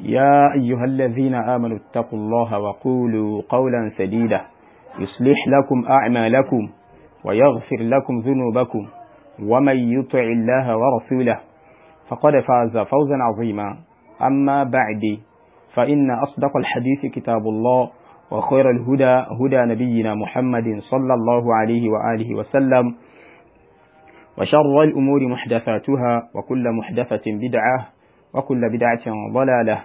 يا أيها الذين آمنوا اتقوا الله وقولوا قولا سديدا يصلح لكم أعمالكم ويغفر لكم ذنوبكم ومن يطع الله ورسوله فقد فاز فوزا عظيما أما بعد فإن أصدق الحديث كتاب الله وخير الهدى هدى نبينا محمد صلى الله عليه وآله وسلم وشر الأمور محدثاتها وكل محدثة بدعة وكل بدعة ضلالة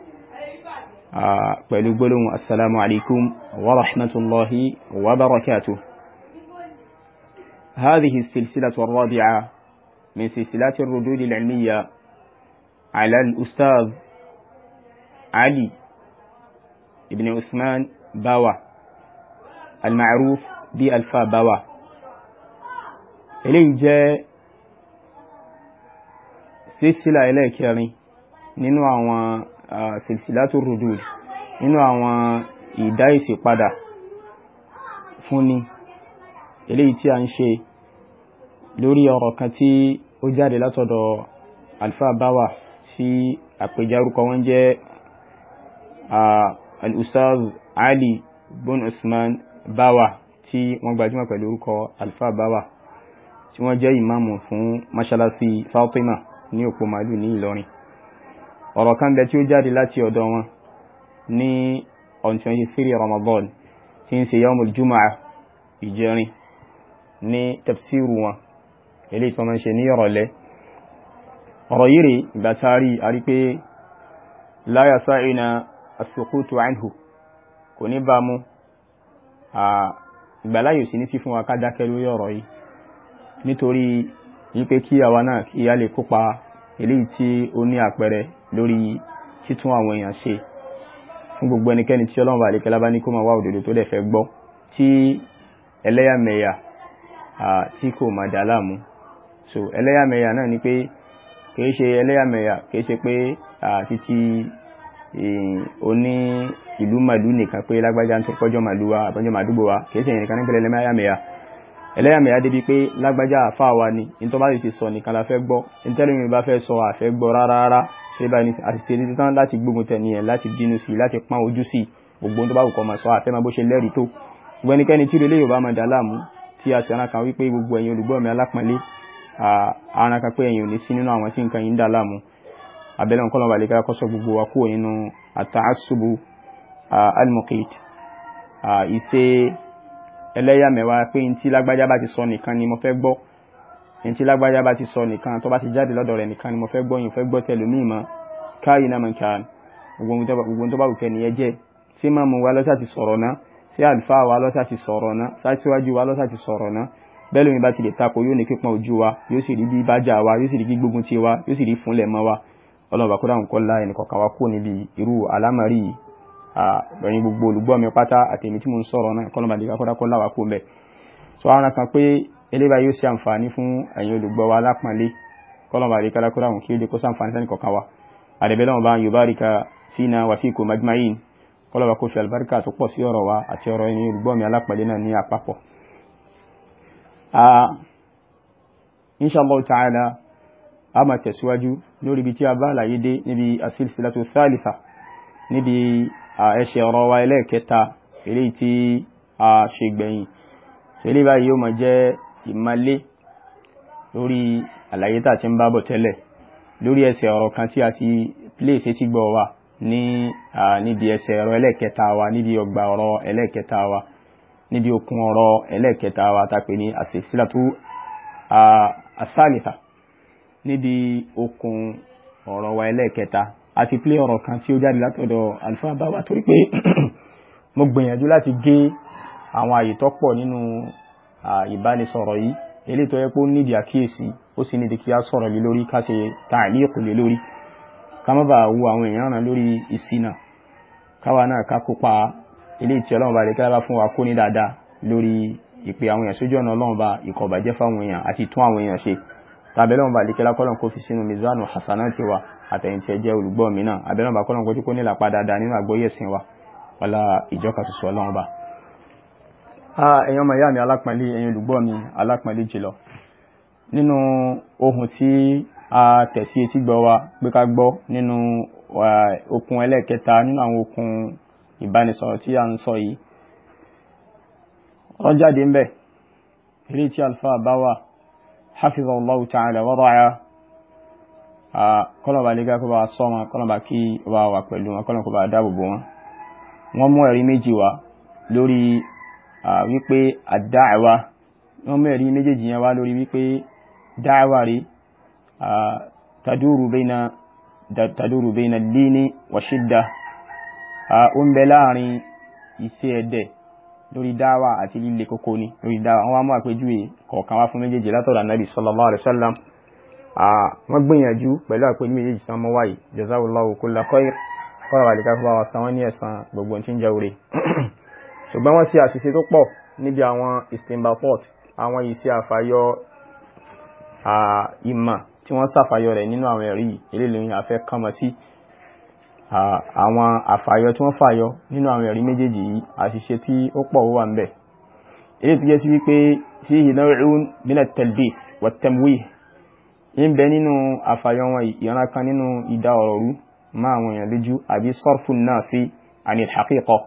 pẹ̀lú gbólóhùn assalamu alaikum wa rahmatullahi wa barakatuh هذه السلسلة الرابعة من سلسلات الردود العلمية على الأستاذ علي ابن عثمان باوا المعروف بألفا باوا إلي جاء سلسلة إليك يعني ننوع silsilatu rudud nínú àwọn ìdá ìsìpadà fúnni eléyìí tí a ń ṣe lórí ọ̀rọ̀ kan tí ó jáde látọ̀dọ̀ alfa bawa sí àpèjárúkọ wọn jẹ́ al-ustaz ali bon usman bawa tí wọ́n gbajúmọ̀ pẹ̀lú orúkọ alfa bawa tí wọ́n jẹ́ ìmáàmù fún mọ́ṣáláṣí fatima ní òpó màálù ní ìlọrin ọ̀rọ̀ kan bẹ tí ó jáde láti ọ̀dọ̀ wọn ní on 23 Ramadan tí ń ṣe yawmul jumaa ìjẹrin ní tafsiru wọn ilé tí wọ́n máa ń ṣe ní ìrọ̀lẹ́ ọ̀rọ̀ yìí rè ìgbà tá a rí a rí pé la yasa'ina as-sukutu kò ní bá mu ìgbàláyò sí ní sí fún wa ká dákẹ́ tí ó ní àpẹẹrẹ lórí títún àwọn èèyàn ṣe fún gbogbo ẹnikẹ́ni tí ọlọ́run bá lè kẹ́lá bá ní kó máa wá òdodo tó dẹ̀ fẹ́ gbọ́ tí ẹlẹ́yàmẹ̀yà tí kò máa dà láàmú so ẹlẹ́yàmẹ̀yà náà ni pé kìí ṣe ẹlẹ́yàmẹ̀yà kìí ṣe pé títí oní ìlú màlúù nìkan pé lágbájá ń tẹ́kọ́jọ́ màlúù wa àbọ́jọ́ màdúgbò wa kìí ṣe ìrìnkan nípínlẹ̀ ẹlẹ́yàmẹ̀yà ẹlẹ́yàmẹ̀yà débi pé lágbájá àfa wa ni ní tó bá ti sọ nìkan la fẹ́ gbọ́ ní tẹ́lẹ̀mí bá fẹ́ sọ àfẹ́ gbọ́ rárá rárá ṣe bá ní àṣìṣe ní tán láti gbógun tẹ̀ nìyẹn láti bínú sí láti pán ojú sí gbogbo tó bá kọ̀ máa sọ àfẹ́ máa bó ṣe lẹ́rìí tó gbogbo ẹnikẹ́ni tí ilé yorùbá máa dà láàmú tí a ṣe arákan wípé gbogbo ẹ̀yin olùgbọ́ mi alápọ̀nlé arákan pé ẹ̀yin ò ní sí nínú àwọn tí nǹkan yìí ń dà abẹ́lẹ́ nǹkan lọ́ba àlekẹ́lá kọ́sọ́ gbogbo wa kúrò nínú àtàásùbù almuqit ìṣe ẹlẹ́yàmẹ̀wà pé ntí lágbájá bá ti sọ nìkan ni mo fẹ́ gbọ́ ntí lágbájá bá ti sọ nìkan tó bá ti jáde lọ́dọ̀ rẹ̀ nìkan ni mo fẹ́ gbọ́ yìí fẹ́ gbọ́ tẹ̀lé mi mọ́ káyì náà mọ̀ kàn gbogbo tó bá wù kẹ́ni ẹ jẹ́ ṣé máa mú wa lọ́sà ti sọ̀rọ̀ náà ṣé àlùfáà wa lọ́sà ti sọ̀rọ̀ náà ṣáṣíwájú wa lọ́sà ti sọ̀rọ̀ náà bẹ́ẹ̀ lómi bá ti lè takò yóò ní pípọn ojú wa yóò sì rí bí bájà wa yóò sì rí gbígbógun ti wa yóò sì rí fúnlẹ̀ mọ́ wa ọlọ́run bá kó dáhùn kọ́ ẹnì kọ̀ọ̀kan wa kó níbi irú àlámọ̀rí yìí ẹ̀yin gbogbo olùgbọ́ mi pátá àti èmi tí mo ń sọ̀rọ̀ náà kọ́nà bàdí kakọ́dá kọ́ láwà kó mbẹ̀ so àwọn kan pé eléba yóò ṣe àǹfààní fún ẹ̀yin olùgbọ́ wa lápọ̀nlé kọ́nà bàdí kakọ́dá kọ́dá kí ó lè kó sàǹfààní sẹ́ni kọ̀ọ̀kan wa àdẹ̀bẹ́ lọ́wọ́ bá yubarika fina wa fikum ajma'in kọ́nà bá kó fi àlùbáríkà tó pọ̀ sí ọ̀rọ̀ wa àti ọ̀rọ̀ ẹ̀yin olùgbọ́ mi alápọ̀nlé náà ní àpapọ̀ inshallah ta'ala a máa tẹ̀síwájú lórí ibi tí a bá àlàyé dé níbi níbi ẹ̀ṣẹ̀ ọ̀rọ̀ wa ẹlẹ́ẹ̀kẹta eléyìí tí a ṣe gbẹ̀yìn eléyìí báyìí yóò máa jẹ́ ìmálé lórí àlàyé tá a ti ń bábọ̀ tẹ́lẹ̀ lórí ẹsẹ̀ ọ̀rọ̀ kan tí a ti pléèsì ti gbọ́ wa ní níbi ẹsẹ̀ ọ̀rọ̀ ẹlẹ́ẹ̀kẹta wa níbi ọgbà ọ̀rọ̀ ẹlẹ́ẹ̀kẹta wa níbi okùn ọ̀rọ̀ ẹlẹ́ẹ̀kẹta wa tá a pè ní àṣìṣílàtú àṣàlìfà níbi okùn ọ̀rọ̀ wa ẹlẹ́ẹ̀kẹta àti play ọ̀rọ̀ kan tí ó jáde látọ̀dọ̀ alfa báwa torí pé mo gbìyànjú láti gé àwọn àyè tó pọ̀ nínú ìbánisọ̀rọ̀ yìí eléyìí tó yẹ pé ó nídìí àkíyèsí ó sì nídìí kí a sọ̀rọ̀ lé lórí ká ṣe tààlíkù lé lórí ká má bàa wo àwọn èèyàn ràn lórí ìṣìnà káwa náà ká kópa eléyìí tí ọlọ́run bá lè kílábà fún wa kó ní dáadáa lórí ìpè àwọn èèyàn sójú ọ̀nà ọlọ́run ìkọ̀bàjẹ́ fáwọn èèyàn àti tún àwọn èèyàn ṣe tàbí ọlọ́run bá lè kó fi sínú mizanu hasanati wa àtẹ̀yìn tí ẹ jẹ́ olùgbọ́ mi náà abẹ́rẹ́ ọba kọ́lọ́n kojú kó nílà pa dáadáa nínú àgbọ́yé ẹ̀sìn wa wọlá ìjọka ṣoṣo ọlọ́run ọba. ẹ̀yin ọmọ ìyá mi alápọ̀nlé ẹ̀yin olùgbọ́ mi alápọ̀nlé jùlọ nínú ohun tí a tẹ̀sí etí gbọ́ wa pé ká gbọ́ nínú okun ẹlẹ́ẹ̀kẹta nínú àwọn okun ìbánisọ̀rọ̀ tí a ń sọ yìí wọ́n jáde ń bẹ̀ ilé tí alfa bá wà hafizallahu ta'ala wa ra'a kọ́lọ̀bà lè gákọ́ bá sọ wọn kọ́lọ̀bà kí wà wà pẹ̀lú wọn kọ́lọ̀kọ́ bá dáàbòbò wọn wọ́n mú ẹ̀rí méjì wá lórí wípé àdáàwá wọ́n mú ẹ̀rí méjèèjì yẹn wá lórí wípé dáàwá rí taduru bayna taduru bayna líní wa shidda ó ń bẹ láàrin iṣẹ́ ẹ̀dẹ̀ lórí dáàwá àti líle kókó ni lórí dáàwá wọ́n wá mú àpèjúwe kọ̀ọ̀kan wá fún méjèèjì látọ̀dọ̀ Ànábì sallallahu alaihi wasallam wọ́n gbìyànjú pẹ̀lú àpéjú méjèèjì sanwó wáyé jazakallahu kulla khair kọ́ra wà lẹ́ka fún wa san wọ́n ní ẹ̀san gbogbo tí ń jẹ́ òre ṣùgbọ́n wọ́n ṣe àṣìṣe tó pọ̀ níbi àwọn istimba port àwọn iṣẹ́ àfàyọ ìmọ̀ tí wọ́n ṣàfàyọ rẹ̀ nínú àwọn ẹ̀rí eléyìí afẹ́ kánmọ́ sí àwọn àfàyọ tí wọ́n fàyọ nínú àwọn ẹ̀rí méjèèjì yìí àṣìṣe tí ó pọ̀ wà ń bẹ̀ eléyìí tó jẹ́ sí wípé fihi naw'un min at-talbis wat-tamwih ń bẹ nínú àfàyọ wọn ìyọ̀nà kan nínú ìdá ọ̀rọ̀ rú má àwọn èèyàn lójú àbí sọ́rfù náà sí àní ìhàkíkọ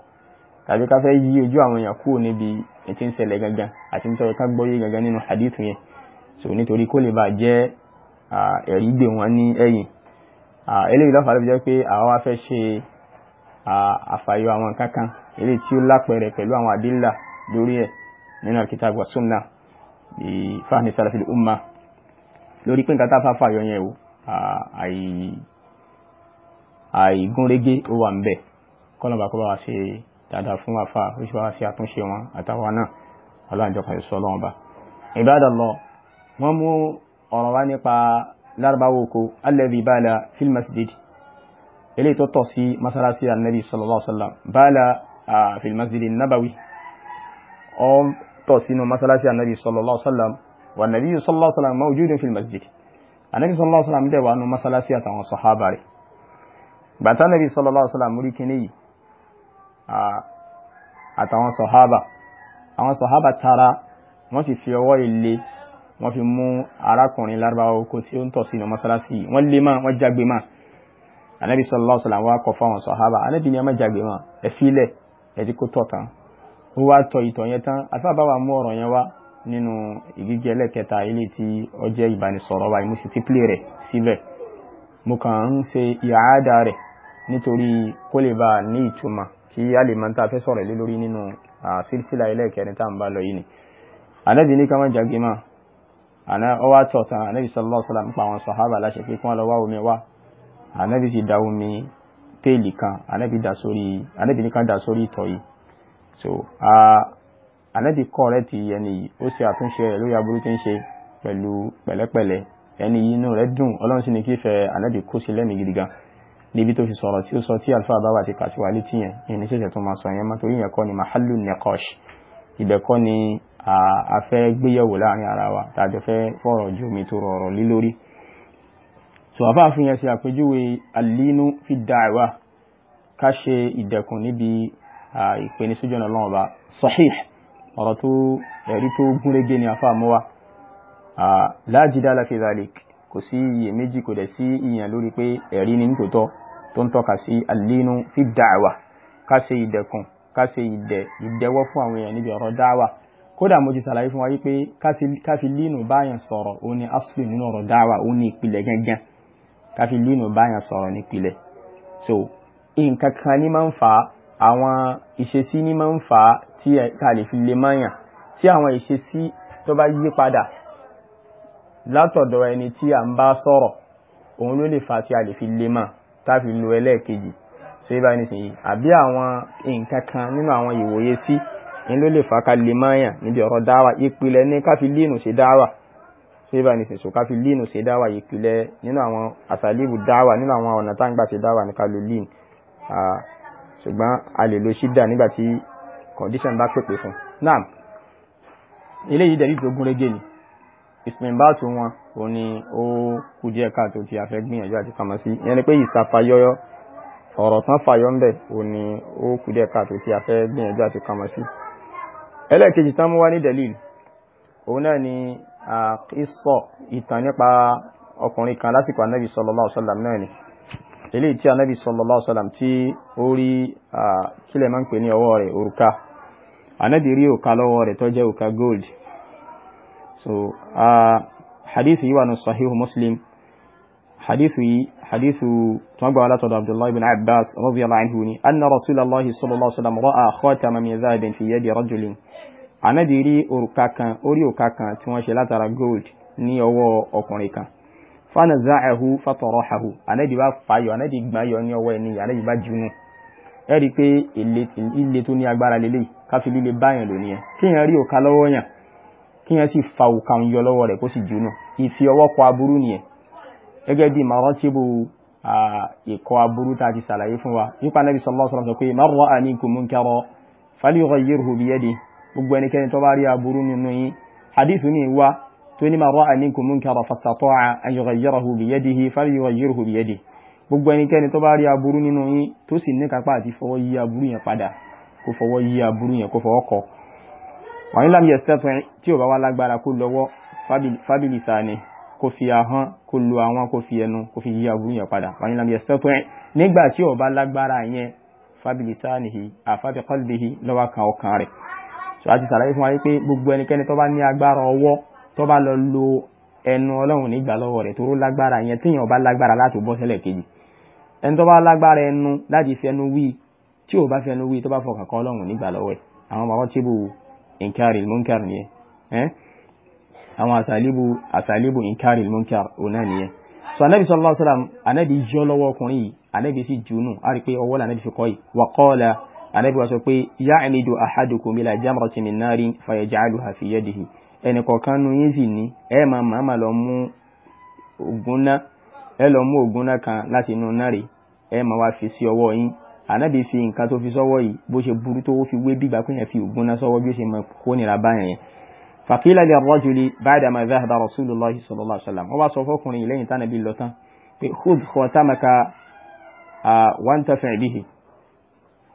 tàbí ká fẹ́ yí ojú àwọn èèyàn kúrò níbi ètí ń ṣẹlẹ̀ gangan àti nítorí ká gbọ́yé gangan nínú hadith yẹn so nítorí kó lè bá jẹ́ ẹ̀rí gbè wọn ní ẹ̀yìn eléyìí lọ́fà lọ́fà jẹ́ pé àwa wá fẹ́ ṣe àfàyọ àwọn kankan eléyìí tí ó lápẹẹrẹ pẹ̀lú àwọn àdílà lórí ẹ̀ nínú alkitab wa sunna bi fahmi lórí pé nǹkan tá a fà fàyọ yẹn o àìgúnrégé ó wà ń bẹ̀ kọ́nà bá kọ́ bá wa ṣe dáadáa fún àfà ó sì bá wa ṣe àtúnṣe wọn àtàwọn náà ọlọ́njọ́ kan sọ lọ́wọ́n bá. Ibadallah wọ́n mú ọ̀rọ̀ wá nípa lárúbáwò oko alladhi bala fil masjid eléyìí tó tọ̀ sí masalasi annabi sallallahu alaihi wasallam bala fil masjid nabawi ó tọ̀ sínú masalasi annabi sallallahu alaihi wasallam wà nàbí sallallahu alaihi wasallam mawjudun fil masjid ànábì sallallahu alaihi wasallam dẹ̀ wà nù masalasi àtàwọn sọ̀hábà rẹ̀ gbàtà nàbí sallallahu alaihi wasallam rí kíní yìí àtàwọn sọ̀hábà àwọn sọ̀hábà tara wọ́n sì fi ọwọ́ ilé wọ́n fi mú arákùnrin lárúbáwá oko tí ó ń tọ̀ sínú masalasi wọ́n lé máa wọ́n jágbe máa anabi sallallahu alaihi wasallam wa kọ fáwọn sọhábà anabi ni ẹ má jagbe wọn ẹ filẹ ẹ ti kó tọ tán ó wá tọ ìtọ yẹn tán àti bàbá wa mú ọ̀rọ̀ yẹn wá nínú ìgígé ẹlẹ́kẹta ilé tí ó jẹ́ ìbánisọ̀rọ̀ wa mo sì ti plé rẹ̀ síbẹ̀ mo kàn ń ṣe ìhàádà rẹ̀ nítorí kó lè bá ní ìtumọ̀ kí a lè máa ta fẹ́ sọ̀rọ̀ lé lórí nínú sílsílà ẹlẹ́kẹrin tá à ń bá lọ yìí ni ànábì ní ká má jagé mọ́ àná ọ wá tọ̀ tán ànábì sallallahu alaihi wasallam ń pa àwọn sàhábà láṣẹ pé kí wọ́n lọ wá omi wá ànábì sì da omi péèlì kan ànábì ní ká da sórí ìtọ̀ yìí ànábì kọ́ rẹ̀ ti ẹni yìí ó ṣe àtúnṣe rẹ̀ lórí aburú tí ń ṣe pẹ̀lú pẹ̀lẹ́pẹ̀lẹ́ ẹni yìí inú rẹ̀ dùn ọlọ́run sì ní kí fẹ́ ànábì kó sí lẹ́mìí gidi gan níbi tó fi sọ̀rọ̀ tí ó sọ tí alfa bá wà ti kà sí wa létí yẹn yẹn ní ṣẹ̀ṣẹ̀ tó máa sọ yẹn mọ́tò yíyan kọ́ ni mahalu nekosh ibẹ̀ kọ́ ni a fẹ́ gbéyẹ̀wò láàrin ara wa tàjọ fẹ́ fọ̀rọ̀ ju omi tó rọrọ̀ lé lórí so àfáà fi yẹn ṣe àpèjúwe alínú fi da'wa ká ṣe ìdẹ̀kùn níbi ìpènisójú ọ̀nà ọlọ́run ọba sahih ọ̀rọ̀ tó ẹ̀rí tó gúnrégé ni afá mú wa la jidala fi dhalik kò sí iyèméjì kò dẹ̀ sí ìyàn lórí pé ẹ̀rí ni nítòótọ́ tó ń tọ́ka sí alínú fi da'wa ká ìdẹ̀kùn ká ṣe fún àwọn èèyàn níbi ọ̀rọ̀ da'wa kódà mo ti sàlàyé fún wa yí pé ká fi línú báyàn sọ̀rọ̀ ó ní aslu nínú ọ̀rọ̀ da'wa ó ní ìpìlẹ̀ gángan ká fi línú báyàn sọ̀rọ̀ nípìlẹ̀ so nǹkan kan ní máa ń fà á àwọn ìṣesí ní máa ń fà á tí ká lè fi lè mọ́yàn tí àwọn ìṣesí tó bá yí padà látọ̀dọ̀ ẹni tí a ń bá sọ̀rọ̀ òun ló lè fà tí a lè fi lè mọ̀ tá fi lo ẹlẹ́ẹ̀kejì tó yí báyìí nísìnyí àbí àwọn nǹkan kan nínú àwọn ìwòye sí ni ló lè fà ká lè mọ́yàn níbi ọ̀rọ̀ dáwà ìpìlẹ̀ ní ká fi lẹ́nu ṣe dáwà tó yí báyìí nísìnyí ká fi lẹ́nu ṣe dáwà ìpìlẹ̀ nínú àwọn àṣàlíbù dáwà nínú àwọn ọ̀nà tá ṣe dáwà ní ká lo lean ṣùgbọ́n a lè lo ṣídà nígbà tí condition bá pèpè fún náà eléyìí dẹ̀rí tó gún régé ni ìsìnbáàtò wọn ò ní ó kú díẹ̀ káàtó tí a fẹ́ gbìyànjú àti pamọ́ sí ìyẹn ni pé ìsàfàyọyọ ọ̀rọ̀ tán fàyọ ń bẹ̀ ò ní ó kú díẹ̀ káàtó tí a fẹ́ gbìyànjú àti pamọ́ sí ẹlẹ́ẹ̀kejì tán mú wá ní dẹ̀líl òun náà ni àkísọ̀ ìtàn nípa ọkùnrin kan lásìkò anábì sallallahu alaihi wasallam náà ni eléyìí tí anabi sallallahu alaihi wasallam tí ó rí kílẹ̀ máa ń pè ní ọwọ́ rẹ̀ òrùka anabi rí òka lọ́wọ́ rẹ̀ tó jẹ́ gold so hadithu yìí wà ní sahihu muslim hadithu yìí hadithu tó gbà látọ̀dọ̀ abdullahi bin abbas radiyallahu anhu ni anna rasulallahi sallallahu alaihi wasallam ra'a khataman min dhahabin fi yadi rajulin anabi rí òrùka kan orí òka kan fana zaahu fatọrọhahu anabi bá fayọ anabi gbanyọ ní ọwọ́ ẹni anabi bá junu ẹ rí i pé ilé tó ní agbára lélẹ̀ káfí líle báyàn lónìí yẹn kéèyàn rí òka lọ́wọ́ yàn kéèyàn fa òka ń yọ lọ́wọ́ rẹ̀ kó junu ìfi ọwọ́ kọ aburú nìyẹn gẹ́gẹ́ bí maratibu ìkọ aburú tá ti ṣàlàyé fún wa nípa anabi sallallahu alaihi wasallam sọ man ra'a minkum munkara falyughayyirhu biyadihi gbogbo ẹnikẹ́ni tó bá rí aburú nínú yín hadith ni wá tó ní ma ra'a minkum munkara fastata'a an yughayyirahu biyadihi falyughayyirhu biyadihi gbogbo ẹnikẹ́ni tó bá rí aburú nínú yín tó sì ní kápá àti fọwọ́ yí aburú yẹn padà kó fọwọ́ yí aburú yẹn kó fọwọ́ kọ wàyí lam yastati' tí ò bá wá lágbára kó lọ́wọ́ fábìlì sàní kó fi ahọ́n kó lo àwọn kó fi ẹnu kó fi yí aburú yẹn padà wàyí lam yastati' nígbà tí ò bá lágbára yẹn fábìlì sàní yìí àfábì qalbihi lọ́wọ́ kan ọkàn rẹ̀ so àti sàlàyé fún wa pé gbogbo ẹnikẹ́ni tó bá ní agbára ọwọ́ tó bá lọ lo ẹnu ọlọ́run nígbà lọ́wọ́ rẹ̀ toró lágbára yẹn tíyàn bá lágbára láti bọ́ sẹ́lẹ̀ kejì ẹni tó bá lágbára ẹnu láti fẹnu wí tí ò bá fẹnu wí tó bá fọkàn kan ọlọ́run nígbà lọ́wọ́ ẹ̀ àwọn bàbá tí bu inkari munkar nìyẹn ẹ́ àwọn àsàlíbù àsàlíbù inkari munkar ọ̀nà nìyẹn so anabi sallallahu alayhi wa sallam anabi yọ lọ́wọ́ ọkùnrin yìí anabi sì jùnú a pé ọwọ́ la anabi fi kọ́ yìí wa qala anabi wa sọ pé ya'nidu ahadukum ila jamratin min narin fayaj'aluha fi yadihi ẹnìkọ̀ọ̀kan nu yín sì ní ẹ máa máa máa lọ mú ògùn náà ẹ lọ mú ògùn náà kan láti inú náà rè ẹ máa wá fi sí ọwọ́ yín ànábì fi nǹkan tó fi sọ́wọ́ yìí bó ṣe burú tó fi wé bígbà pé yẹn fi ògùn náà sọ́wọ́ bí ó ṣe máa kó nira báyẹn yẹn fàkílà lè rọ́jú lé báyìí àmà ìfẹ́ àbá rasulullahi sallallahu alaihi wasallam wọ́n wá sọ fọkùnrin yìí lẹ́yìn tánàbí lọ tán pé khud khatamaka wanta fẹ̀ bihi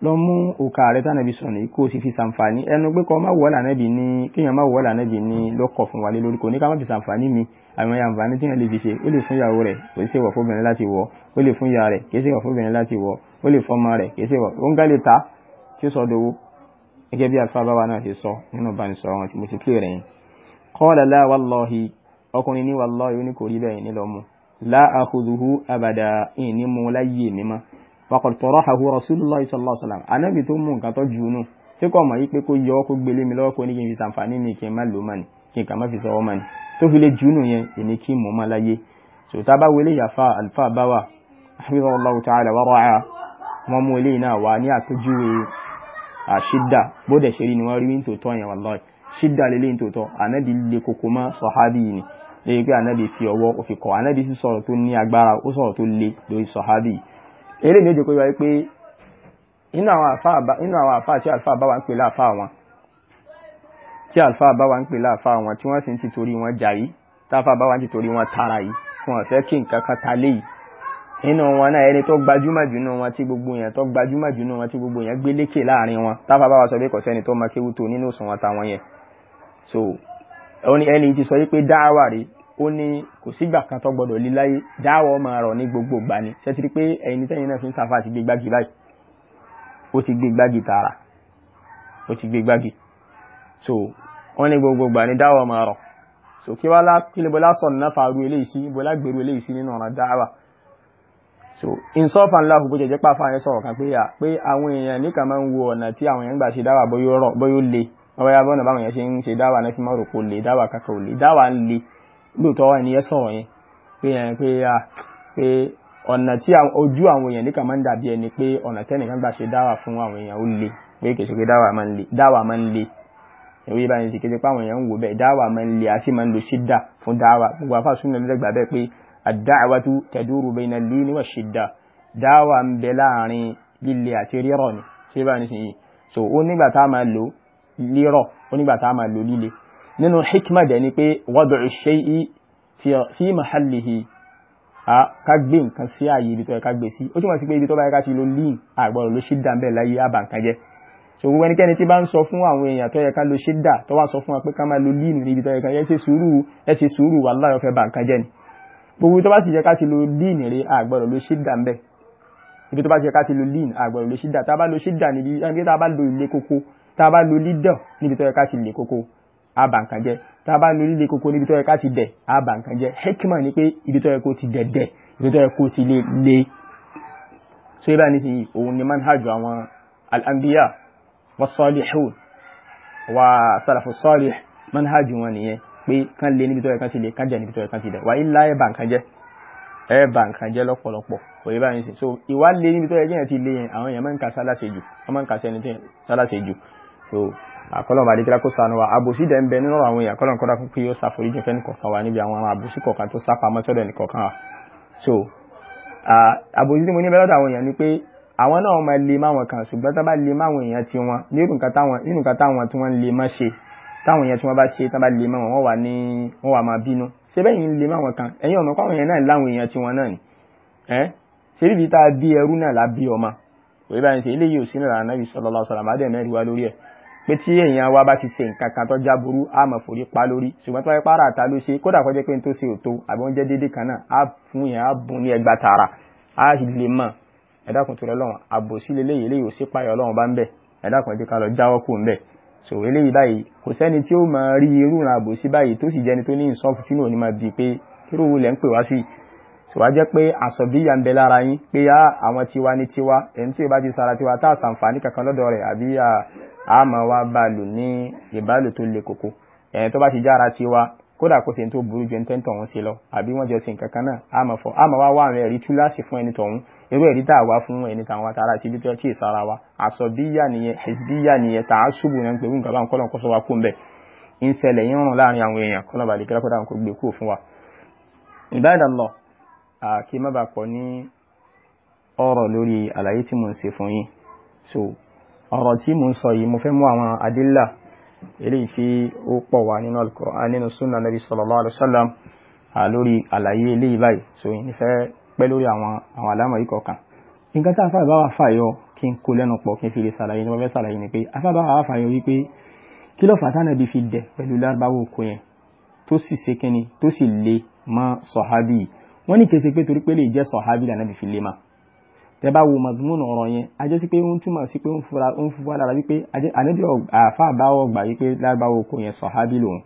lọ mú òkà rẹ tánàbí sọ ní kó o sì fi ṣàǹfààní ẹnu pé kọ má wọ lànàbí ní kéèyàn má wọ lànàbí ní lọkọ fún wa lé lórí kò ní ká má fi ṣàǹfààní mi àwọn ẹyà àǹfààní tí yẹn lè fi ṣe ó lè fún ìyàwó rẹ kò sí ìwọ fóbìnrin láti wọ ó lè fún ìyá rẹ kì í ṣe ìwọ fóbìnrin láti wọ ó lè fún ọmọ rẹ kì í ṣe ìwọ ó ń gálè ta tí ó sọ dowó gẹ́gẹ́ bí alfa bàbá náà ṣe sọ nínú ìbánisọ̀rọ̀ wọn tí mo ti pè rẹ̀ yẹn qala la wallahi fakọ̀ tọrọ àhú rasulullah sallallahu alaihi wasallam anábì tó mú nǹkan tó jù ú nù tí kò mọ̀ yípe kó yọ kó gbélé mi lọ́wọ́ kó ní kí n fi sàǹfààní mi kí n má lò mọ́ni kí n kà má fi sọ ọmọ ni tó fi lè jù ú nù yẹn èmi kí mò má láyé so tá a bá wọlé yàfa alfa báwa ahmedullahu ta'ala wa ra'a wọn mú eléyìí náà wá ní àpéjúwe àṣídà bóde ṣe rí ni wọn rí ní tòótọ́ yẹn wallahi ṣídà lélẹ́yìn tòótọ́ ànábì lè kókó mọ́ sọ̀hábì yìí ni lẹ́yìn pé ànábì fi ọwọ́ òfin kọ́ ànábì sì sọ̀rọ̀ tó ní agbára ó sọ̀rọ̀ tó le lórí sọ̀hábì yìí eré ní òjòkó yọ pé inú àwọn àfáà tí alfa bá wà ń pè láàfáà wọn tí alfa bá wà ń pè láàfáà wọn tí wọ́n sì ń tìtorí wọn jà yìí táfà bá wà ń tìtorí wọn tara yìí fún ọ̀fẹ́ kí nǹkan kan ta lé yìí nínú wọn náà ẹni tó gbajúmọ̀ jù nínú wọn tí gbogbo yẹn tó gbajúmọ̀ jù wọn tí gbogbo yẹn gbé lékè láàrin wọn táfà bá wà sọ pé kò sẹ́ni tó máa kéwu tó nínú òsùn wọn táwọn yẹn so ẹni tí sọ yìí pé dáhàwá rèé ó ní kò sígbà kan tó gbọdọ̀ lé láyé dáwọ́ máa rọ̀ ní gbogbo ìgbà ni ṣẹ́tìrí pé ẹ̀yin tẹ́yìn náà fi ń sáfà ti gbé gbági báyìí ó ti gbé gbági tààrà ó ti gbé gbági so wọ́n ní gbogbo ìgbà ni dáwọ́ máa rọ̀ so kí wá kí lè bọ́lá sọ̀nù náà fàárù eléyìí sí bọ́lá gbèrú eléyìí sí nínú ọ̀ràn dáwà so insọ́fà ńlá òkú jẹjẹ pàfà yẹn sọ̀rọ̀ kan pé à pé àwọn èèyàn níkan máa ń wo ọ̀nà tí àwọn èèyàn gbà ṣe dáwà bóyó le wọ́n bá yá bọ́nà báwọn èèyàn ṣe ń ṣe dáwà náà fi máa le dáwà kankan ò le dáwà ń le lóòótọ́ ẹniyẹ sọ̀rọ̀ yẹn pé yẹn pé a pé ọ̀nà tí ojú àwọn èèyàn nìkan máa ń dàbí ẹni pé ọ̀nà tẹ́nìkan gbà ṣe dáwà fún àwọn èèyàn ó le pé kìí ṣe pé dáwà máa ń le dáwà máa ń le ìwé bá sì kéde pé àwọn èèyàn ń wò bẹ́ẹ̀ dáwà máa ń le a sì máa ń lo ṣídà fún dáwà gbogbo afa súnmọ́ ẹni lẹ́gbàá bẹ́ẹ̀ pé ad-da'watu taduru bayna al-lini wa shidda dáwà ń bẹ láàrin líle àti rírọ̀ ni ṣé bá sì yìí so ó nígbà tá a máa lo lírọ̀ ó nígbà tá a máa lo líle nínú hikma dẹ̀ ni pé wad'u shay'i fi mahallihi a ká gbé nǹkan sí ààyè ibi tó yẹ ká gbé sí ó túnmọ̀ sí pé ibi tó bá yẹ ká ti lo lean àgbọ̀rọ̀ ló ṣídà ń bẹ̀ láyé àbà nǹkan jẹ́ so gbogbo ẹnikẹ́ni tí bá ń sọ fún àwọn èèyàn tó yẹ ká lo ṣídà tó wá sọ fún wa pé ká máa lo lean níbi tó yẹ ká yẹ ṣe sùúrù ẹ ṣe sùúrù wà láyọ̀ fẹ́ bà nǹkan jẹ́ ni gbogbo tó bá sì yẹ ká ti lo lean rí àgbọ̀rọ̀ ló ṣídà ń bẹ̀ ibi tó bá sì yẹ ká ti lo lean àgbọ̀rọ̀ ló ṣídà tá a bá lo ṣídà níbi tá a bá lo ilé koko tá a bá lo leader níbi tó yẹ ká ti lè koko á bà nǹkan jẹ́ tá a bá nu líle koko níbi tó yẹ ká ti dẹ̀ á bà nǹkan jẹ́ hekima ni pé ibi tó yẹ kó ti dẹ̀ dẹ̀ ibi tó yẹ kó ti lè le so ibà nísìnyí òun ni manhaj àwọn al-anbiya wa salihun wa salafu salih manhaj wọn nìyẹn pé kán lé níbi tó yẹ kán ti lè kán jẹ níbi tó yẹ kán ti dẹ̀ wà ilá ẹ̀ bà nǹkan jẹ́ ẹ̀ bà nǹkan jẹ́ lọ́pọ̀lọpọ̀ so ìwà lé níbi tó yẹ kí yẹn ti lé yẹn àwọn èèyàn máa ń ka sálàṣe jù wọ́n máa ń ka sẹ́ni tó yẹn sálàṣe jù so àkọlọ́ bá dékẹ́lá kó sànù wa àbòsí dẹ̀ ń nínú àwọn èèyàn kọ́lọ́ kọ́dá kí ó ṣàforíjì fẹ́ nìkọ̀ọ̀kan wa níbi àwọn àbòsí kọ̀ọ̀kan tó sápamọ́ sọ́dọ̀ nìkọ̀ọ̀kan wa so àbòsí tí mo ní bẹ́lọ́dọ̀ àwọn èèyàn ni pé àwọn náà máa lè máwọn kan ṣùgbọ́n tá bá lè máwọn èèyàn tí wọn nínú nǹkan táwọn tí wọ́n lè má ṣe táwọn èèyàn tí wọ́n bá ṣe tán bá lè máwọn wọ́n wà ní wọ́n wà máa bínú ṣé bẹ́ẹ̀ yìí ń lè máwọn kan ni ẹ́ ṣé bíbi tá a bí ẹrú náà lá sallallahu alaihi wasallam àdé mẹ́rin wá ẹ̀ pé tí èèyàn wa bá ti ṣe nǹkan kan tó jáburú a máa forí pa lórí ṣùgbọ́n tó wáyé pàrọ̀ àta ló ṣe kódà kọjá pé n tó ṣe òtó àbí wọ́n jẹ́ déédéé kan náà á fún yẹn á bùn ní ẹgbà tààrà á lè mọ̀ ẹ̀dákun tó lọ́wọ́n àbòsí lélẹ́yìí eléyìí ò sí páyọ̀ ọlọ́run bá ń bẹ̀ ẹ̀dákun ẹ̀jẹ̀ ká lọ jáwọ́ kù ń bẹ̀ so eléyìí báyìí kò sẹ́ni tí ó máa rí irú àbòsí báyìí tó sì jẹni tó ní ìsọ́fù tínú òní máa bíi pé irú lẹ̀ ń pè wá sí i so wá jẹ́ pé àsọ̀bíyà ń bẹ lára yín pé àwọn tiwa ní tiwa ẹni tí ó bá ti sara tiwa tá àsànfàní kankan lọ́dọ̀ rẹ̀ àbí a máa wá bá ní ìbálò tó le koko ẹ̀ tó bá ti jára sí wa kódà kó se tó burú ju ẹni tẹ́ntọ̀ wọn sí lọ àbí wọ́n jọ sí nǹkan kan náà a máa fọ a máa wá wá àwọn ẹ̀rí túláàsì fún ẹni tọ̀hún irú ẹ̀rí tá a wá fún ẹni tàwọn àtàrà sí ibi tó tí ì sára wa àsọ̀bíyà nìyẹn hizbíyà nìyẹn tà á ṣubú náà ń pè wí nǹkan bá ń kọ́ lọ́n sọ wa kó ń bẹ̀ ń ṣẹlẹ̀ yín rùn láàrin àwọn èèyàn kọ́ lọ́ba àdìgẹ́lá kó kó gbé kúrò fún wa. ìbáyìí lọ kí má bàa pọ̀ ní ọ̀rọ̀ lórí àlàyé tí mo ń ṣe fún yín so ọ̀rọ̀ tí mo ń sọ yìí mo fẹ́ mú àwọn adílà eléyìí tí ó pọ̀ wá nínú Al-Qur'an nínú súnà nàbí sallallahu alaihi wasallam lórí àlàyé eléyìí báyìí so yìí ní fẹ́ pẹ́ lórí àwọn àwọn àlámọ̀ yìí kọ̀ọ̀kan nǹkan tá àfáà bá wà fàyọ kí n kó lẹ́nu pọ̀ kí n tẹ bá wo mazmúnù ọ̀rọ̀ yẹn a jẹ́ sí pé ń túmọ̀ sí pé ń fura lára wípé ànábì àfa àbáwọ̀ gbà wípé lárúbáwọ̀ kò yẹn sọ̀hábí lòun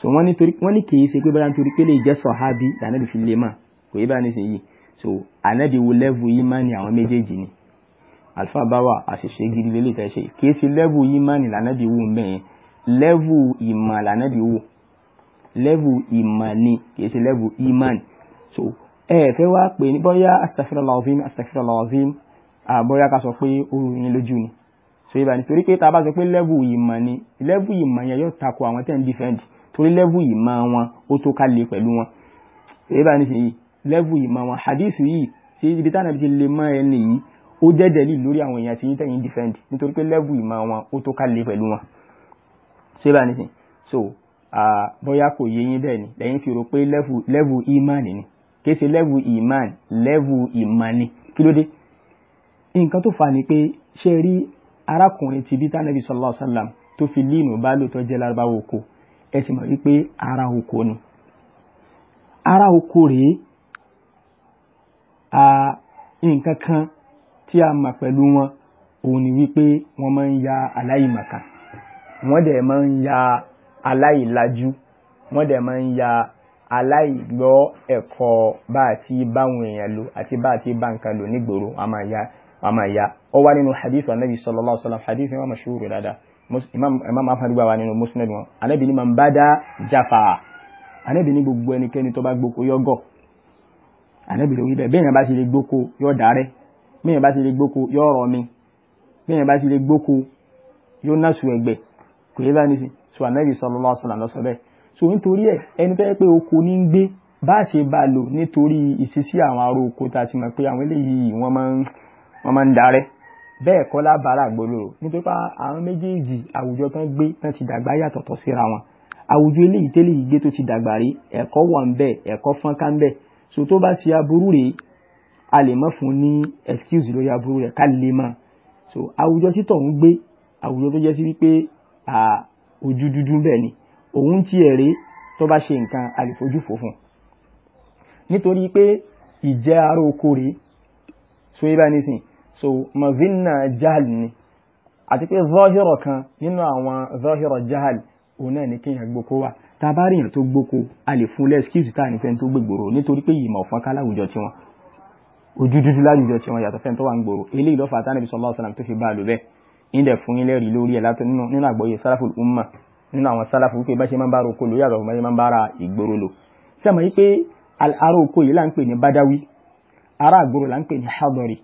so wọ́n ní torí wọ́n ní kì í ṣe pé bóyá nítorí pé lè jẹ́ sọ̀hábí ànábì fi lè mà kò yí bá ní sìn yìí so ànábì wo lẹ́vù yìí má ní àwọn méjèèjì ni àlùfáà báwà àṣìṣe gidi lélẹ̀ tẹ́ ṣe kì í ṣe lẹ́vù yìí má ní lànábì wò ń bẹ̀ yẹn lẹ́vù ìmọ̀ lànábì wò lẹ́vù ìmọ̀ ni kì í ṣe lẹ́vù ìmọ̀ ni so ẹ fẹ́ wá pè ní bóyá astaghfirullah azim astaghfirullah azim àbóyá ká sọ pé oru yín lójú ni so ibà nítorí pé tá a bá sọ pé level ìmọ̀ ni level ìmọ̀ yẹn yóò tako àwọn tẹ́ ń defend torí level ìmọ̀ wọn ó tó ká lè pẹ̀lú wọn ibà ní sèyí level ìmọ̀ wọn hadith yìí ṣe ibi táwọn àbí ṣe lè mọ ẹni yìí ó jẹ́ dẹ̀lí lórí àwọn èèyàn tí yín tẹ̀yìn nítorí pé level ìmọ̀ wọn ó tó ká lè pẹ̀lú wọn so ibà ní sèyí so bóyá kò yé yín bẹ́ẹ̀ ni lẹ́yìn fi rò pé level ìmọ̀ nìyí kìí ṣe level iman level ìmánì kí ló dé nǹkan tó fà ní pé ṣe rí arákùnrin ti bí tánàbí sallallahu alaihi wasallam tó fi líìnù bá lóòótọ́ jẹ́ lárúbáwò oko ẹ sì mọ̀ wípé ara oko ni ara oko rèé nǹkan kan tí a mọ̀ pẹ̀lú wọn òun ni wípé wọ́n máa ń ya aláìmọ̀kan wọ́n dẹ̀ máa ń ya aláìlajú wọ́n dẹ̀ máa ń ya aláìgbọ́ ẹ̀kọ́ bá a ti báwọn èèyàn lò àti bá a ti bá nǹkan lò nígboro àmà ya ọ wá nínú hadith anabi sallallahu alaihi wasallam hadith imam mashhur dada imam ahmad gbà wá nínú musnad wọn anabi ni man bada jafa anabi ni gbogbo ẹnikẹ́ni tó bá gboko yọ gọ̀ anabi ló wí bẹ́ẹ̀ bẹ́ẹ̀ bá ti lè gboko yọ dàrẹ́ bẹ́ẹ̀ bá ti lè gboko yọ ọ̀rọ̀ mi bẹ́ẹ̀ bá ti lè gboko yọ násù ẹgbẹ́ kò yẹ bá ní so anabi sallallahu alaihi wasallam lọ sọ bẹ́ẹ̀ so nítorí ẹ ẹni tó yẹ pé oko ní ń gbé bá a ṣe bá a lò nítorí ìṣesí àwọn ará oko tá a ti mọ̀ pé àwọn eléyìí wọ́n máa ń wọ́n máa ń darẹ́ bẹ́ẹ̀ kọ́ lábàárà gbòòrò nítorí pé àwọn méjèèjì àwùjọ tán gbé tán ti dàgbà yàtọ̀tọ̀ síra wọn àwùjọ eléyìí tẹ́lẹ̀ yìí gbé tó ti dàgbà rí ẹ̀kọ́ wọ̀ ń bẹ̀ ẹ̀kọ́ fọ́n ká ń bẹ̀ so tó bá ṣe aburú rèé a lè mọ̀ fún ní excuse lórí aburú rẹ̀ ká lè mọ̀ so àwùjọ títọ̀ ń gbé àwùjọ tó jẹ́ sí wípé ojú dúdú bẹ́ẹ̀ ni òun ti ẹ̀rẹ́ tó bá ṣe nǹkan àlìfojúfò fún nítorí pé ìjẹ́ ara oko rèé so yíba nísìn so mavinna jahal ni àti pé zọ́hírọ̀ kan nínú àwọn zọ́hírọ̀ jahal òun náà ní kíyàn gboko wà ta bá ríyàn tó gboko a lè fún lẹ́ skills tá nífẹ́ tó gbègbòrò nítorí pé yìí mọ̀ fún ká láwùjọ tí wọn ojú dúdú láwùjọ tí wọn yàtọ̀ fẹ́ tó wà ń gbòrò eléyìí lọ́fà tánàbí sallallahu alaihi tó fi bá lò bẹ́ẹ̀ ìdẹ̀ fún ilẹ̀ rí lórí ẹ̀ nínú àgbọ́yé sáràfù umma nínú àwọn sálàfù wípé bá ṣe máa ń bá roko lò yàtọ̀ fún bá ṣe máa ń bára ìgboro lò sẹ́mọ̀ yí pé ara oko yìí là ń pè ní bádáwí ara àgbòrò là ń pè ní hadori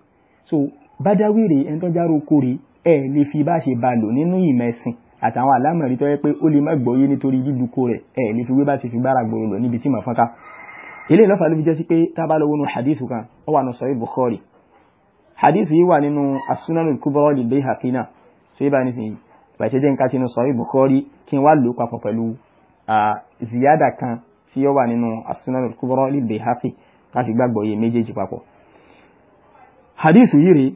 so bádáwí rèé ẹni tó já roko rèé ẹ lè fi bá ṣe ba lò nínú ìmẹ̀sìn àtàwọn àlámọ̀rí tó yẹ pé ó lè má gbọ́yé nítorí dídúkọ rẹ̀ ẹ lè fi wé bá ṣe fi bára àgbòrò lò níbi tí mà fọ́nká eléyìí lọ́fà ló fi jẹ́ sí pé tá a bá lọ wọnú hadithu kan ó wà nù sahih Bukhari hadithu yìí wà nínú as-Sunan al-Kubra pẹ̀sẹ̀ jẹ́ nǹkan tinú sọ̀rọ̀ Bukhari kí n wá lò papọ̀ pẹ̀lú ziyada kan tí ó wà nínú as-Sunan al-Kubra li Bayhaqi káfí gbàgbọ́ yé méjèèjì papọ̀. hadith yìí rèé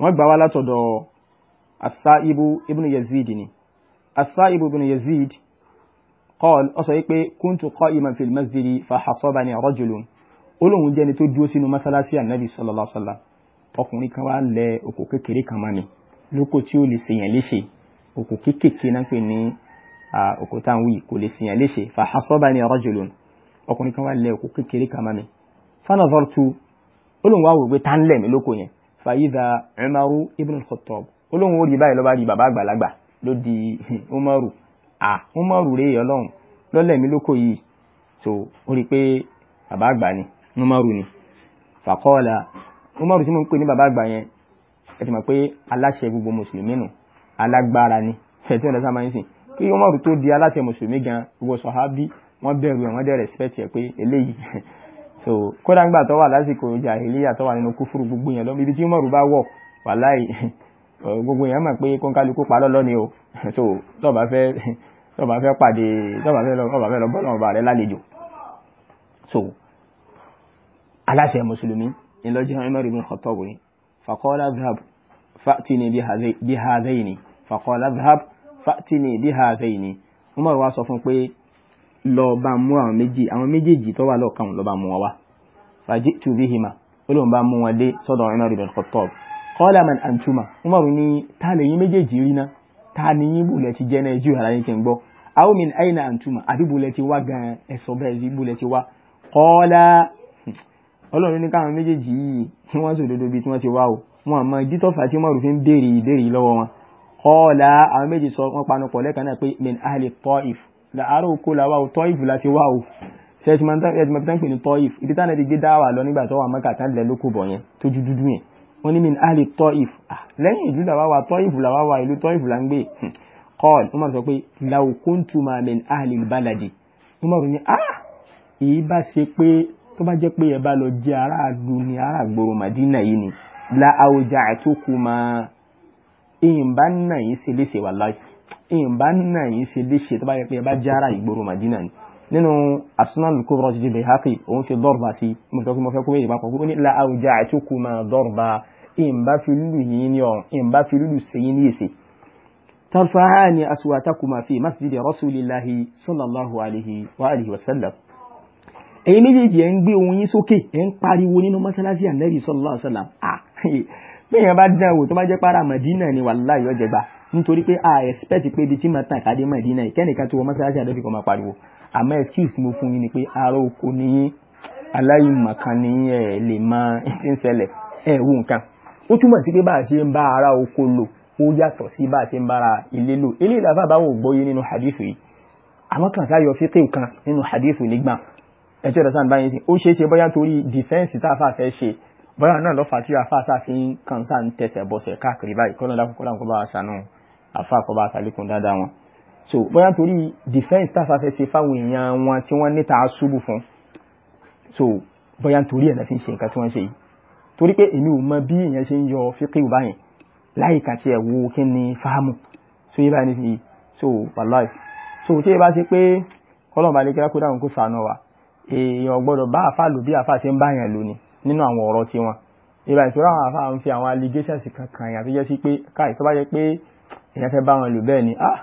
wọ́n gbà wá látọ̀dọ̀ as-Sa'ibu ibn Yazid ni as-Sa'ibu ibn Yazid qal ó sọ pé kuntu qa'iman fil masjidi fa hasabani rajulun olóhùn jẹ́ni tó dúró sínú masalasi anabi sallallahu alaihi wasallam ọkùnrin kan wá lẹ òkò kékeré kan mọ́ mi lóko tí ó lè ṣèyàn léṣe òkú kéékèèké náà pè ní òkú táwọn wí kò lè ṣèyàn léṣe fàhásọ́bà ni rajulun ọkùnrin kan wà lẹ òkú kékeré kan mọ́ mi fanazartu olóhùn wa wò pé tá ń lẹ̀ mí lóko yẹn fàyídà Umaru ibn al-Khattab olóhùn ó rí báyìí lọ́ba di bàbá àgbàlagbà ló di Umaru à Umaru rèé ọlọ́run lọ́lẹ̀ mí lóko yìí tó ó rí pé bàbá àgbà ni Umaru ni fàkọ́ọ̀là Umaru tí mo ń pè ní bàbá àgbà yẹn ẹ ti mọ̀ pé aláṣẹ gbogbo mùsùlùmí nù alágbára ni ṣètì ọ̀dọ́ sábà ń sìn kí Umaru tó di aláṣẹ mùsùlùmí gan gbogbo sọ̀hábí wọ́n bẹ̀rù ẹ̀ wọ́n dẹ̀ respect ẹ̀ pé eléyìí so kódà ńgbà tó wà lásìkò jàhílíyà tó wà nínú kúfúrú gbogbo yẹn lọ ibi tí Umaru bá wọ̀ wàláì gbogbo yẹn mọ̀ pé kónkálukú pa lọ́lọ́ ni o so tó bá fẹ́ tó bá fẹ́ pàdé tó bá fẹ́ lọ bọ́ọ̀lù ọba rẹ lálejò so aláṣẹ mùsùlùmí ni lọ́jọ́ Umaru bin فقال اذهب فأتني بهذين فقال اذهب فأتني بهذين Umar wá sọ fún pé lọ bá mú àwọn méjì àwọn méjèèjì tó wà lọ́kàn lọ bá mú wọn wá faji'tu bihima ó lóun bá mú wọn dé sọ́dọ̀ Umar ibn al-Khattab qala man antuma Umar ní ta lè yín méjèèjì rí ná ta ni yín bùlẹ̀ ti jẹ́ náà ju ara yín kí n gbọ́ aw min ayna antuma àbí bùlẹ̀ ti wá gan-an ẹ̀sọ́ bẹ́ẹ̀ sí bùlẹ̀ ti wá qala ọlọ́run ní káwọn méjèèjì yìí tí wọ́n sọ òdodo bíi tí wọ́n ti wá o wọn àmọ́ ìdí tọ́fà tí Umaru fi ń béèrè ìbéèrè lọ́wọ́ wọn kọ́ọ̀lá àwọn méjì sọ wọ́n panu pọ̀ lẹ́ẹ̀kan náà pé min ahli Taif làárọ̀ oko làwa o Taif la ti wá o ṣẹ́ẹ̀tìmọ̀tán pè ní Taif ibi táwọn ti gbé dáwà lọ nígbà tó wà mọ́kà tán lẹ́ lóko bọ̀ yẹn tó ju dúdú yẹn wọ́n ní min ahli Taif lẹ́yìn ìlú làwa wa Taif làwa wa ìlú Taif là ń gbé hmm. kọ́ọ̀l Umaru sọ pé law kuntuma min ahli al-baladi Umaru ní ah èyí bá ṣe pé tó bá jẹ́ pé ẹ bá lọ jẹ́ aráàlú ni aráàgbòrò Madina yìí ni la àwòjà àtúkù máa ìyìnbá nà yín ṣe léṣe wà láì ìyìnbá nà yín ṣe léṣe tó bá jẹ́ pé ẹ bá jẹ́ ará ìgboro Madina ni nínú Asnan Kubra ti jẹ́ bẹ̀hákì òun ti dọ́rba sí mo sọ pé mo fẹ́ kó ìyìnbá kọ̀ọ̀kú ní la àwòjà àtúkù máa dọ́rba ìyìnbá fi lùlù yín ní ọ̀rùn ìyìnbá fi lùlù ṣe yín ní èsè tarfahani aswatakuma fi masjidi rasulillahi sallallahu alaihi wa alihi wa sallam ẹ̀yin méjèèjì ẹ̀ ń gbé ohun yín sókè ẹ̀ ń pariwo nínú mọ́sálásí ànẹ́bí sallallahu alaihi wasallam bẹ́ẹ̀yàn ah, bá dán wò tó bá jẹ́ para Mẹ̀dínà ni wàláhì yóò jẹgba nítorí pé a expect pé ibi tí màá tàn káde Mẹ̀dínà kẹ́nìkan tó wọ mọ́sálásí ànẹ́bí kan máa pariwo àmọ́ excuse mo fún yín ni pé ara oko nìyí aláìmọ̀kan ni ẹ̀ lè mọ ti ń ṣẹlẹ̀ ẹ̀ wù nǹkan ó túmọ̀ sí pé bá a ṣe ń bá ara oko lò ó yàtọ̀ sí bá a ṣe ń bára ilé lò eléyìí làbá báwọn gbọ́yé nínú hadith yìí àwọn kan sáyọ fíkè kan nínú hadith nígbà ẹ̀tí ọ̀dọ̀ sáà báyìí sí ó ṣeé ṣe bóyá torí dìfẹ́ǹsì tá a fà fẹ́ ṣe bóyá náà lọ́fà tí àfà sáfin kan sáà ń tẹsẹ̀ bọ́sẹ̀ káàkiri báyìí kọ́lọ́ dákúkọ́ láǹkọ́ bá sànú àfà kọ́ bá sàlékún dáadáa wọn. so bóyá torí dìfẹ́ǹsì tá a fà fẹ́ ṣe fáwọn èèyàn wọn tí wọ́n níta ṣubú fún so bóyá torí ẹ̀ fi ń ṣe nǹkan tí wọ́n ṣe yìí torí pé èmi ò mọ bí èèyàn ṣe ń yọ fíkì báyìí láyìíká tí ẹ wo kí ni fáàmù so yé báyìí nísìnyí so wàláì so tí ẹ bá ṣe pé kọ́lọ́ èèyàn gbọ́dọ̀ bá àfà lò bí àfà ṣe ń báyàn lò ní nínú àwọn ọ̀rọ̀ tí wọn ìbá ìṣòro àwọn àfà ń fi àwọn allegations kankan èèyàn tó jẹ́ sí pé káì tó bá jẹ́ pé èèyàn fẹ́ bá wọn lò bẹ́ẹ̀ ni ah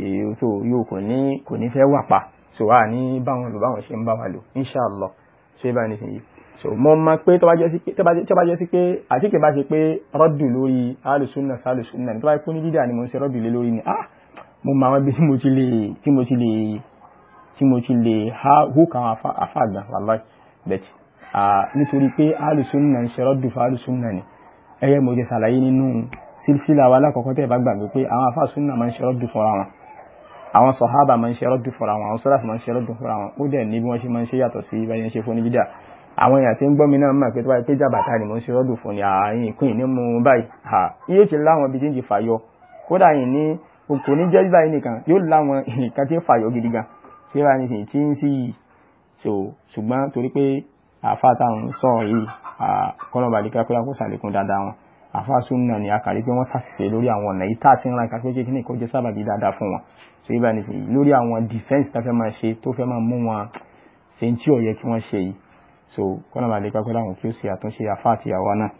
èèyàn so yóò kò ní kò ní fẹ́ wà pa so a ní bá lò báwọn ṣe ń bá wa lò inshallah so ìbá ní sìn yìí so mo mọ pé tó bá jẹ́ sí pé àtìkè bá ṣe pé rọ́dù lórí alùsùnà sálùsùnà tó bá kú ní dídà ni mo ń ṣe rọ́dù lé lórí ni ah mo mọ àwọn ibi tí mo ti lè tí mo ti lè hook àwọn afáàgbà wàláì bẹ̀tì nítorí pé alùsùnà ń ṣe rọ́dù fún alùsùnà ni ẹyẹ mo jẹ ṣàlàyé nínú sílsílà wa lákọ̀ọ́kọ́ tẹ́ ẹ bá gbàgbé pé àwọn afáàsùnà máa ń ṣe rọ́dù fúnra wọn àwọn sọ̀hábà máa ń ṣe rọ́dù fúnra wọn àwọn sọ́láfù máa ń ṣe rọ́dù fúnra wọn ó dẹ̀ ní bí wọ́n ṣe máa ń ṣe yàtọ̀ sí bá yẹn ṣe fún níbídà àwọn èèyàn tí ń gbọ́ mi náà mọ̀ pé tó báyìí pé jàbàtà ni mo ń ṣe fún ni ààyè ìpín ní mo báyìí ha yóò ti láwọn ibi tí ń ti fàyọ kódà yìí ní kò ní jẹ́ báyìí nìkan yóò láwọn nǹkan tí ń fàyọ gidi gan ṣé wàá nìsín tí ń sì so ṣùgbọ́n torí pé àfa táwọn sọ yìí kọ́nà balika kúrò kó sàlékún dáadáa wọn àfa súnmọ́ ni akàrí pé wọ́n ṣàṣìṣe lórí àwọn ọ̀nà yìí tá a ti ń ra ìkàpé kékeré ní ìkọjọ sábàbí dáadáa fún wọn so yìí bá nìsín lórí àwọn defence tá fẹ́ máa ṣe tó fẹ́ máa mú wọn ṣe ń tí ò kí wọ́n ṣe yìí so kọ́nà balika kúrò àwọn kí ó ṣe àtúnṣe àfa àti àwa náà.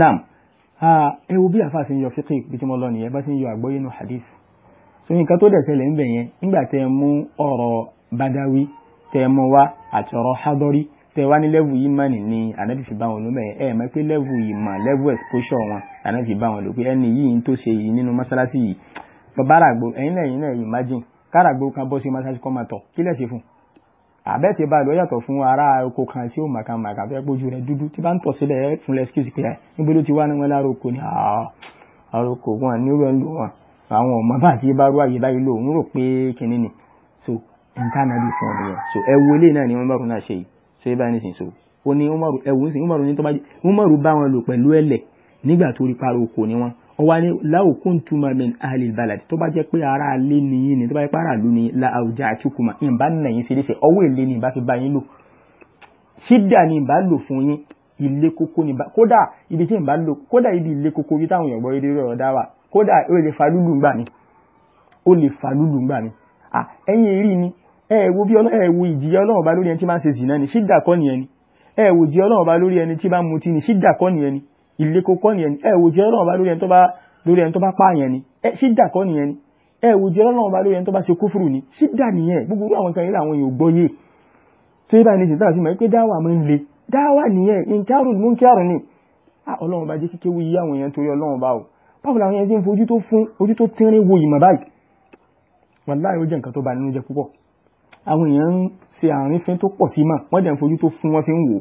naam ẹ wo bí àfa ṣe ń yọ fíkì bí tí mo lọ nìyẹn bá ṣe ń yọ àgbọ́yé nù hadith so nǹkan tó dẹ̀ ṣẹlẹ̀ ń bẹ̀ yẹn nígbà tẹ́ ẹ mú ọ̀rọ̀ badawi tẹ́ ẹ mú wá àti ọ̀rọ̀ hadori tẹ́ ẹ wá ní lẹ́vù ìmánì ni ànábì fi bá wọn lò bẹ́ẹ̀ ẹ mọ̀ pé lẹ́vù ìmọ̀ lẹ́vù exposure wọn ànábì fi bá wọn lò pé ẹni yìí ń tó ṣe yìí nínú mọ́ṣáláṣí yìí bàbá àràgbò ẹ̀yin náà ẹ̀yin náà imagine káràgbò kan bọ́ sí mọ́ṣáláṣí kọ́ máa tọ̀ àbẹ́sẹ̀ bá lọ yàtọ̀ fún ará oko kan tí ó màkàmàkà fẹ́ gbójú rẹ̀ dúdú tí bá ń tọ̀ sílẹ̀ fún lẹ́skíìsì pé ah, níbo ló ti wá ní wọn láròkò ah, ní àárò kò wọn ní ń lò wọn àwọn ọmọ bá ti bá rú àyè báyìí lò rò pé kinní ni so internally fún ọdún yẹn so ẹwu ilé náà ni wọn bá rún náà ṣe yìí so ẹ báyìí nísìnyí so ó ní umaru ẹwu nísìnyí umaru ní tó bá jẹ umaru bá wọn lò pẹ̀lú ẹlẹ̀ nígbà tó rí pariwo kò ní wọn ó wá ní láòkún túmọ̀ mi àhàlì balàdì tó bá jẹ́ pé ara lé nìyí ni tó bá jẹ́ pé ara lù ní la àwùjá àtúkùmọ̀ ìbá nàyìn sí léṣe ọwọ́ èlé ni ìbá fi bá yín lò ṣídà ni ìbá lò fún yín ilé kókó ni kódà ibi tí ìbá lò kódà ibi ilé kókó bí táwọn èèyàn gbọ́ yé dé rẹ̀ ọ̀dá wà kódà ó lè fa lúlù ńgbà mi ó lè fa lúlù ńgbà mi à ẹ̀yin èrí ni ẹ wo bí ẹ wo ìjìyà ọlọ́run ọba lórí ẹni tí máa ń ṣe zìnà ni ṣídà kọ́ nìyẹn ni ẹ wo ìjìyà ọlọ́run ọba lórí ẹni tí máa ń mutí ni ṣídà kọ́ nìyẹn ni ìlékò kọ́ nìyẹn ni ẹ wo ìjìyà ọlọ́run ọba lórí ẹni tó bá lórí ẹni tó bá pààyàn ni ẹ ṣídà kọ́ nìyẹn ni ẹ wo ìjìyà ọlọ́run ba lórí ẹni tó bá ṣe kúfùrù ni ṣídà nìyẹn gbogbo àwọn kan yìí làwọn èèyàn gbọ́ yé tó yẹ báyìí ní ìsìn táàfin pé dáwà máa ń le dáwà nìyẹn nǹkan àrùn mú nǹkan àrùn ni ọlọ́run ọba jẹ́ kíkéwé yí àwọn èèyàn torí ọlọ́run ọba o báwo làwọn ẹni fojú tó fún ojú tó tínrín wo ìmọ̀ báyìí wàláhì ó jẹ́ nǹkan tó bà nínú jẹ́ púpọ̀ àwọn èèyàn ń ṣe àárín fín tó pọ̀ sí mà wọ́n dẹ̀ ń fojú tó fún wọn fi ń wò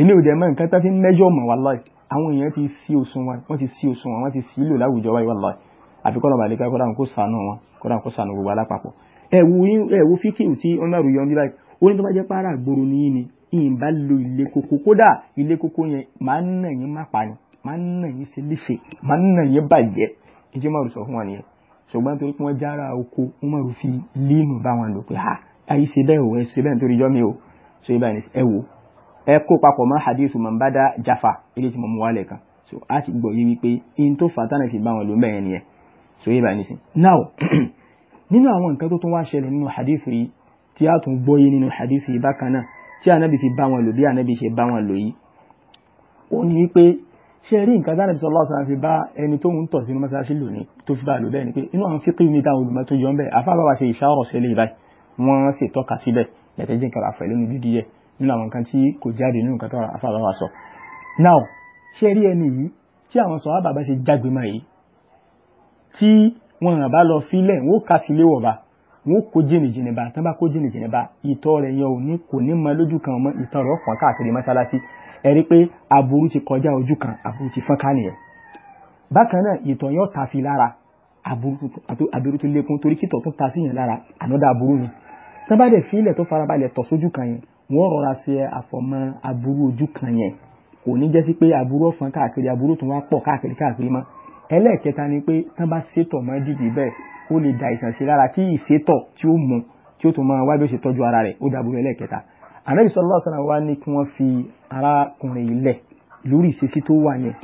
èlé òde mọ́ nǹkan tá fi ń mẹ́jọ́ mọ̀ wàláhì àwọn èèyàn ti sí oṣù wọn wọ́n ti sí oṣù wọn wọ́n ti sí ìlò láwùjọ wáyé wàláhì àfikọ́ lọ́ba àdékà kọ́dà kó sànù wọn kọ́dà kó sànù gbogbo alápapọ̀ ni ìyìnbá máa ń nà yín ṣe léṣe máa ń nà yín bàjẹ́ ìjẹ́ máa rò sọ fún wọn nìyẹn ṣùgbọ́n torí pé wọ́n jára oko wọ́n máa rò fi líìnù bá wọn lò pé ha ayé ṣe bẹ́ẹ̀ o ẹ ṣe bẹ́ẹ̀ nítorí jọ́mi o ṣe é báyìí ẹ wò ẹ kó papọ̀ mọ́ hadithu mambada jafa ilé tí mo mú wálẹ̀ kan so a ti gbọ́ yí wípé in tó fà tánà fi bá wọn lò mẹ́yẹn nìyẹn ṣe é báyìí now nínú àwọn nǹkan tó tún wá ṣẹlẹ̀ nínú hadithu yìí tí a tún gbọ́ yìí nínú hadithu yìí bákan náà tí anabi fi bá wọn lò bí anabi ṣe bá wọn lò yìí ó ní wípé ṣe rí nǹkan dáná sọ lọ́sàn-án fi bá ẹni tó ń tọ̀ sínú mọ́sálásí lónìí tó fi bá a lò bẹ́ẹ̀ ni pé inú àwọn fíkì ní táwọn olùmọ̀ tó yọ ń bẹ́ẹ̀ afá bàbá ṣe ìṣàrọ̀ sílẹ̀ báyìí wọ́n sì tọ́ka síbẹ̀ lẹ́tẹ̀jìn kan àfẹ́ lónìí dídí yẹ nínú àwọn nǹkan tí kò jáde nínú nǹkan tó afá bàbá sọ. now ṣe rí ẹni yìí tí àwọn sọ bàbá ṣe jágbe mọ́ yìí tí wọn ràn bá lọ sílẹ̀ wọn ó kà sílé wọ̀ bá wọn ó kó jìnnìjìnnì bá tán bá kó ẹ rí pé aburú ti kọjá ojú kan aburú ti fọ́n ká nìyẹn bákan náà ìtọ̀ yẹn ó ta sí lára aburú tó lékún torí kítọ̀ tó ta sí yẹn lára ànọ́dà aburú ni tán bá dẹ̀ fílẹ̀ tó farabalẹ̀ tọ̀ sójú kan yẹn wọ́n rọra ṣe àfọ̀mọ́ aburú ojú kan yẹn kò ní jẹ́ sí pé aburú ọ̀fọ̀n káàkiri aburú tó wá pọ̀ káàkiri káàkiri mọ́ ẹlẹ́ẹ̀kẹta ni pé tán bá ṣètọ̀ mọ́ dìbì bẹ́ẹ̀ ó lè da ìsànṣe lára kí ìṣètọ̀ tí ó mú tí ó tún máa wá ṣe tọ́jú ara rẹ̀ ó dàbúrú ẹlẹ́ẹ̀kẹta ànábì sallallahu alaihi wasallam wá ní kí wọ́n fi arákùnrin ilẹ̀ lórí ìṣesí tó wà yẹn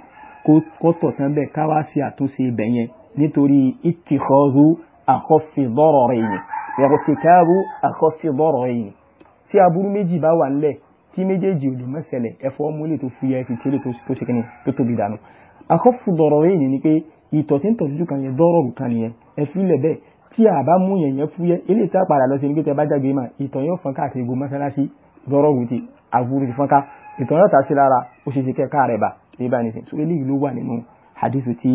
kó tọ̀ tán bẹ́ẹ̀ ká wá sí àtúnṣe ibẹ̀ yẹn nítorí ìtìkọ́rú àkọ́fì dọ́rọ̀ rẹ̀ yẹn ìrọ̀tìkárú àkọ́fì dọ́rọ̀ rẹ̀ yẹn tí aburú méjì bá wà ńlẹ̀ tí méjèèjì ò lè mọ́ ṣẹlẹ̀ ẹ̀fọ́ múlẹ̀ tó fúyẹ́ fi tẹ́lẹ̀ tó ṣe kíni tó tóbi dànù àkọ́fì dọ́rọ̀ rẹ̀ yẹn ni pé ìtọ̀ tí ń tọ̀ lójú kan yẹn dọ́rọ̀ lọ́rọ̀ wùtí aburú ti fọ́nká ìtàn yóò ta sí lára ó ṣe ṣe kẹ́kà rẹ̀ bà ní bá nìsín so eléyìí ló wà nínú hadithu tí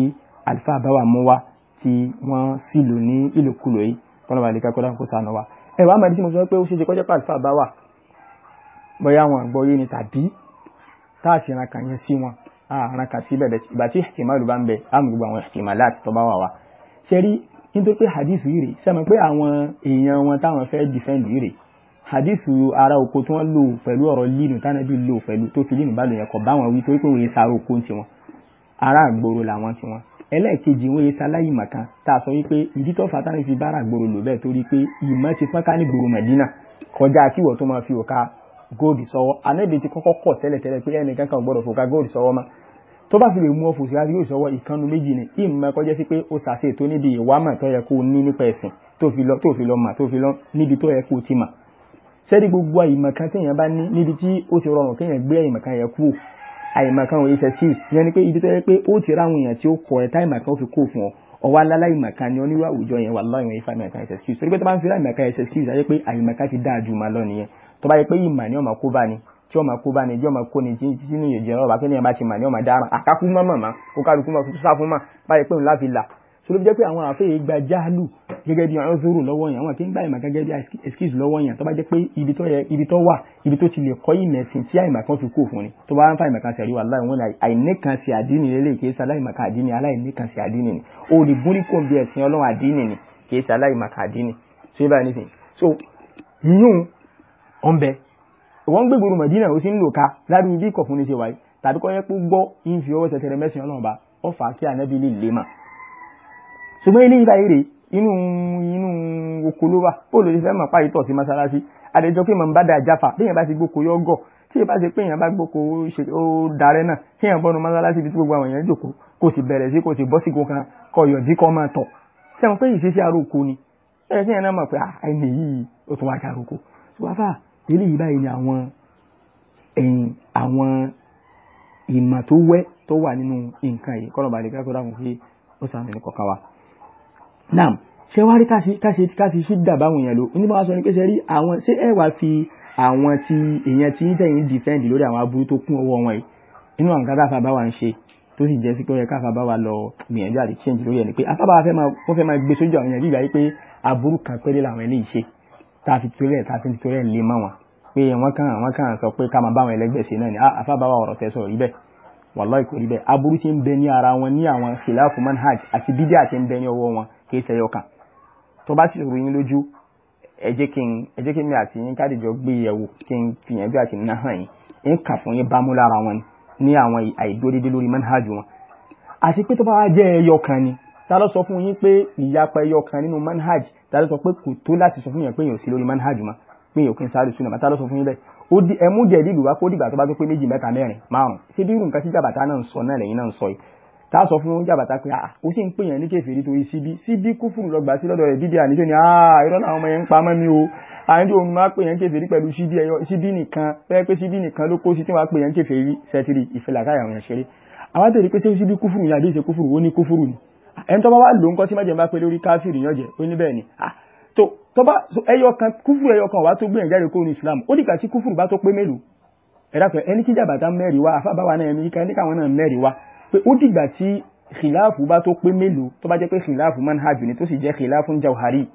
alfa báwa mú wá tí wọ́n sì lò ní ìlòkulò yìí tọ́lọ́ bá lè kẹ́kọ́ dáhùn kó sànù wa ẹ wàá sí mo sọ pé ó ṣe ṣe kọ́jọ́ pé alfa báwa bóyá wọn àgbọ̀ yé ni tàbí tá a sì ran kàn yẹn sí wọn àrùn kan síbẹ̀ bẹ̀ ìgbà tí ìhìtìmáàlù bá ń bẹ àmì gbogbo àwọn ìhìtìmáàlù àti tọ́ bá wà hadithu ara oko tí wọ́n lò pẹ̀lú ọ̀rọ̀ lílù tánàbí lò pẹ̀lú tó fi lílù bá lò yẹn kọ̀ bá wọn wí torí pé wọ́n yé sáré oko tiwọn ara àgbòrò làwọn tiwọn ẹlẹ́ẹ̀kejì wọ́n yé sáláyì màkan tá a sọ wípé ìdí tó fa tánàbí fi bára àgbòrò lò bẹ́ẹ̀ torí pé ìmọ̀ ti fọ́n ká ní gbòrò mẹ̀dínà kọjá kíwọ̀ tó máa fi òka góòdì sọ́wọ́ anábì ti kọ́kọ́ kọ̀ tẹ́lẹ̀tẹ́lẹ̀ pé ẹnì kankan gbọ́dọ̀ fòka góòdì sọ́wọ́ mọ́ tó bá fi lè mú ọfù síra yóò sọ́wọ́ ìkanu méjì ni ìmọ̀ kọjá sí pé ó sàṣe tó níbi ìwámọ̀ tó yẹ kó ní nípa ẹ̀sìn tó fi lọ tó fi lọ mà tó fi lọ níbi tó yẹ kó ti mà sẹ́rí gbogbo àyìmọ̀kan téèyàn bá ní níbi tí ó ti rọrùn kéèyàn gbé àyìmọ̀kan yẹn kúrò àyìmọ̀kan òye excuse yẹn ni pé ibi tó yẹ pé ó ti ráwọn èèyàn tí ó kọ ẹ táìmọ̀kan ó fi kó fún ọ ọwọ́ aláìmọ̀kan ni onírú àwùjọ yẹn wà láwọn ìfà àyìmọ̀kan excuse torí pé tó bá ń fi àyìmọ̀kan excuse ayé pé àyìmọ̀kan ti dáa jù máa lọ nìyẹn tó bá yẹ pé ìmọ̀ ni ọmọ kó bá ni tí ọmọ kó bá ni tí ọmọ kó ni tí ní ìyẹ̀jẹ̀ ọba pé ní ẹ̀ bá ti mọ̀ ni ọmọ dára àkákú mọ́ mọ́ kó kálukú mọ́ sá fún mọ́ báyìí pé òun láfi là so ló jẹ́ pé àwọn àfẹ́yẹ gba jáàlù gẹ́gẹ́ bí ọ̀rọ̀ lọ́wọ́ yẹn àwọn kì gba ìmọ̀ gẹ́gẹ́ bí excuse lọ́wọ́ yẹn tó bá jẹ́ pé ibi tó yẹ ibi tó wà ibi tó ti lè kọ́ ìmẹ̀sìn tí àìmọ̀ kan fi kú òfin ni tó bá ń fa ìmọ̀ kan sí àríwá aláì wọn àìní kan sí àdínì lélẹ̀ kì í ṣe aláìmọ̀ kan àdínì aláìní kan sí àdínì ni o lè búrí kò bí ẹ̀sìn ọlọ́run àdínì ni kì í ṣe aláìmọ̀ kan àdínì so yẹ báyìí nísìnyí so yíyún ọ̀nbẹ ṣùgbọ́n ilé ibà èrè inú inú oko ló wà bóòlù ti fẹ́ mọ̀ pa ìtọ̀ sí mọ́sálásí àdéjọ pé màá bá da àjáfà bí èèyàn bá ti gboko yọ gọ̀ tí èèyàn bá ti pé èèyàn bá gboko ó darẹ́ náà kí èèyàn bọ́nu mọ́sálásí ibi tí gbogbo àwọn èèyàn jòkó kò sì bẹ̀rẹ̀ sí kò sì bọ́ sí kankan kọ yọ̀dí kọ́ máa tọ̀ sẹ́wọ̀n pé ìṣesí àròkọ ni ẹ̀rẹ́ kí èèyàn náà mọ̀ pé ah, ẹni yìí ó tún wá ṣàròkọ ṣùgbọ́n fà eléyìí báyìí ni àwọn ẹ̀yìn àwọn ìmọ̀ tó wẹ́ tó wà nínú nǹkan yìí kọ́nà bàlẹ́ kẹ́kọ̀ọ́ dáhùn pé ó sàmì ní kọ̀ọ̀kan wa náà ṣé wá rí káṣe káfi ṣídà báwọn èèyàn lò onímọ̀ wá ni pé ṣe rí àwọn ṣé ẹ wá fi àwọn ti èèyàn tí tẹ̀yìn dìfẹ́ǹdì lórí àwọn aburú tó kún ọwọ́ wọn yìí inú àwọn káfà bá wà ń ṣe tó sì jẹ́ sí pé ó yẹ káfà bá wà lọ gbìyànjú àti change lórí ẹ̀ ni pé afábà wọ́n fẹ́ máa gbé sójú àwọn èèyàn gbígbà yìí pé aburú kan péré làwọn eléyìí ṣe tá a fi torí ẹ̀ tá a fi torí ẹ̀ lé mọ́ wọn pé wọ́n kàn wọ́n kàn sọ pé ká máa bá àwọn ẹlẹ́gbẹ́ ṣe náà ni afábà ah, wà ọ̀rọ̀ kìí ṣe ẹyọkàn tó bá sì rú yín lójú ẹ kí n ẹ jẹ́ kí mi àti yín káàdì jọ gbé yẹ̀wò kí n fìyànjú àti nà hàn yín ń kà fún yín bámú lára wọn ní àwọn àìdúródédé lórí manhaju wọn àti pé tó bá jẹ́ ẹyọkàn ni ta ló sọ fún yín pé ìyapa ẹyọkàn nínú manhaj ta ló sọ pé kò tó láti sọ fún yín pé èèyàn ò sí lórí manhaj mọ́ pé èèyàn kì í sáré sunna ta ló sọ fún yín bẹ́ẹ̀ ẹmú jẹ̀dí ìlú wa kó dìgbà tó bá tó pé méjì mẹ́ta mẹ́rin márùn-ún ṣé bí irú nǹkan sí jàbàtà náà ń sọ náà lẹ́yìn náà ń sọ yìí tá a sọ fún oúnjẹ àbàtà pé ah ó sì ń pèèyàn ní kèfèrí torí síbí síbí kúfùrù lọgbà sí lọ́dọ̀ rẹ̀ dídí àníjọ́ ni ah irọ́ làwọn ọmọ yẹn ń pa mọ́ mi o àníjọ́ òun máa pèèyàn kèfèrí pẹ̀lú síbí nìkan pẹ́ pé síbí nìkan ló kó sí tí wọ́n á pèèyàn kèfèrí sẹ́tìrì ìfẹ́làkáyà àwọn ìṣeré àwọn àtẹ̀rí pé síbí kúfùrù ni àdéhìí ṣe kúfùrù ó ní kúfùrù ni ah, ẹni tó bá wà ló ń kọ́ sí májèmá pé ah tó tó bá ẹyọ kan kúfùrù ẹyọ kan wà tó gbìyànjú àrè kó ní Islam ó dìgbà tí kúfùrù bá tó pé mélòó ẹ̀dá pẹ̀ ẹni kíjà bàtà mẹ́rin wá àfàbáwa náà ẹni kíkà pé ó dìgbà tí khilafu bá tó pé mélòó tó bá jẹ́ pé khilafu manhaj ni tó sì jẹ́ khilafu jawhari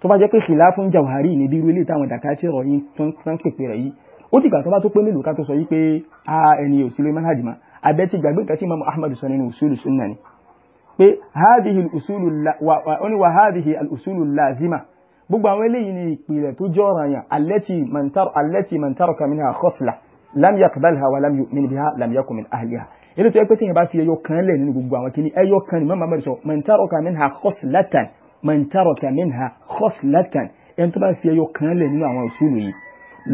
tó bá jẹ́ pé khilafu jawhari ni bí irú ilé táwọn ìdàkà ṣe rọ̀ yín tó ń pèpè rẹ̀ yìí ó dìgbà tó bá tó pé mélòó ká tó sọ yìí pé a ẹni ò sí lórí manhaj ma abẹ́ ti gbàgbé nǹkan tí imam ahmad sọ nínú usulu sunna ni pé hadihi usulu wa oni wa hadihi usulu lazima gbogbo àwọn eléyìí ni ìpìlẹ̀ tó jẹ́ ọ̀ranyàn allati man taraka minha khasla lam yaqbalha wa lam yu'min ilé tó yẹ pé tí yẹn bá fi ẹyọ kan lẹ̀ nínú gbogbo àwọn kìíní ẹyọ kan ní mọ́mọ́ mẹ́rin sọ mọ̀ntàrọ̀kà minha khoslatan mọ̀ntàrọ̀kà minha khoslatan ẹni tó bá fi ẹyọ kan lẹ̀ nínú àwọn usulu yìí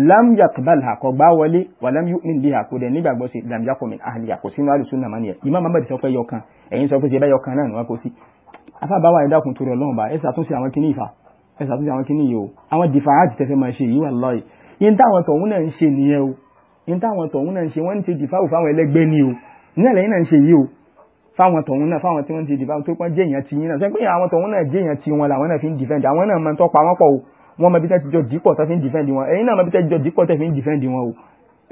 lam yaqbalha kò gbà wọlé wa lam yu'min biha kò dẹ̀ nígbàgbọ́ sí lam yakun min ahliha kò sínú àlùsùn náà mọ́niyẹ ìmọ̀ mọ́mọ́ sọ pé ẹyọ kan ẹ̀yin sọ pé ṣe bá ẹyọ kan náà nìwọ́n kò sí afábáwá ẹ̀dá kun torí ọlọ́run bá ẹ ṣàtúnṣe àwọn kìíní ìfà ẹ ṣàtúnṣe àwọn kìíní yìí o àwọn dìfàáàtì tẹ́fẹ́ máa ṣe yìí wallahi yín táwọn tọ̀hún náà ń ṣe nìyẹn o yín táwọn tọ̀hún náà ń ṣe wọ́n ń ṣe dìfáwò fáwọn ẹlẹ́gbẹ́ ni o náà lẹ́yìn náà ń ṣe yìí o fáwọn tọ̀hún náà fáwọn tí wọ́n ti dìbà tó pọ́n jẹ́yàn ti yín náà sọ pé àwọn tọ̀hún náà jẹ́yàn ti wọn làwọn náà fi ń defend àwọn náà máa ń tọ́pa wọn pọ̀ o wọ́n mọ bí tẹ́ ti jọ dípọ̀ tẹ́ fi ń defend wọn ẹ̀yin náà mọ bí tẹ́ ti jọ dípọ̀ tẹ́ fi ń defend wọn o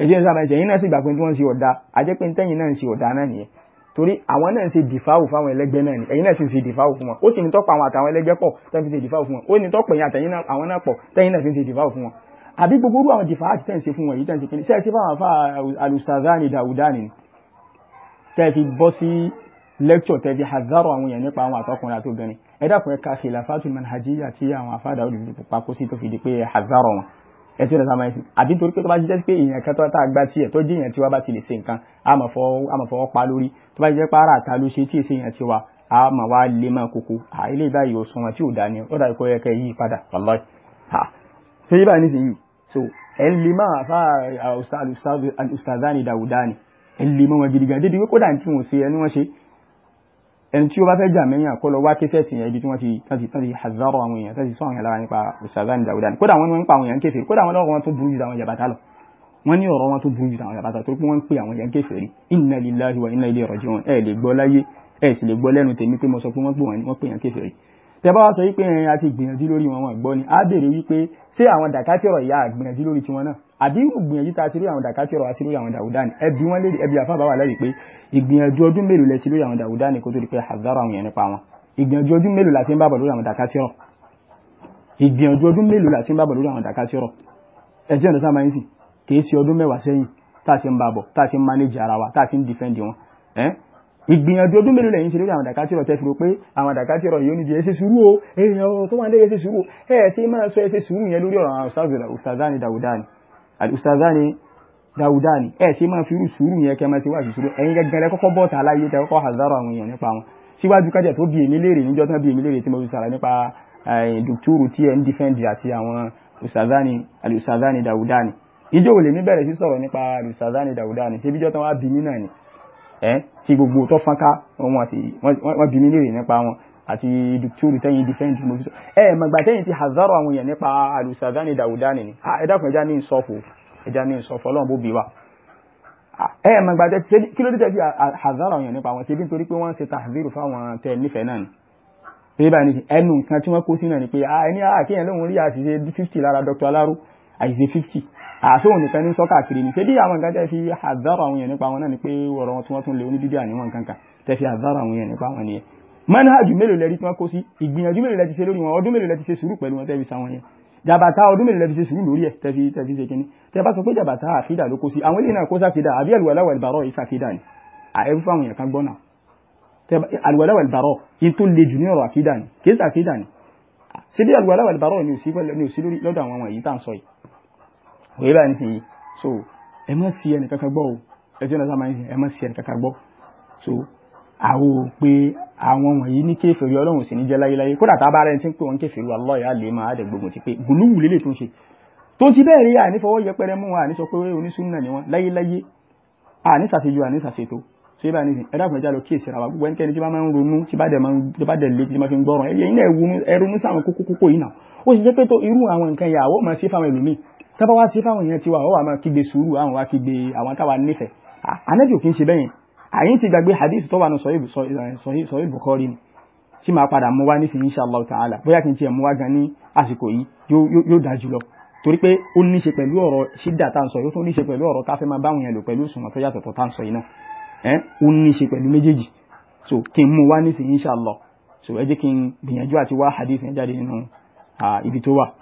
èyí sábà ẹ̀sẹ̀ ẹ̀yin náà sì gbà pé tí wọ́n ń ṣe ọ̀dà àjẹ́ pé tẹ́yìn náà ń ṣe ọ̀dà náà nìyẹn torí àwọn náà ń ṣe dìfáwò fáwọn ẹlẹgbẹ́ náà ni ẹ̀yin náà sì ń ṣe dìfáwò fún wọn ó sì ní tọ́pọ̀ àwọn àtàwọn ẹlẹgbẹ́ pọ̀ tẹ́ fi ṣe dìfáwò fún wọn ó ní tọ́pọ̀ ẹ̀yin àtẹ̀yìn àwọn náà pọ̀ tẹ́yìn náà fi ṣe dìfáwò fún wọn àbí gbogbo orú àwọn dìfáwò àti tẹ́ ń ṣe fún wọn èyí tẹ́ ń ṣe kìíní ṣe é ṣe fáwọn afá alùsàdáni dàúdà nìyí tẹ́ fi bọ́ sí lecture tẹ́ fi hazaro àwọn èèyàn nípa àwọn àtọkùnrin àti obìnrin ẹ dákun ẹ ka khilafatul manhajiyya tí àwọn afáàdà olùdókòwò pakó sí tó fi di pé hazaro wọn ẹ tí ó dáná sí àbí torí pé tó bá jẹ́ pé èèyàn kan tó tá a gbá tiẹ̀ tó jẹ́ èèyàn tí wá bá ti lè ṣe nǹkan a máa fọwọ́ pa lórí tó bá jẹ́ pé àta ló ṣe tí èsì èèyàn ti a máa wá lé máa koko à ilé ìbáyìí òsùn wọn tí ò dání ó dàbí kó yẹ kẹ́ yí padà wàláì ha ṣé yí báyìí nísìnyí so ẹ lè máa fa ustadani dawudani ẹ lè mọ́ wọn gidi gan débi pé kódà tí wọn ò ṣe ẹni wọn ṣe ẹni tí ó bá fẹ́ jà mẹ́yìn àkọlọ wá kí sẹ́ẹ̀tì yẹn ibi tí wọ́n ti tàbí tàbí hazard àwọn èèyàn tàbí sọ̀rọ̀ yẹn lára nípa òṣàlá níjà òdà kódà wọn ni wọ́n ń pa àwọn èèyàn kèfèrí kódà wọn lọ́rọ̀ wọn tó burú ju àwọn jàbátà lọ wọ́n ní ọ̀rọ̀ wọn tó burú ju àwọn jàbátà tó pé wọ́n ń pe àwọn èèyàn kèfèrí inna lillahi wa inna ilayhi raji'un ẹ lè gbọ́ láyé ẹ sì lè gbọ́ lẹ́nu tèmi pé mo sọ pé wọ́n pè wọ́n pè èèyàn kèfèrí tẹ́bá wá sọ wípé ẹ̀rin àti gbìyànjú lórí wọn wọn gbọ́ ni a béèrè wípé ṣé àwọn dàkátì ọ̀rọ̀ ìyá gbìyànjú lórí tiwọn náà àbí ìgbìyànjú ta sí lórí àwọn dàkátì ọ̀rọ̀ àṣírí àwọn dàwùdá ni ẹbí wọn lérí ẹbí àfáà bá wà lẹ́rìí pé ìgbìyànjú ọdún mélòó lẹ sí lórí àwọn dàwùdá ni kó tó di pé hazara àwọn yẹn nípa wọn ìgbìyànjú ọdún mélòó la ṣe ń bàbọ̀ lórí àwọn dàkátì ìgbìyànjú ọdún mélòó la ṣe ń bàbọ̀ lórí àwọn dàkátì ẹ wa tá a ṣe ń ìgbìyànjú ọdún mélòó lẹ́yìn ṣe lórí àwọn àdàkátìrọ̀ tẹ́ fi rò pé àwọn àdàkátìrọ̀ yìí ó nídìí ẹ ṣe sùúrù o èèyàn ọ̀rọ̀ tó wà ní ẹ sùúrù ẹ ṣe máa sọ ẹ sùúrù yẹn lórí ọ̀rọ̀ àwọn ustazani dawudani ustazani dawudani ẹ ṣe máa fi irú sùúrù yẹn kẹ́ máa ṣe wà sí sùúrù ẹ̀yin gẹ́gẹ́ rẹ kọ́kọ́ bọ́ọ̀tà aláyé tẹ kọ́kọ́ hazara àwọn èèyàn nípa wọn síwájú kájà tó bí èmi léèrè níjọ́ tán bí èmi léèrè tí mo fi sàrà nípa dùkúrù tí ẹ ń dífẹ́ǹdì àti àwọn ustazani ustazani dawudani ìjọ òlèmí bẹ̀rẹ̀ sí sọ̀rọ̀ nípa ustazani dawudani ṣé bíjọ́ tán wá bí mí náà ni ẹ́ tí gbogbo tó fọ́nká wọ́n bí mi léèrè nípa wọn àti dùtúrù tẹ́yìn defend mo fi sọ ẹ màgbà tẹ́yìn ti hazaro àwọn èèyàn nípa alùsàdáni dàwùdáni ni ẹ dákun ẹja ní ìsọfò ẹja ní ìsọfò ọlọ́run bó bí wa ẹ màgbà tẹ́ kí ló dé tẹ́ fi hazaro àwọn èèyàn nípa wọn ṣe bí nítorí pé wọ́n ń ṣe tahziru fáwọn tẹ́ nífẹ̀ẹ́ náà ni pé báyìí nìyí ẹnu nǹkan tí wọ́n kó sínú ni pé ah, ẹni àkéyàn ah, lóun rí àṣìṣe fifty lára Dr. Aláró àṣìṣe fifty àsóhun nìkan ní sọ́kà kiri ni ṣé bí àwọn nǹkan tẹ́ fi àdára àwọn èèyàn nípa wọn náà ni pé ọ̀rọ̀ wọn tí wọ́n tún lè onídídí àníwọ̀n kankan tẹ́ fi àdára àwọn èèyàn nípa wọn nìyẹn manhaj mélòó lẹ́rí tí wọ́n kó sí ìgbìyànjú mélòó lẹ́ ti ṣe lórí wọn ọdún mélòó lẹ́ ti ṣe sùúrù pẹ̀lú wọn tẹ́ fi sa wọn yẹn jàbàtà ọdún mélòó lẹ́ ti ṣe sùúrù lórí ẹ̀ tẹ́ fi tẹ́ fi ṣe kínní tẹ́ bá sọ pé jàbàtà àfídà ló kó sí àwọn eléyìí náà kó sáfídà àbí àlùwàláwà ìbàrọ̀ yìí òye bá ní sèyí so ẹ má sí ẹnì kankan gbọ́ o ẹ tí wọn sábà ń sìn ẹ má sí ẹnì kankan gbọ́ so àwo pé àwọn wọ̀nyí ní kéferì ọlọ́run sì ní jẹ́ láyéláyé kódà tá a bá rẹ̀ ti ń pè wọ́n kéferì wà lọ́ọ̀yà lè máa dẹ̀ gbógun ti pé gùlúwù lélẹ̀ tó ń ṣe tó ti bẹ́ẹ̀ rí àní fọwọ́ yẹpẹrẹ mú wọn àní sọ pé onísùnnà ni wọn láyéláyé àní ṣàfihàn àní ṣàfihàn so yíba nísìn ẹ dákun ẹja lọ kíyèsí ra wa gbogbo ẹnikẹ́ni tí bá máa ń ronú tí bá dẹ̀ lé tí bá fi ń gbọ́ràn ẹ̀yẹ iná ẹ̀rú sáwọn kókó kókó yìí náà ó sì jẹ́ pé tó irú àwọn nǹkan yà àwọ̀ máa ṣe fáwọn ẹlòmíì tábà wá ṣe fáwọn èèyàn tiwa ọ̀wà máa kígbe sùúrù àwọn wá kígbe àwọn táwa nífẹ̀ẹ́ ànábì ò kí ń ṣe bẹ́yẹn àyín ti gbàgbé hadith tó wà ní sọ̀yìn Bukhari ni tí máa padà mú wá nísìnyí inshallah ta'ala bóyá kí n tiẹ̀ mú wá gan ní àsìkò yìí yóò dáa jùlọ torí pé ó ní ṣe pẹ̀lú ọ̀rọ̀ ṣídà tá à sọ yìí ó tún ní ṣe pẹ̀lú ọ̀rọ̀ káfẹ́ máa báwọn yẹn lò pẹ̀lú òṣùwọ̀n tó yàtọ̀ tá à sọ yìí náà ẹ́ ó ní ṣe pẹ̀lú méjèèjì so kí n mú wá nísìnyí inshallah so ẹ jẹ́ kí n gbìyànjú àti wá hadith yẹn jáde nínú ibi tó wà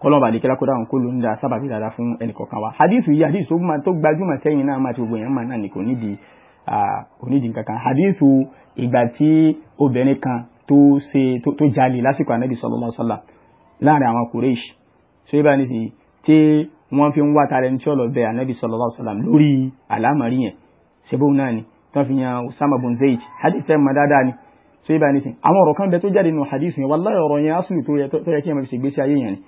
kọlọ́ọ̀bà àdìkẹ́lá kó dáhùn kó ló ń da sábàbí dáadáa fún ẹnìkọ̀ọ̀kan wa hadith yìí hadith tó gbajúmọ̀ sẹ́yìn náà máa ti gbogbo èèyàn máa náà ní kò nídìí onídìí kankan hadith ìgbà tí obìnrin kan tó ṣe tó jalè lásìkò ànábì sallallahu alaihi wasallam láàrin àwọn Quraysh ṣé ibà ní sí tí wọ́n fi ń wá tara ẹni tí bẹ ànábì sallallahu alaihi wasallam lórí àlámọ̀rí yẹn ṣe bóun náà ni tó fi yan Usama bin Zayd hadith ẹ̀ so yíba nísìn àwọn ọ̀rọ̀ kan bẹ tó jáde nínú hadith yẹn wallahi ọ̀rọ̀ yẹn asùlù tó yẹ kí ẹ máa fi ṣègbésí ayé yẹn ni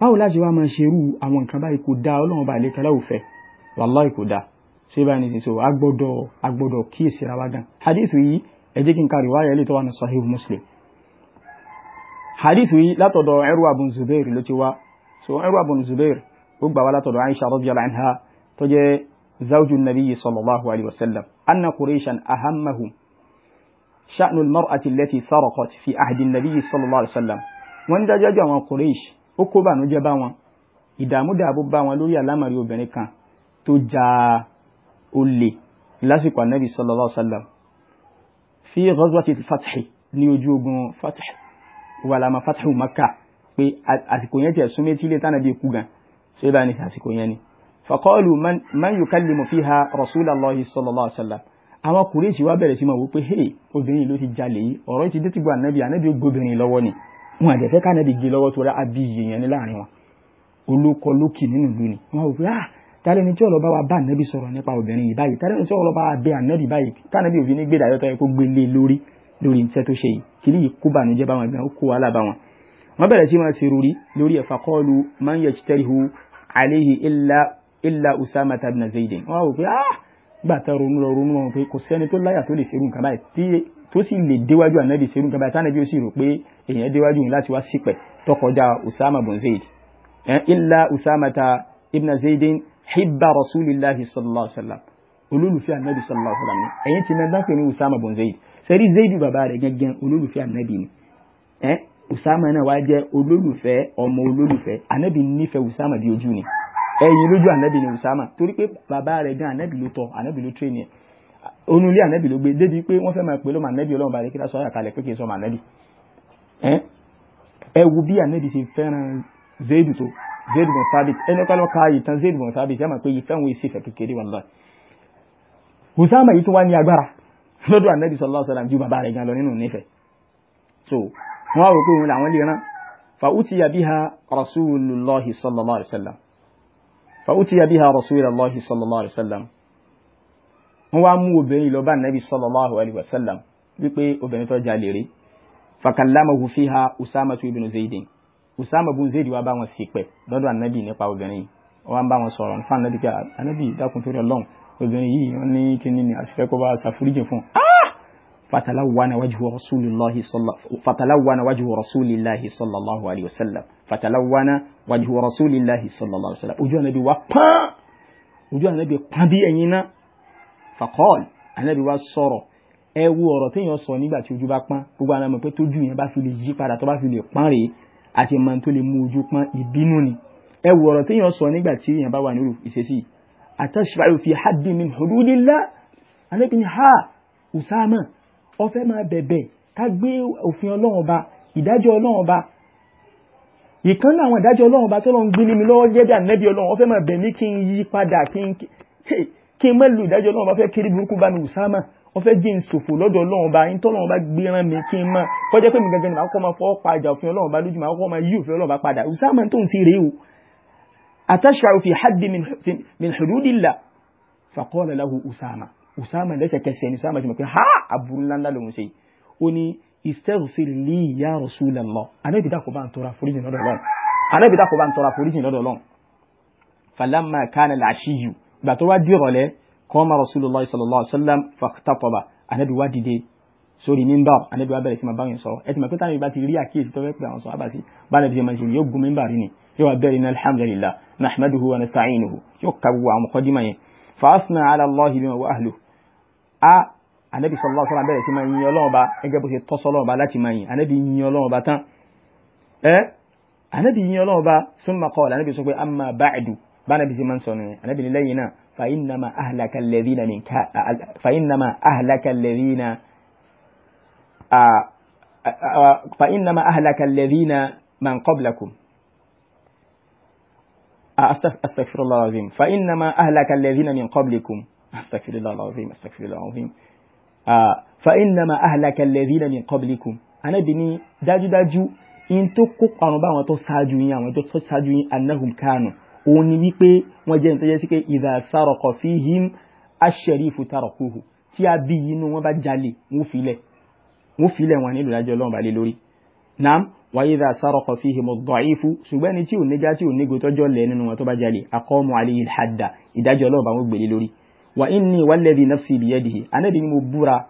báwo láti wá máa ṣerú àwọn nǹkan báyìí kò dáa ọlọ́run bá ilé kẹlẹ́ òfẹ́ wallahi kò dáa so yíba nísìn so agbọ́dọ̀ agbọ́dọ̀ kíyèsí ra wa gan hadith yìí ẹ jẹ́ kí n ka riwaya ilé tó wà ní sahih muslim hadith yìí látọ̀dọ̀ Urwa bun Zubair ló ti wá so Urwa bun Zubair ó gbà wá látọ̀dọ̀ Aisha radiyallahu anha tó jẹ́ zawju nabiyyi sallallahu alayhi wa sallam anna quraishan ahammahum شأن المرأة التي سرقت في fi النبي صلى الله عليه وسلم. wasallam wọ́n dájọ́jọ́ àwọn Quraysh ó kó bànújẹ́ bá wọn ìdààmúdààbò bá wọn lórí àlámàrí obìnrin kan tó ja olè lásìkò ànábì sallallahu alaihi wasallam fi ghazwati al-fathi ní ojú ogun fath wà láma fathu Makkah pé àsìkò yẹn tiẹ̀ súnmé tí ilé tánàbí kú gan ṣé bá ní àsìkò yẹn ni faqalu man yukallimu fiha rasulallahi sallallahu alaihi wasallam àwọn kùrẹ́ṣì wá bẹ̀rẹ̀ sí máa wò pé hey obìnrin ló ti jalè yìí ọ̀rọ̀ yìí ti dé ti gba ànábì ànábì ó lọ́wọ́ ni wọn àdẹ̀fẹ́ ká ànábì gé lọ́wọ́ tó rá abí yèèyàn ní láàrin wọn olókọ lókì nínú ìlú ni wọn wò pé ah tálẹ́ ni tí ọlọ́ba wa bá ànábì sọ̀rọ̀ nípa obìnrin yìí báyìí tálẹ́ ni tí ọlọ́ba wa bẹ ànábì báyìí kánábì òfin ní gbèdà yọtọ̀ yẹ kó gbé lé lórí lórí iṣẹ́ tó ṣe yìí kìlí yìí illa illa usama ibn zaydin wọ́n ah gbàtà ronú lọ ronú wọn pé kò sẹ́ni tó láyà tó lè ṣerú nǹkan báyìí tó sì lè déwájú ànábì ṣerú nǹkan báyìí tánàbí ó sì rò pé èèyàn déwájú yìí láti wá sípẹ̀ tó kọjá usama bin zayd illa usama ta ibn zaydin hibba rasulillahi sallallahu alaihi wasallam olólùfẹ́ ànábì sallallahu alaihi wasallam ẹ̀yìn tí mẹ́ta pè ní usama bin zayd sẹ́rí zayd bàbá rẹ̀ gẹ́gẹ́ olólùfẹ́ ànábì ni usama náà wá jẹ́ olólùfẹ́ ọmọ olólùfẹ́ ànábì nífẹ̀ẹ́ usama bí ojú ni ẹ̀yìn lójú ànábì ni Usama torí pé bàbá rẹ̀ gan ànábì ló tọ́ ànábì ló tréni ẹ̀ onúlé ànábì ló gbé débi pé wọ́n fẹ́ máa pè ló máa ànábì ọlọ́run balẹ̀ kí lásán àyàkalẹ̀ pé kì í sọ máa ànábì ẹ wo bí ànábì ṣe fẹ́ràn Zaidu tó Zaidu bin Thabit ẹni ọkọ lọ́ka ìtàn Zaidu bin Thabit ẹ máa pé ìfẹ́ wọn èsì ìfẹ́ kékeré wọn lọ Usama yìí tó wá ní agbára lọ́dọ̀ ànábì sallallahu alaihi ju bàbá rẹ̀ gan lọ nínú nífẹ̀ẹ́ so wọ́n á rò pé òun làwọn lè rán fa utiya فأتي بها رسول الله صلى الله عليه وسلم wọ́n wá mú obìnrin lọ bá nàbí sallallahu alaihi wasallam wípé obìnrin tó jalè rí fakallamahu fiha usama tu ibn zaydin usama bun zayd wá bá wọn sì pẹ lọ́dọ̀ anabi nípa obìnrin wọ́n bá wọn sọ̀rọ̀ nípa anabi pé anabi dákun torí Ọlọ́run obìnrin yìí wọ́n ní kíní ni àṣìfẹ kó bá ṣàforíjì fún ah! fatalawwana wajhu rasulillahi sallallahu fatalawwana wajhu rasulillahi sallallahu alaihi wasallam fatalawwana wàjú rasulillahi sallallahu alaihi wasallam ojú anabi wa pán ojú anabi pán bí ẹ̀yin náà fakọ́ọ̀lì anabi wa sọ̀rọ̀ ẹ wo ọ̀rọ̀ téèyàn sọ nígbà tí ojú bá pán gbogbo àwọn ọmọ pé tójú yẹn bá fi lè yí padà tó bá fi lè pán rèé àti ẹ̀ma tó lè mú ojú pán ìbínú ni ẹ wo ọ̀rọ̀ téèyàn sọ nígbà tí èèyàn bá wà nírú ìṣesí àtàṣìbáyò ìkan náà àwọn ìdájọ́ ọlọ́run bá tọ́lọ́run gbé lé mi lọ́wọ́ jẹ́ bí ànẹ́bí ọlọ́run ọfẹ́ máa bẹ̀ mí kí n yí padà kí n kí n má lu ìdájọ́ ọlọ́run bá fẹ́ kiri burúkú bá mi Usama ọfẹ́ jí n sòfò lọ́dọ̀ ọlọ́run bá yín tọ́lọ́run bá gbé rán mi kí n má kọjá pé mi gangan ni màá kọ́ máa fọ́ pàjà òfin ọlọ́run bá lójú màá kọ́ máa yí òfin ọlọ́run istaghfir li ya rasulallah anabi dako ba ń tọrọ àforíjì lọ́dọ̀ Ọlọ́run anabi dako ba ń tọrọ àforíjì lọ́dọ̀ Ọlọ́run falamma kana al-ashiyu ìgbà tó wá di ìrọ̀lẹ́ qama rasulullah sallallahu alaihi wasallam faqtataba anabi wá dìde sórí mímbàr anabi wá bẹ̀rẹ̀ sí ma bá yẹn sọ̀rọ̀ ẹ ti mọ̀ pé táwọn ìgbà ti rí àkíyèsí tó fẹ́ pé àwọn sọ abasi bá nàbí ma ṣe yóò gun mímbàr ni yóò anabi sallallahu alaihi wasallam bẹ̀rẹ̀ sí yin Ọlọ́run ba gẹ́gẹ́ bó ṣe tọ́ sọ́lọ́run ba láti ma yin anabi yin Ọlọ́run ba tán eh anabi yin Ọlọ́run ba summa qala anabi sọ pé amma ba'du ba anabi máa man sọ ni anabi ní layina fa inna ma ahlaka alladhina min ka fa inna ma ahlaka alladhina fa inna ma ahlaka alladhina man qablakum astaghfirullah alazim fa innama ahlaka alladhina min qablikum astaghfirullah alazim astaghfirullah alazim fa innama ahlaka alladhina min qablikum anábì ní dájúdájú in tó kó parun bá àwọn tó ṣáájú yín àwọn tó ṣáájú yín annahum kanu òun ni wípé wọ́n jẹ́ nítorí sí pé idha saraqa fihim ash-sharifu tarakuhu tí a bí inú wọn bá jalè wọ́n filẹ̀ wọ́n filẹ̀ wọn nílùú dájọ́ ọlọ́run balẹ̀ lórí naam wa idha saraqa fihimu ad-da'ifu ṣùgbọ́n ẹni tí ò níjà tí ò nígo tọ́jọ́ lẹ̀ nínú wọn tó bá jalè aqamu alayhi al ìdájọ́ ọlọ́run bá wọn gbèlé lórí wa inni walladhi nafsi biyadihi anabi ni mo búra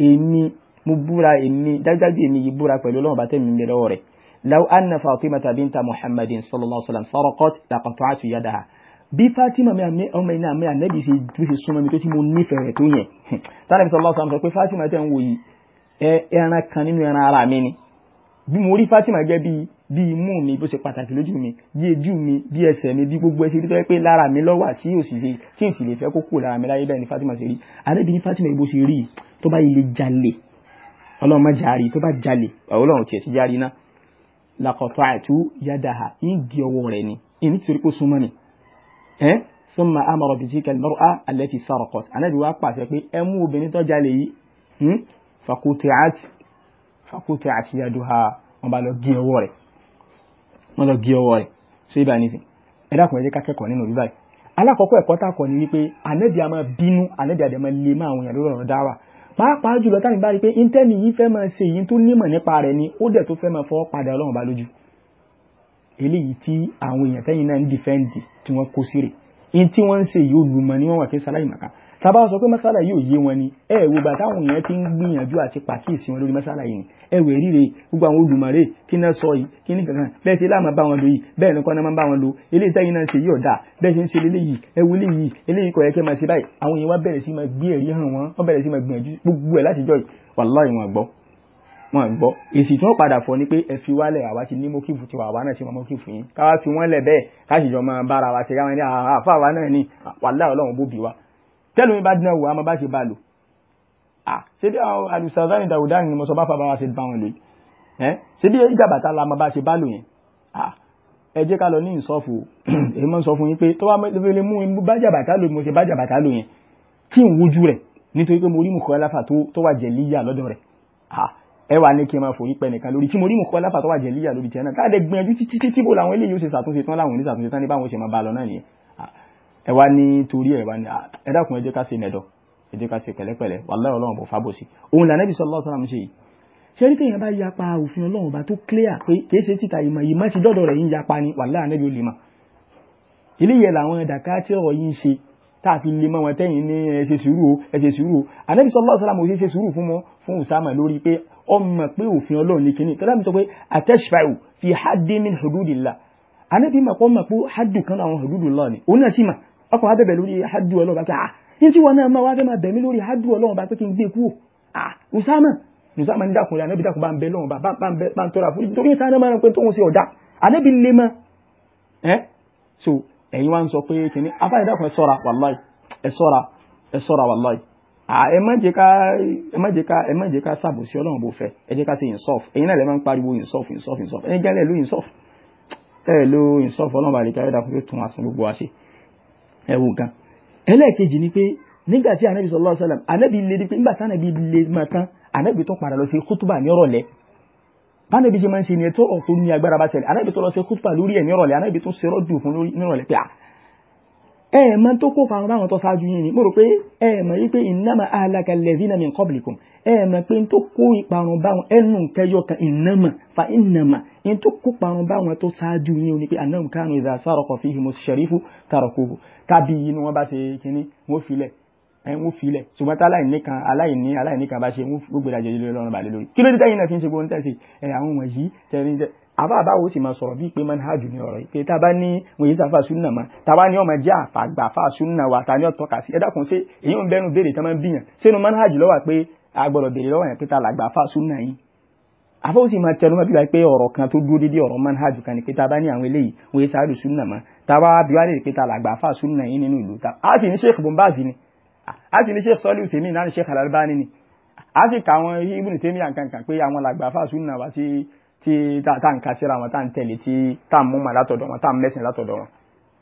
èmi mo búra èmi dájúdájú èmi yìí búra pẹ̀lú ọlọ́run bá tẹ̀mí mi lọ́wọ́ rẹ̀ law anna fatimata binta muhammadin sallallahu alayhi wa sallam saraqat laqata'tu yadaha bí fatima mi ọmọ iná mi anabi ṣe bí ṣe súnmọ́ mi tó ti mo nífẹ̀ẹ́ rẹ̀ tó yẹn tánàbí sallallahu alayhi wa sallam sọ pé fatima tẹ̀ ń wò yìí ẹran kan nínú ẹran ara mi ni bí mo rí Fatima gẹ́ bí bí imú mi bó ṣe pàtàkì lójú mi bí ejú mi bí ẹsẹ̀ mi bí gbogbo ẹsẹ̀ títọ́ pé lára mi lọ́wà tí ò sì lè tí ò sì lè fẹ́ kó kúrò lára mi láyé bẹ́ẹ̀ ni Fatima ṣe rí àdébí ní Fatima ibo ṣe rí tó bá ilé jalè ọlọ́run má jàre tó bá jalè ọlọ́run tiẹ̀ sí járe ná lakọ̀tọ̀ àìtú yadaha ń di ọwọ́ rẹ̀ ni ìní tí kò súnmọ́ ni ẹ́ sọ́mà amọ̀rọ̀ bìtì kẹlẹ́mọ́rọ́ fakútẹ àti yaduha wọn bá lọ gé ọwọ́ rẹ̀ wọn lọ gé ọwọ́ rẹ̀ so ibà nísìn ẹ dákun ẹ jẹ́ ká kẹ́kọ̀ọ́ nínú bíbáyì alákọ̀ọ́kọ́ ẹ̀kọ́ tá a kọ́ ni wípé ànẹ́bí a máa bínú ànẹ́bí a dẹ̀ máa lè máa àwọn èèyàn lórí ọ̀rọ̀ dáwà pàápàá jùlọ táwọn ìbá rí pé íńtẹ́ni yìí fẹ́ máa ṣe èyí tó nímọ̀ nípa rẹ̀ ni ó dẹ̀ tó fẹ́ máa fọ́ padà ọlọ́run bá lójú eléyìí tí àwọn èèyàn tẹ́yìn náà ń dìfẹ́ǹdì tí wọ́n kó sí rè ní tí wọ́n ń ṣe yìí olùmọ̀ ni wọ́n wà kí sáláì màkà tàbá sọ pé masala yìí ò yé wọn ni ẹ wo bàtà àwọn èèyàn ti ń gbìyànjú àti pàkíyèsí wọn lórí masala yìí ẹ wẹ̀ ríre gbogbo àwọn olùmọ̀rẹ́ kí náà sọ yìí kí ní kankan bẹ́ẹ̀ ṣe láàmú bá wọn lò yìí bẹ́ẹ̀ ní kọ́nà máa ń bá wọn lò eléyìí tẹ́yìn náà ṣe yí ọ̀dà bẹ́ẹ̀ ṣe ń ṣe eléyìí ẹ wo eléyìí eléyìí kò yẹ kẹ́ máa ṣe báyìí àwọn èèyàn wá bẹ̀rẹ̀ sí máa gbé ẹ̀rí hàn wọn wọ́n bẹ̀rẹ̀ sí máa gbìyànjú gbogbo ẹ̀ láti jọ yìí wàláì ni pé ẹ fi wálẹ̀ àwa tẹ́lómi bá dín ẹ̀wò àmọ́ bá ṣe bá lò à ṣé bí àwọn alùsàdá ní dàwùdá ni mo sọ bá fa bá wa ṣe bá wọn lò yìí ṣé bí ìjà bàtà la máa bá ṣe bá lò yẹn à ẹ jẹ́ ká lọ ní ìsọ̀fù èyí mọ́ sọ fún yín pé tó bá lè mú bájà bàtà lò mo ṣe bájà bàtà lò yẹn kí n wojú rẹ̀ nítorí pé mo rí mùkọ́ aláfà tó wà jẹ̀ líyà lọ́dọ̀ rẹ̀ à ẹ wà ní kí n máa forí pẹ nìkan lórí tí mo rí mùkọ́ aláfà tó wà jẹ̀ líyà lórí tiẹ̀ náà káàdé gbìyànjú títí tí bò làwọn eléyìí ó ṣe ṣàtúnṣe tán láwọn oníṣàtúnṣe tán ní báwọn ṣe máa bá lọ náà nìyẹn ẹ wá ní torí ẹ wá ní ah, ẹ dákun ẹ jẹ́ ká ṣe nẹ̀dọ̀ ẹ jẹ́ ká ṣe pẹ̀lẹ́pẹ̀lẹ́ wàláhì ọlọ́run bò fábòsí òun là nẹ́bí sallallahu alaihi wasallam ṣe yìí ṣé rí téèyàn bá yapa òfin ọlọ́run bá tó clear pé kìí ṣe títa ìmọ̀ yìí má ti dọ́dọ̀ rẹ̀ yín yapa ni wàláhì nẹ́bí ó lè mà ilé yẹn làwọn dàkà tí ọ̀rọ̀ yín ṣe tá a fi lè mọ wọn tẹ́yìn ní ẹ ṣe sùúrù ẹ ṣe sùúrù ànẹ́bí sallallahu alaihi wasallam ò ṣe ṣe sùúrù fún wọn fún Usama lórí pé ọmọ pé òfin ọlọ́run ní kínní tọ́lá mi sọ pé atashfa'u fi haddin min hududillah ànẹ́bí mọ̀ pé ọmọ pé haddu àwọn hududillah ni òun náà sì mà ọkùnrin abẹ́bẹ̀ lórí àádùú ọlọ́run bá pé à ah, ní tí wọn náà máa wá fẹ́ máa bẹ̀mí lórí àádùú ọlọ́run bá pé kí n gbé kúrò à ah, usama usama ní dàkùn rẹ̀ anábì dàkùn bá ń bẹ lọ́run bá ń tọ́ra fún torí sáà náà máa ń pẹ́ tóun sí ọ̀dà anábì lè mọ́ ẹ́ so ẹ̀yin wá ń sọ pé kìíní afáyẹ̀ dàkùn ẹ sọ́ra wàláì ẹ sọ́ra ẹ sọ́ra wàláì ah, ẹ má jẹ́ ká ẹ má jẹ́ ká ẹ má jẹ́ ká sàbòsí ọlọ́run bó fẹ́ ẹ jẹ́ ká ṣe ìnsọ́f ẹ̀yin náà lè máa ń pariwo ìnsọ́f ìnsọ́f ìnsọ́f ẹ̀yin jẹ́lẹ̀ ló ìnsọ́f ẹ̀ ló ìnsọ́f ọlọ́run bá lè ká ẹ̀dá kó tó tún àsìn gbogbo wa ṣe ẹ̀wù nǹkan ẹlẹ́ẹ̀kejì ni pé nígbà tí anabi sallallahu alaihi wasallam anabi lè di pé nígbà tí anabi lè máa tán anabi tó padà lọ sí kútùbà ní ọ̀rọ̀lẹ́ bánabi ṣe máa ń ṣe ni ẹ̀tọ́ ọ̀tún ní agbára bá ṣẹlẹ̀ anabi tó lọ sí kútùbà lórí ẹ̀ ní ọ̀rọ̀lẹ́ anabi tó ṣe rọ́dù fún lórí ní ọ̀rọ̀lẹ́ pé ah, ẹ̀ẹ̀mọ́ tó kó fa àwọn tó ṣáájú yìí ni mo rò pé ẹ̀ẹ̀mọ́ yí pé ìnáma ahlaka lladhina min qablikum ẹ̀ẹ̀mọ́ pé tó kó ìparun báwọn ẹnu kẹyọ ìnáma fa ìnáma in tó kó parun báwọn tó ṣáájú yìí ni pé annahum kanu idha saraqa fihimu sharifu tarakuhu tàbí inú wọn bá ṣe kíní wọn filẹ̀ ẹ̀ wọ́n filẹ̀ ṣùgbọ́n tá aláìní kan aláìní aláìní kan bá ṣe wọ́n gbèrè àjẹjẹ lórí ọlọ́run àbá àbáwo sì máa sọ̀rọ̀ bíi pé manhajù ni ọ̀rọ̀ yìí pé tá a bá ní wọn yìí sáfà súnà mọ́ tá a bá ní ọmọ jẹ́ àfàgbà fà súnà wà tá a ní ọ̀tọ́ kà sí ẹ dákun ṣé èyí ń bẹ́nu béèrè tí wọ́n máa ń bíyàn sínú manhajù lọ́wọ́ pé a gbọ́dọ̀ béèrè lọ́wọ́ yẹn pé tá a làgbà fà súnà yìí àbáwo sì máa tẹnu mọ́ bíi pé ọ̀rọ̀ kan tó dúró dédé ọ̀rọ̀ manhajù kan ni pé tá a bá ní àwọn eléyìí wọn yìí tí tá à ń ka síra wọn tá à ń tẹ̀lé tí tá à ń múmọ̀ látọ̀dọ̀ wọn tá à ń mẹ́sìn látọ̀dọ̀ wọn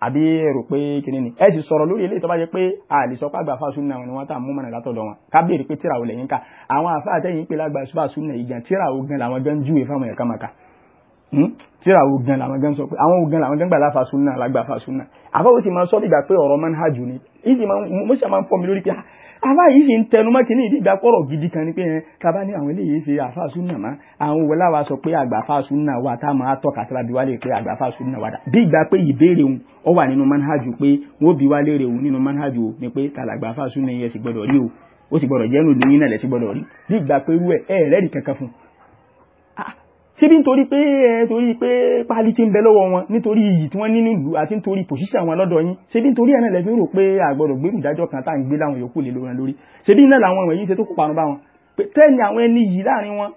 àbí èrò pé kìnní ni ẹ sì sọ̀rọ̀ lórí eléyìí tó bá jẹ́ pé a lè sọ pé àgbà fásun náà ni wọ́n tá à ń múmọ̀ látọ̀dọ̀ wọn ká béèrè pé tíra ò lẹ́yìn ká àwọn àfáà tẹ́yìn pé lágbà fásun náà ìgàn tíra ò gan làwọn gan júwe fáwọn ẹ̀ka màkà hmm? tíra ò gan làwọn gan sọ pé àwọn ò gan làwọn gan gbà láfa sun náà lágbà fásun náà àfáà ó sì máa sọ bí gbà àbá yìí sì ń tẹnumọ́ kínní ìdí ìgbàpọ̀rọ̀ gidi kan ni pé ẹ tábà ní àwọn eléyìí ṣe àfàsúnà mọ́ àwọn òwe láwa sọ pé àgbàfàsúnà wa tá a máa tọ́ka sí abíwá lè pé àgbàfàsúnà wa dà bí ìgbà pé ìbéèrè òun ọ wà nínú manhajù pé wọ́n bí wá léèrè òun nínú manhajù ni pé tàlàgbàfàsúnà yẹn sì gbọ́dọ̀ rí o ó sì gbọ́dọ̀ jẹ́ nù lóyún náà lẹ́sìn gbọ́dọ̀ rí bí ìgbà pé irú ẹ̀ ẹ̀ẹ́rẹ́rì kankan fún un sí bí nítorí pé ẹ torí pé páálí tí ń bẹ lọ́wọ́ wọn nítorí iyì tí wọ́n ní nílùú àti nítorí pòṣíṣà wọn lọ́dọ̀ yín ṣé bí nítorí ẹ̀nà lẹ́fín rò pé àgbọ̀dọ̀ gbé ìdájọ́ kan tá à ń gbé láwọn yòókù lè lóran lórí ṣé bí iná làwọn wọ̀nyí ṣe tó kópa ọ̀run bá wọn pé tẹ́ni àwọn ẹni yìí láàrin wọn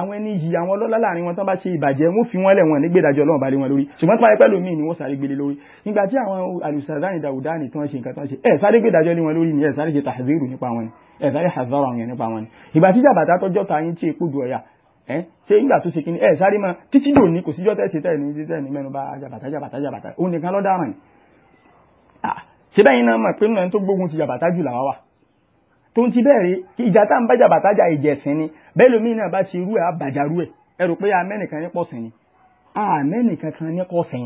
àwọn ẹni yìí àwọn ọlọ́lá láàrin wọn tán bá ṣe ìbàjẹ́ wọn fi wọn lẹ̀ wọn nígbè ìdájọ́ ọlọ́run bá wọn lórí ṣùgbọ́n tó pẹ́ lómi ni wọ́n sáré gbélé lórí nígbà tí àwọn alùsàdáni dàwùdáni tó ń ṣe nǹkan tó ń ṣe ẹ̀ sáré gbé ìdájọ́ lé wọn lórí ni ẹ̀ sáré ṣe tàhírù nípa wọn ni ẹ̀ sáré hazara wọn nípa wọn ni ìgbà tí jàbàtà tọjọ́ ta yín tí èkó du ọ̀yà ṣe nígbà tó ṣe kí ni ẹ sáré mọ títí dò ní kò síjọ́ tẹ̀sí tẹ̀ ní títẹ̀ ní mẹ́nu bá jàbàtà jàbàtà jàbàtà òun nìkan lọ́dọ̀ àrùn ṣe bẹ́ẹ̀ iná mọ̀ pé nínú tó gbógun ti jàbàtà jù làwa wà tó ń ti bẹ́ẹ̀rẹ̀ kí ìjà tá ń bá jàbàtà jà ìjẹ̀sìn ni bẹ́ẹ̀ lómi náà bá ṣe irú ẹ̀ àbàjàrú ẹ̀ ẹ rò pé amẹ́nìkan ní pọ̀sìn ni amẹ́nìkankan ní pọ̀sìn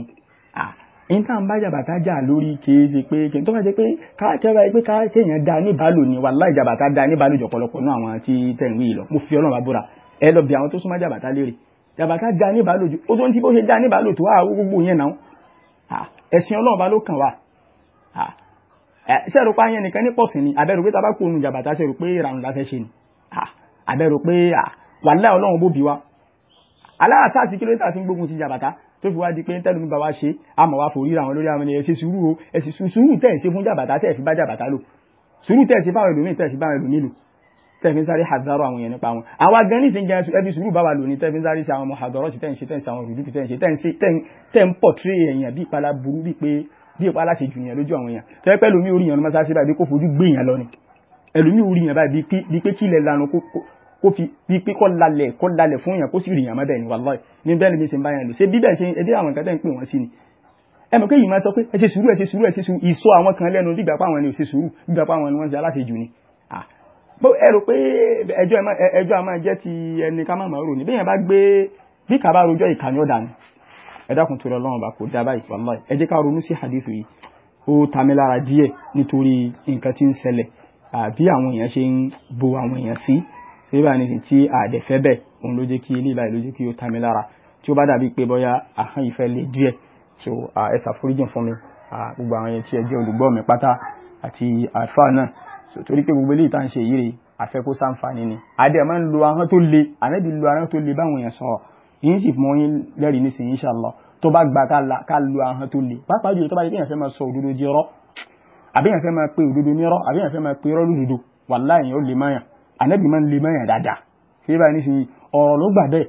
ní tá ń bá jàbàtà jà lórí kìí ṣe pé kìí tó bá ṣe pé káàkiri pé káàkiri èèyàn da níbàálò ni wàláì jàbàtà da níbàálò jọ̀pọ̀lọpọ̀ náà àwọn tí tẹ̀ ń wí lọ mo fi Ọlọ́run bá búra ẹ lọ bí àwọn tó súnmọ́ jàbàtà léèrè jàbàtà ga ní ìbálò ju ó tó ń tí bó ṣe ga ní ìbálò tó àwọn gbogbo yẹn náà ẹ̀sìn ọlọ́run bá ló kàn wá ṣẹ́rù pa yẹn nìkan ní pọ̀sìn ni àbẹ̀rù pé tabakú ònù jàbàtà ṣẹ́rù pé ìrànù la fẹ́ ṣe ni àbẹ̀rù pé wàláhì ọlọ́run bó bí wa aláàṣà àti kílómítà fi ń gbógun ti jàbàtà tó fi wá di pé ń tẹ́lu mi bá wá ṣe àmọ́ wá forí ra wọn lórí àwọn ènìyàn ṣe sùúrù o ẹ sùúrù tẹ̀ ṣe fún jàbàtà tẹ̀ fi bá jàbàtà lò sùúrù tẹ̀ ṣe báwọn ẹlòmíì tẹ̀ ṣe báwọn ẹlòmíì lò tẹ́fin sáré hadaro àwọn yẹn nípa wọn àwa gan nísìnyí jẹ́ ẹbí sùúrù bá wa lò ní tẹ́fin sáré sí àwọn ọmọ hadaro ti tẹ́yìn ṣe tẹ́yìn sí àwọn olùdókè tẹ́yìn ṣe tẹ́yìn ṣe tẹ́yìn pọ̀tíré èèyàn bí ìpalá burú bí pé bí ìpalá ṣe jù yẹn lójú àwọn èèyàn tẹ́wẹ́ pẹ́ lómi orí yẹn ló máa sáré báyìí kó fojú gbé yẹn lọ ni ẹlòmí orí yẹn báyìí bí pé kílẹ̀ lanu kó fi bí pé kọ́ lalẹ̀ kọ́ lalẹ̀ fún yẹn kó sì rìn yẹn mọ́ bẹ́ẹ̀ ni wàláì ní bẹ́ẹ̀ ni bí ṣe ń bá yẹn ẹ mọ̀ pé yìí máa sọ pé ẹ ṣe sùúrù ẹ ṣe sùúrù ẹ ṣe sùúrù ìsọ àwọn kan lẹ́nu bí gbàpá àwọn ẹni ò ṣe sùúrù bí gbàpá àwọn ẹni wọ́n ṣe aláṣejù ni ẹ rò pé ẹjọ́ a máa jẹ́ ti ẹni ká má máa rò ní bí èèyàn bá gbé bí kà bá rojọ́ ìkànnì ọ̀dà ni ẹ dákun torí ọlọ́run bá kò dá báyìí wàláì ẹ jẹ́ ká ronú sí hadith yìí ó ta mi lára díẹ̀ nítorí nǹkan tí ń ṣẹlẹ̀ àbí àwọn èèyàn ṣe ń bo àwọn èèyàn sí síbà ní tí àdẹ̀fẹ́ bẹ̀ òun ló jẹ́ kí ilé ìbáyìí ló jẹ́ kí ó ta mi lára tí ó bá dàbí pé bóyá àhán ìfẹ́ lè díẹ̀ so ẹ ṣàforíjìn fún mi gbogbo àwọn ẹni tí ẹ jẹ́ olùgbọ́ mi pátá àti àlfà náà so torí pé gbogbo eléyìí tá à ń ṣe yìí rè àfẹ́ kó sáǹfààní ni àdé máa ń lo ahọ́n tó le ànábì lo ahọ́n tó le báwọn èèyàn sọ̀rọ̀ yìí sì fún yín lẹ́rìí nísìnyí inshallah tó bá gba ká lo ahọ́n tó le pàápàá jùlọ tó bá yẹ kéèyàn fẹ́ máa sọ òdodo di ọ̀rọ̀ àbí èèyàn fẹ́ máa pe òdodo ní ọ̀rọ̀ àbí èèyàn fẹ́ máa pe ọ̀rọ̀ lódodo wàláhì ó lè máyàn ànábì máa ń le máyàn dáadáa ṣé báyìí nísìnyí ọ̀rọ̀ ló gbà bẹ́ẹ̀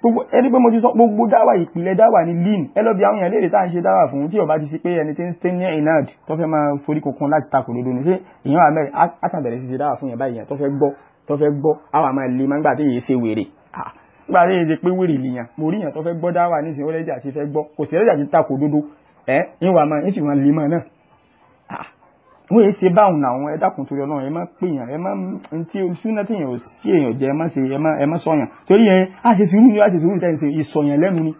gbogbo ẹni pé mo ti sọ gbogbo dáwà ìpìlẹ̀ dáwà ní lean ẹ lọ bí àwọn èèyàn léèrè tá à ń ṣe dáwà fún tí ọba ti ṣe pé ẹni tí ń ṣe ní inad tó fẹ́ máa forí kokun láti takò lódò ní ṣé èèyàn amẹ́rin àtàbẹ̀rẹ̀ ṣiṣẹ́ dáwà fún yẹn báyìí tó fẹ́ gbọ́ tó fẹ́ gbọ́ àwọn àmọ́ ẹ̀lẹ́ máa ń gbà tí èyí ṣe wèrè nígbà tí èyí ṣe pé wèrè lèèyàn mo rí yàn tó fẹ́ gbọ́ dáwà nísìnyí ó lẹ́jà ti fẹ́ gbọ́ kò sí wọ́n yẹn ṣe báwọn náà wọn ẹ dákun torí ọlọ́run ẹ má pèèyàn ẹ má ntí súnà téèyàn ò sí èèyàn jẹ ẹ má ṣe ẹ má ẹ má sọyàn torí yẹn á ṣe sùúrù ni á ṣe sùúrù ní tẹ̀sán ìsọyàn lẹ́nu ni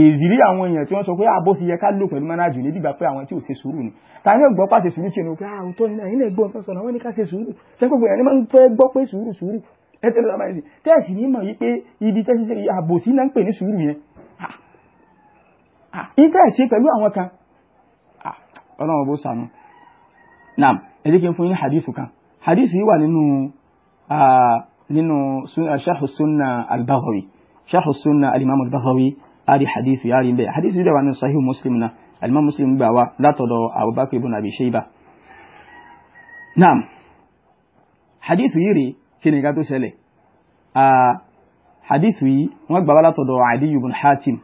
ìrírí àwọn èèyàn tí wọ́n sọ pé àbó ah, ṣe yẹ ká lò pẹ̀lú mánájú ní dìgbà pé àwọn tí ò ṣe sùúrù ni ta ni ọgbọ́n pàṣẹ sùúrù ṣe ni pé àwọn ah, tó nílẹ̀ ilé gbọ́n sọ̀rọ̀ àwọn ní ká ṣe sùúrù sẹ́kọ̀ gbọ́n ẹni máa ń fẹ́ gbọ́ pé sùúrù sùúrù ẹ̀tẹ́ lọ́la máa ń sè tẹ́ẹ̀sì ní mọ̀ yí pé ibi tẹ́sí ṣe àbòsí náà ń pè ní sùúrù yẹn ah, ìtẹ́ẹ̀sì pẹ̀lú àwọn kan ọlọ́run bó sànù naam ẹ jẹ́ kí n fún yín hadithu kan hadithu yìí wà nínú nínú sharh sunna al-Baghawi sharh sunna al-imam al-Baghawi ari hadithu yìí ari bẹ́ẹ̀ hadithu yìí dẹ̀ wà nínú sahih muslim na al-imam muslim gbà wá látọ̀dọ̀ abubakar ibn abi shayba naam hadithu yìí rí kí ni ká tó ṣẹlẹ̀ hadithu yìí wọ́n gbà wá látọ̀dọ̀ adi ibn hatim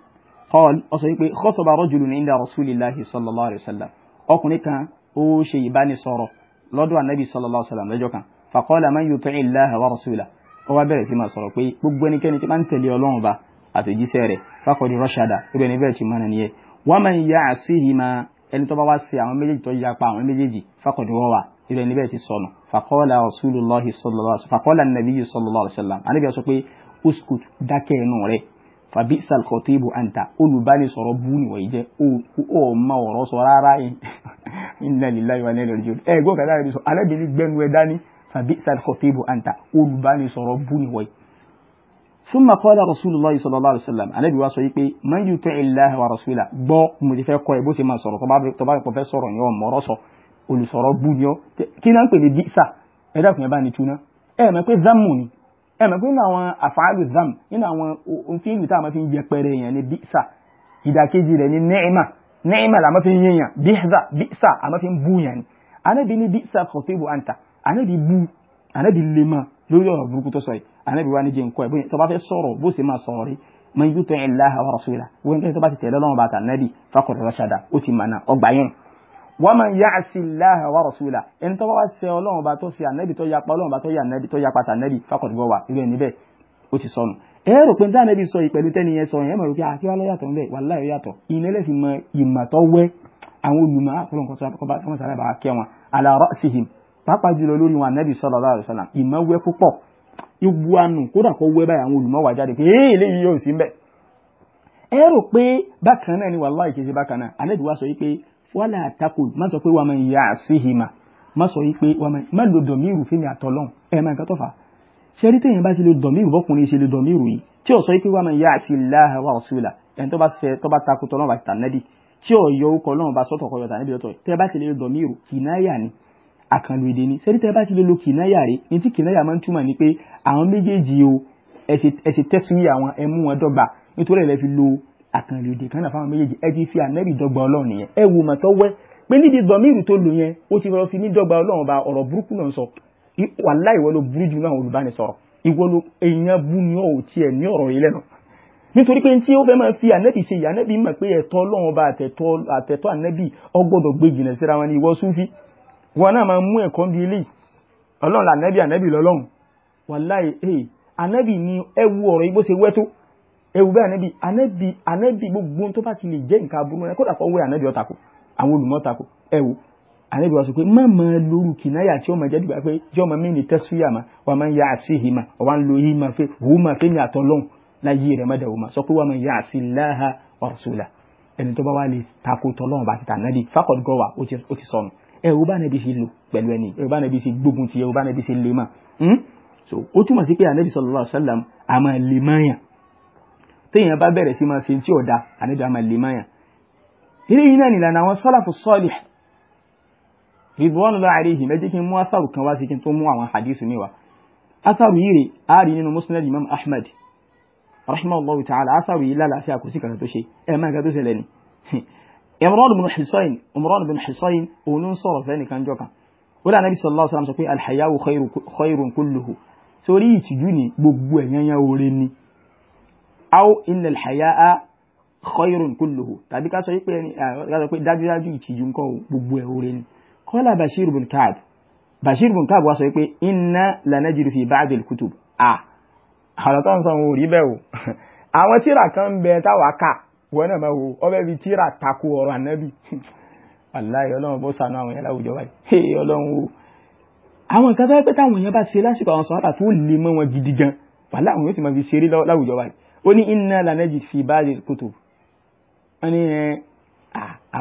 qala ó sọ pé khutba rajulun inda rasulillahi sallallahu alayhi wa sallam ọkùnrin kan ó ṣe ìbánisọ̀rọ̀ lọ́dọ̀ anabi sallallahu alayhi wa sallam lọ́jọ́ kan faqala man yuti'i Allaha wa rasulahu ó wá bẹ̀rẹ̀ sí máa sọ̀rọ̀ pé gbogbo ẹnikẹ́ni tí máa ń tẹ̀lé ọlọ́run ba àtòjíṣẹ́ rẹ̀ faqad rashada irú ẹni bẹ́ẹ̀ ti mọ́nà nìyẹn wa man ya'sihima ẹni tó bá wá sí àwọn méjèèjì tó yapa àwọn méjèèjì faqad wawa irú ẹni bẹ́ẹ̀ ti sọnù faqala rasulullahi sallallahu alayhi wa sallam faqala an-nabiyyu sallallahu alayhi wa sallam àníbi fàbí sàlkọ̀tìbù àǹtà olùbánisọ̀rọ̀ bú nìwọ̀ yìí jẹ́ ó ma ọ̀rọ̀ sọ rárá yìí inna lillahi wa inna ilaihi raji'un ẹ gbọ́ kàdá rẹ̀ sọ alábìnrin gbẹnu ẹ dání fàbí sàlkọ̀tìbù àǹtà olùbánisọ̀rọ̀ bú nìwọ̀ yìí. summa qala rasulullahi sallallahu alaihi wasallam alábi wa sọ yìí pé man yuti' illaha wa rasula gbọ́ mo ti fẹ́ kọ́ ẹ bó ti máa sọ̀rọ̀ tó bá fẹ́ sọ̀rọ̀ yẹn ẹ̀mọ̀ pé nínú àwọn àfáàlù zam nínú àwọn ohun tí ìlú tá a máa fi ń yẹpẹrẹ èèyàn ní bíṣà ìdàkejì rẹ̀ ní nẹ́ẹ̀mà nẹ́ẹ̀mà là máa fi ń yẹ̀yàn bíṣà bíṣà a máa fi ń bú yẹn ni anábì ní bíṣà kọ̀tébù àǹtà anábì bú anábì lè mọ lórí ọ̀rọ̀ burúkú tó sọ yìí anábì wa ní jẹ́ nǹkan ẹ̀ bóyá tó bá fẹ́ sọ̀rọ̀ bó ṣe máa sọ̀rọ̀ rí man yuti illaha wa rasulahu wọn tó bá ti tẹ̀lé Ọlọ́run bá nábì faqad rashada ó ti mọ̀nà ọgbà yẹn wọ́n máa ń yá àṣì láhà wà rọ̀ṣùlà ẹni tó bá wá ṣe ọlọ́run bá tó ṣe ànẹ́bì tó yapa ọlọ́run bá tó yà ànẹ́bì tó yapa ànẹ́bì fákọ̀dùbọ̀ wà irú ẹni bẹ́ẹ̀ ó ti sọnù ẹ rò pé dáná ẹbí sọ ìpẹ̀lú tẹ́ni yẹn sọ yẹn mọ̀ wípé àti ah, wàá lọ́yàtọ̀ ńbẹ wà yàtọ̀ ìní mọ ìmọ̀ tó wẹ́ àwọn olùmọ̀ àkọlọ́nkọ́ ah, ala ra'sihim pàápàá jùlọ lórí wọn ànẹ́bì sallallahu alaihi wasallam ìmọ̀ wẹ́ púpọ̀ ìwú anù kódà kó wẹ́ báyìí àwọn olùmọ̀ wà jáde pé eh, eléyìí yóò ẹ rò pé bákan náà ni wàláì kì í ṣe bákan náà ànẹ́bì wá sọ yìí pé wàlà àtakùn má sọ pé wàá máa yà á sí ìhìmà má sọ yìí pé wàá má lo dọ̀míìrù fẹ́mi àtọ̀lọ́n ẹ̀ máa nǹkan tó fà á ṣe rí téèyàn bá ti lo dọ̀míìrù bọ́kùnrin ṣe lo dọ̀míìrù yìí tí ò sọ yìí pé wàá máa yà á sí láhà wà ọ̀ṣùlà ẹni tó bá ṣe tó bá takùn tọ́lọ́n tí ò yọ orúkọ ọlọ́run bá sọ́tọ̀ kọyọ̀ tànẹ́bì lọ́tọ̀ tẹ́ bá ti lo dọ̀míìrù kìnnáyà ni àkànlò èdè ni sẹ́rí tẹ́ bá ti lè lo kìnnáyà rí ní tí kìnnáyà máa ń túmọ̀ ni pé àwọn méjèèjì o ẹ̀sìn tẹ́sí àwọn ẹmú wọn dọ́gba nítorí ẹ̀ lẹ́ fi lo àkànrí òdì kan náà fáwọn méjèèjì ẹ ti fi ànẹ́bì dọ́gba ọlọ́run nìyẹn ẹ wo màtọ́ wẹ́ pé níbi dọ̀míìrù tó lò yẹn ó ti rọ fi mí dọ́gba ọlọ́run ba ọ̀rọ̀ burúkú náà sọ wàhálà ìwọ ló burú jù náà olùbánisọ̀rọ̀ ìwọ ló èèyàn bú ni ọ̀ tiẹ̀ ní ọ̀rọ̀ yìí lẹ́nu nítorí pé tí ó fẹ́ máa fi ànẹ́bì ṣe yìí ànẹ́bì mọ̀ pé ẹ̀tọ́ ọlọ́run ọba àtẹ̀tọ́ ànẹ́bì ọgbọ́dọ̀ gbé jìnà síra wọn ni eh, ni ẹ wu ọ̀rọ̀ igbó ṣe ẹwù bẹ́ẹ̀ anabi anabi ànábì gbogbo tó bá ti lè jẹ́ nǹkan aburú rẹ̀ kódà fọwọ́ ànábì ọ̀tàkù àwọn olùmọ̀ ọ̀tàkù ẹwù ànábì wa sọ pé má máa lóru kìnnáyà tí ó máa jẹ́ dùgbà pé tí ọmọ mi ní tẹ́síyà ma wà máa ń yá àṣì yìí ma wà ń lo yìí ma fẹ́ wò ma fẹ́ ní àtọ́ lọ́hùn láyé rẹ̀ mọ́dà wò ma sọ pé wà máa yá àṣì láha ọ̀rọ̀sọ̀là ẹni tó bá wà lè takò tọ́lọ́hùn bá ti tà náà fákọ̀dù gọ́ wa ó ti sọnù ẹ wo bá nàbí ṣe lò pẹ̀lú ẹni ẹ wo bá nàbí ṣe gbógun ti ẹ wo bá nàbí ṣe lè mà hmm? so ó túmọ̀ sí pé ànábì sallallahu alaihi wasallam àmọ́ lè téèyàn bá bẹ̀rẹ̀ sí máa ṣe tí ọ̀dà àníbi àmà lè máa yàn eléyìí náà nìlànà àwọn sọ́làfù sọ́ọ̀lì ridwanullahi alaihim ẹ jẹ́ kí n mú asaru kan wá sí kí n tó mú àwọn hadith mi wá asaru yìí rè á rí nínú musnad imam ahmad rahimahullahu ta'ala asaru yìí lálàáfíà kò sí kankan tó ṣe ẹ máa nǹkan tó ṣẹlẹ̀ ni imran bin husayn imran bin husayn òun ń sọ̀rọ̀ fẹ́ nìkan jọ ó dà nabi sallallahu alaihi sọ pé alhayawu khairun kulluhu torí ìtìjú ni gbogbo ẹ̀yán yá oore ni aw inna alhayaa khayrun kulluhu tàbí ká sọ pé ká sọ pé dájúdájú ìtìjú nǹkan gbogbo ẹ̀ oore ni kọ́lá bashir bin kaab bashir bin kaab wá sọ pé inna lanajidu fi ba'd alkutub a àwọn tó ń sọ wọn ò rí bẹ́ẹ̀ o àwọn tíra kan bẹ táwa kà wọn náà máa wo ọbẹ̀ bíi tíra tako ọ̀rọ̀ ànábì wàláyé ọlọ́run bó sànú àwọn yẹn láwùjọ báyìí ọlọ́run o àwọn nǹkan tó pé táwọn èèyàn bá ṣe lásìkò àwọn sọ̀rọ̀ àtàwọn lè mọ wọn gidi gan wàláyé àwọn yóò sì máa fi ṣeré láwùjọ báyìí ó ní inna lànàjì fi báyìí kutub wọ́n ní ẹ eh,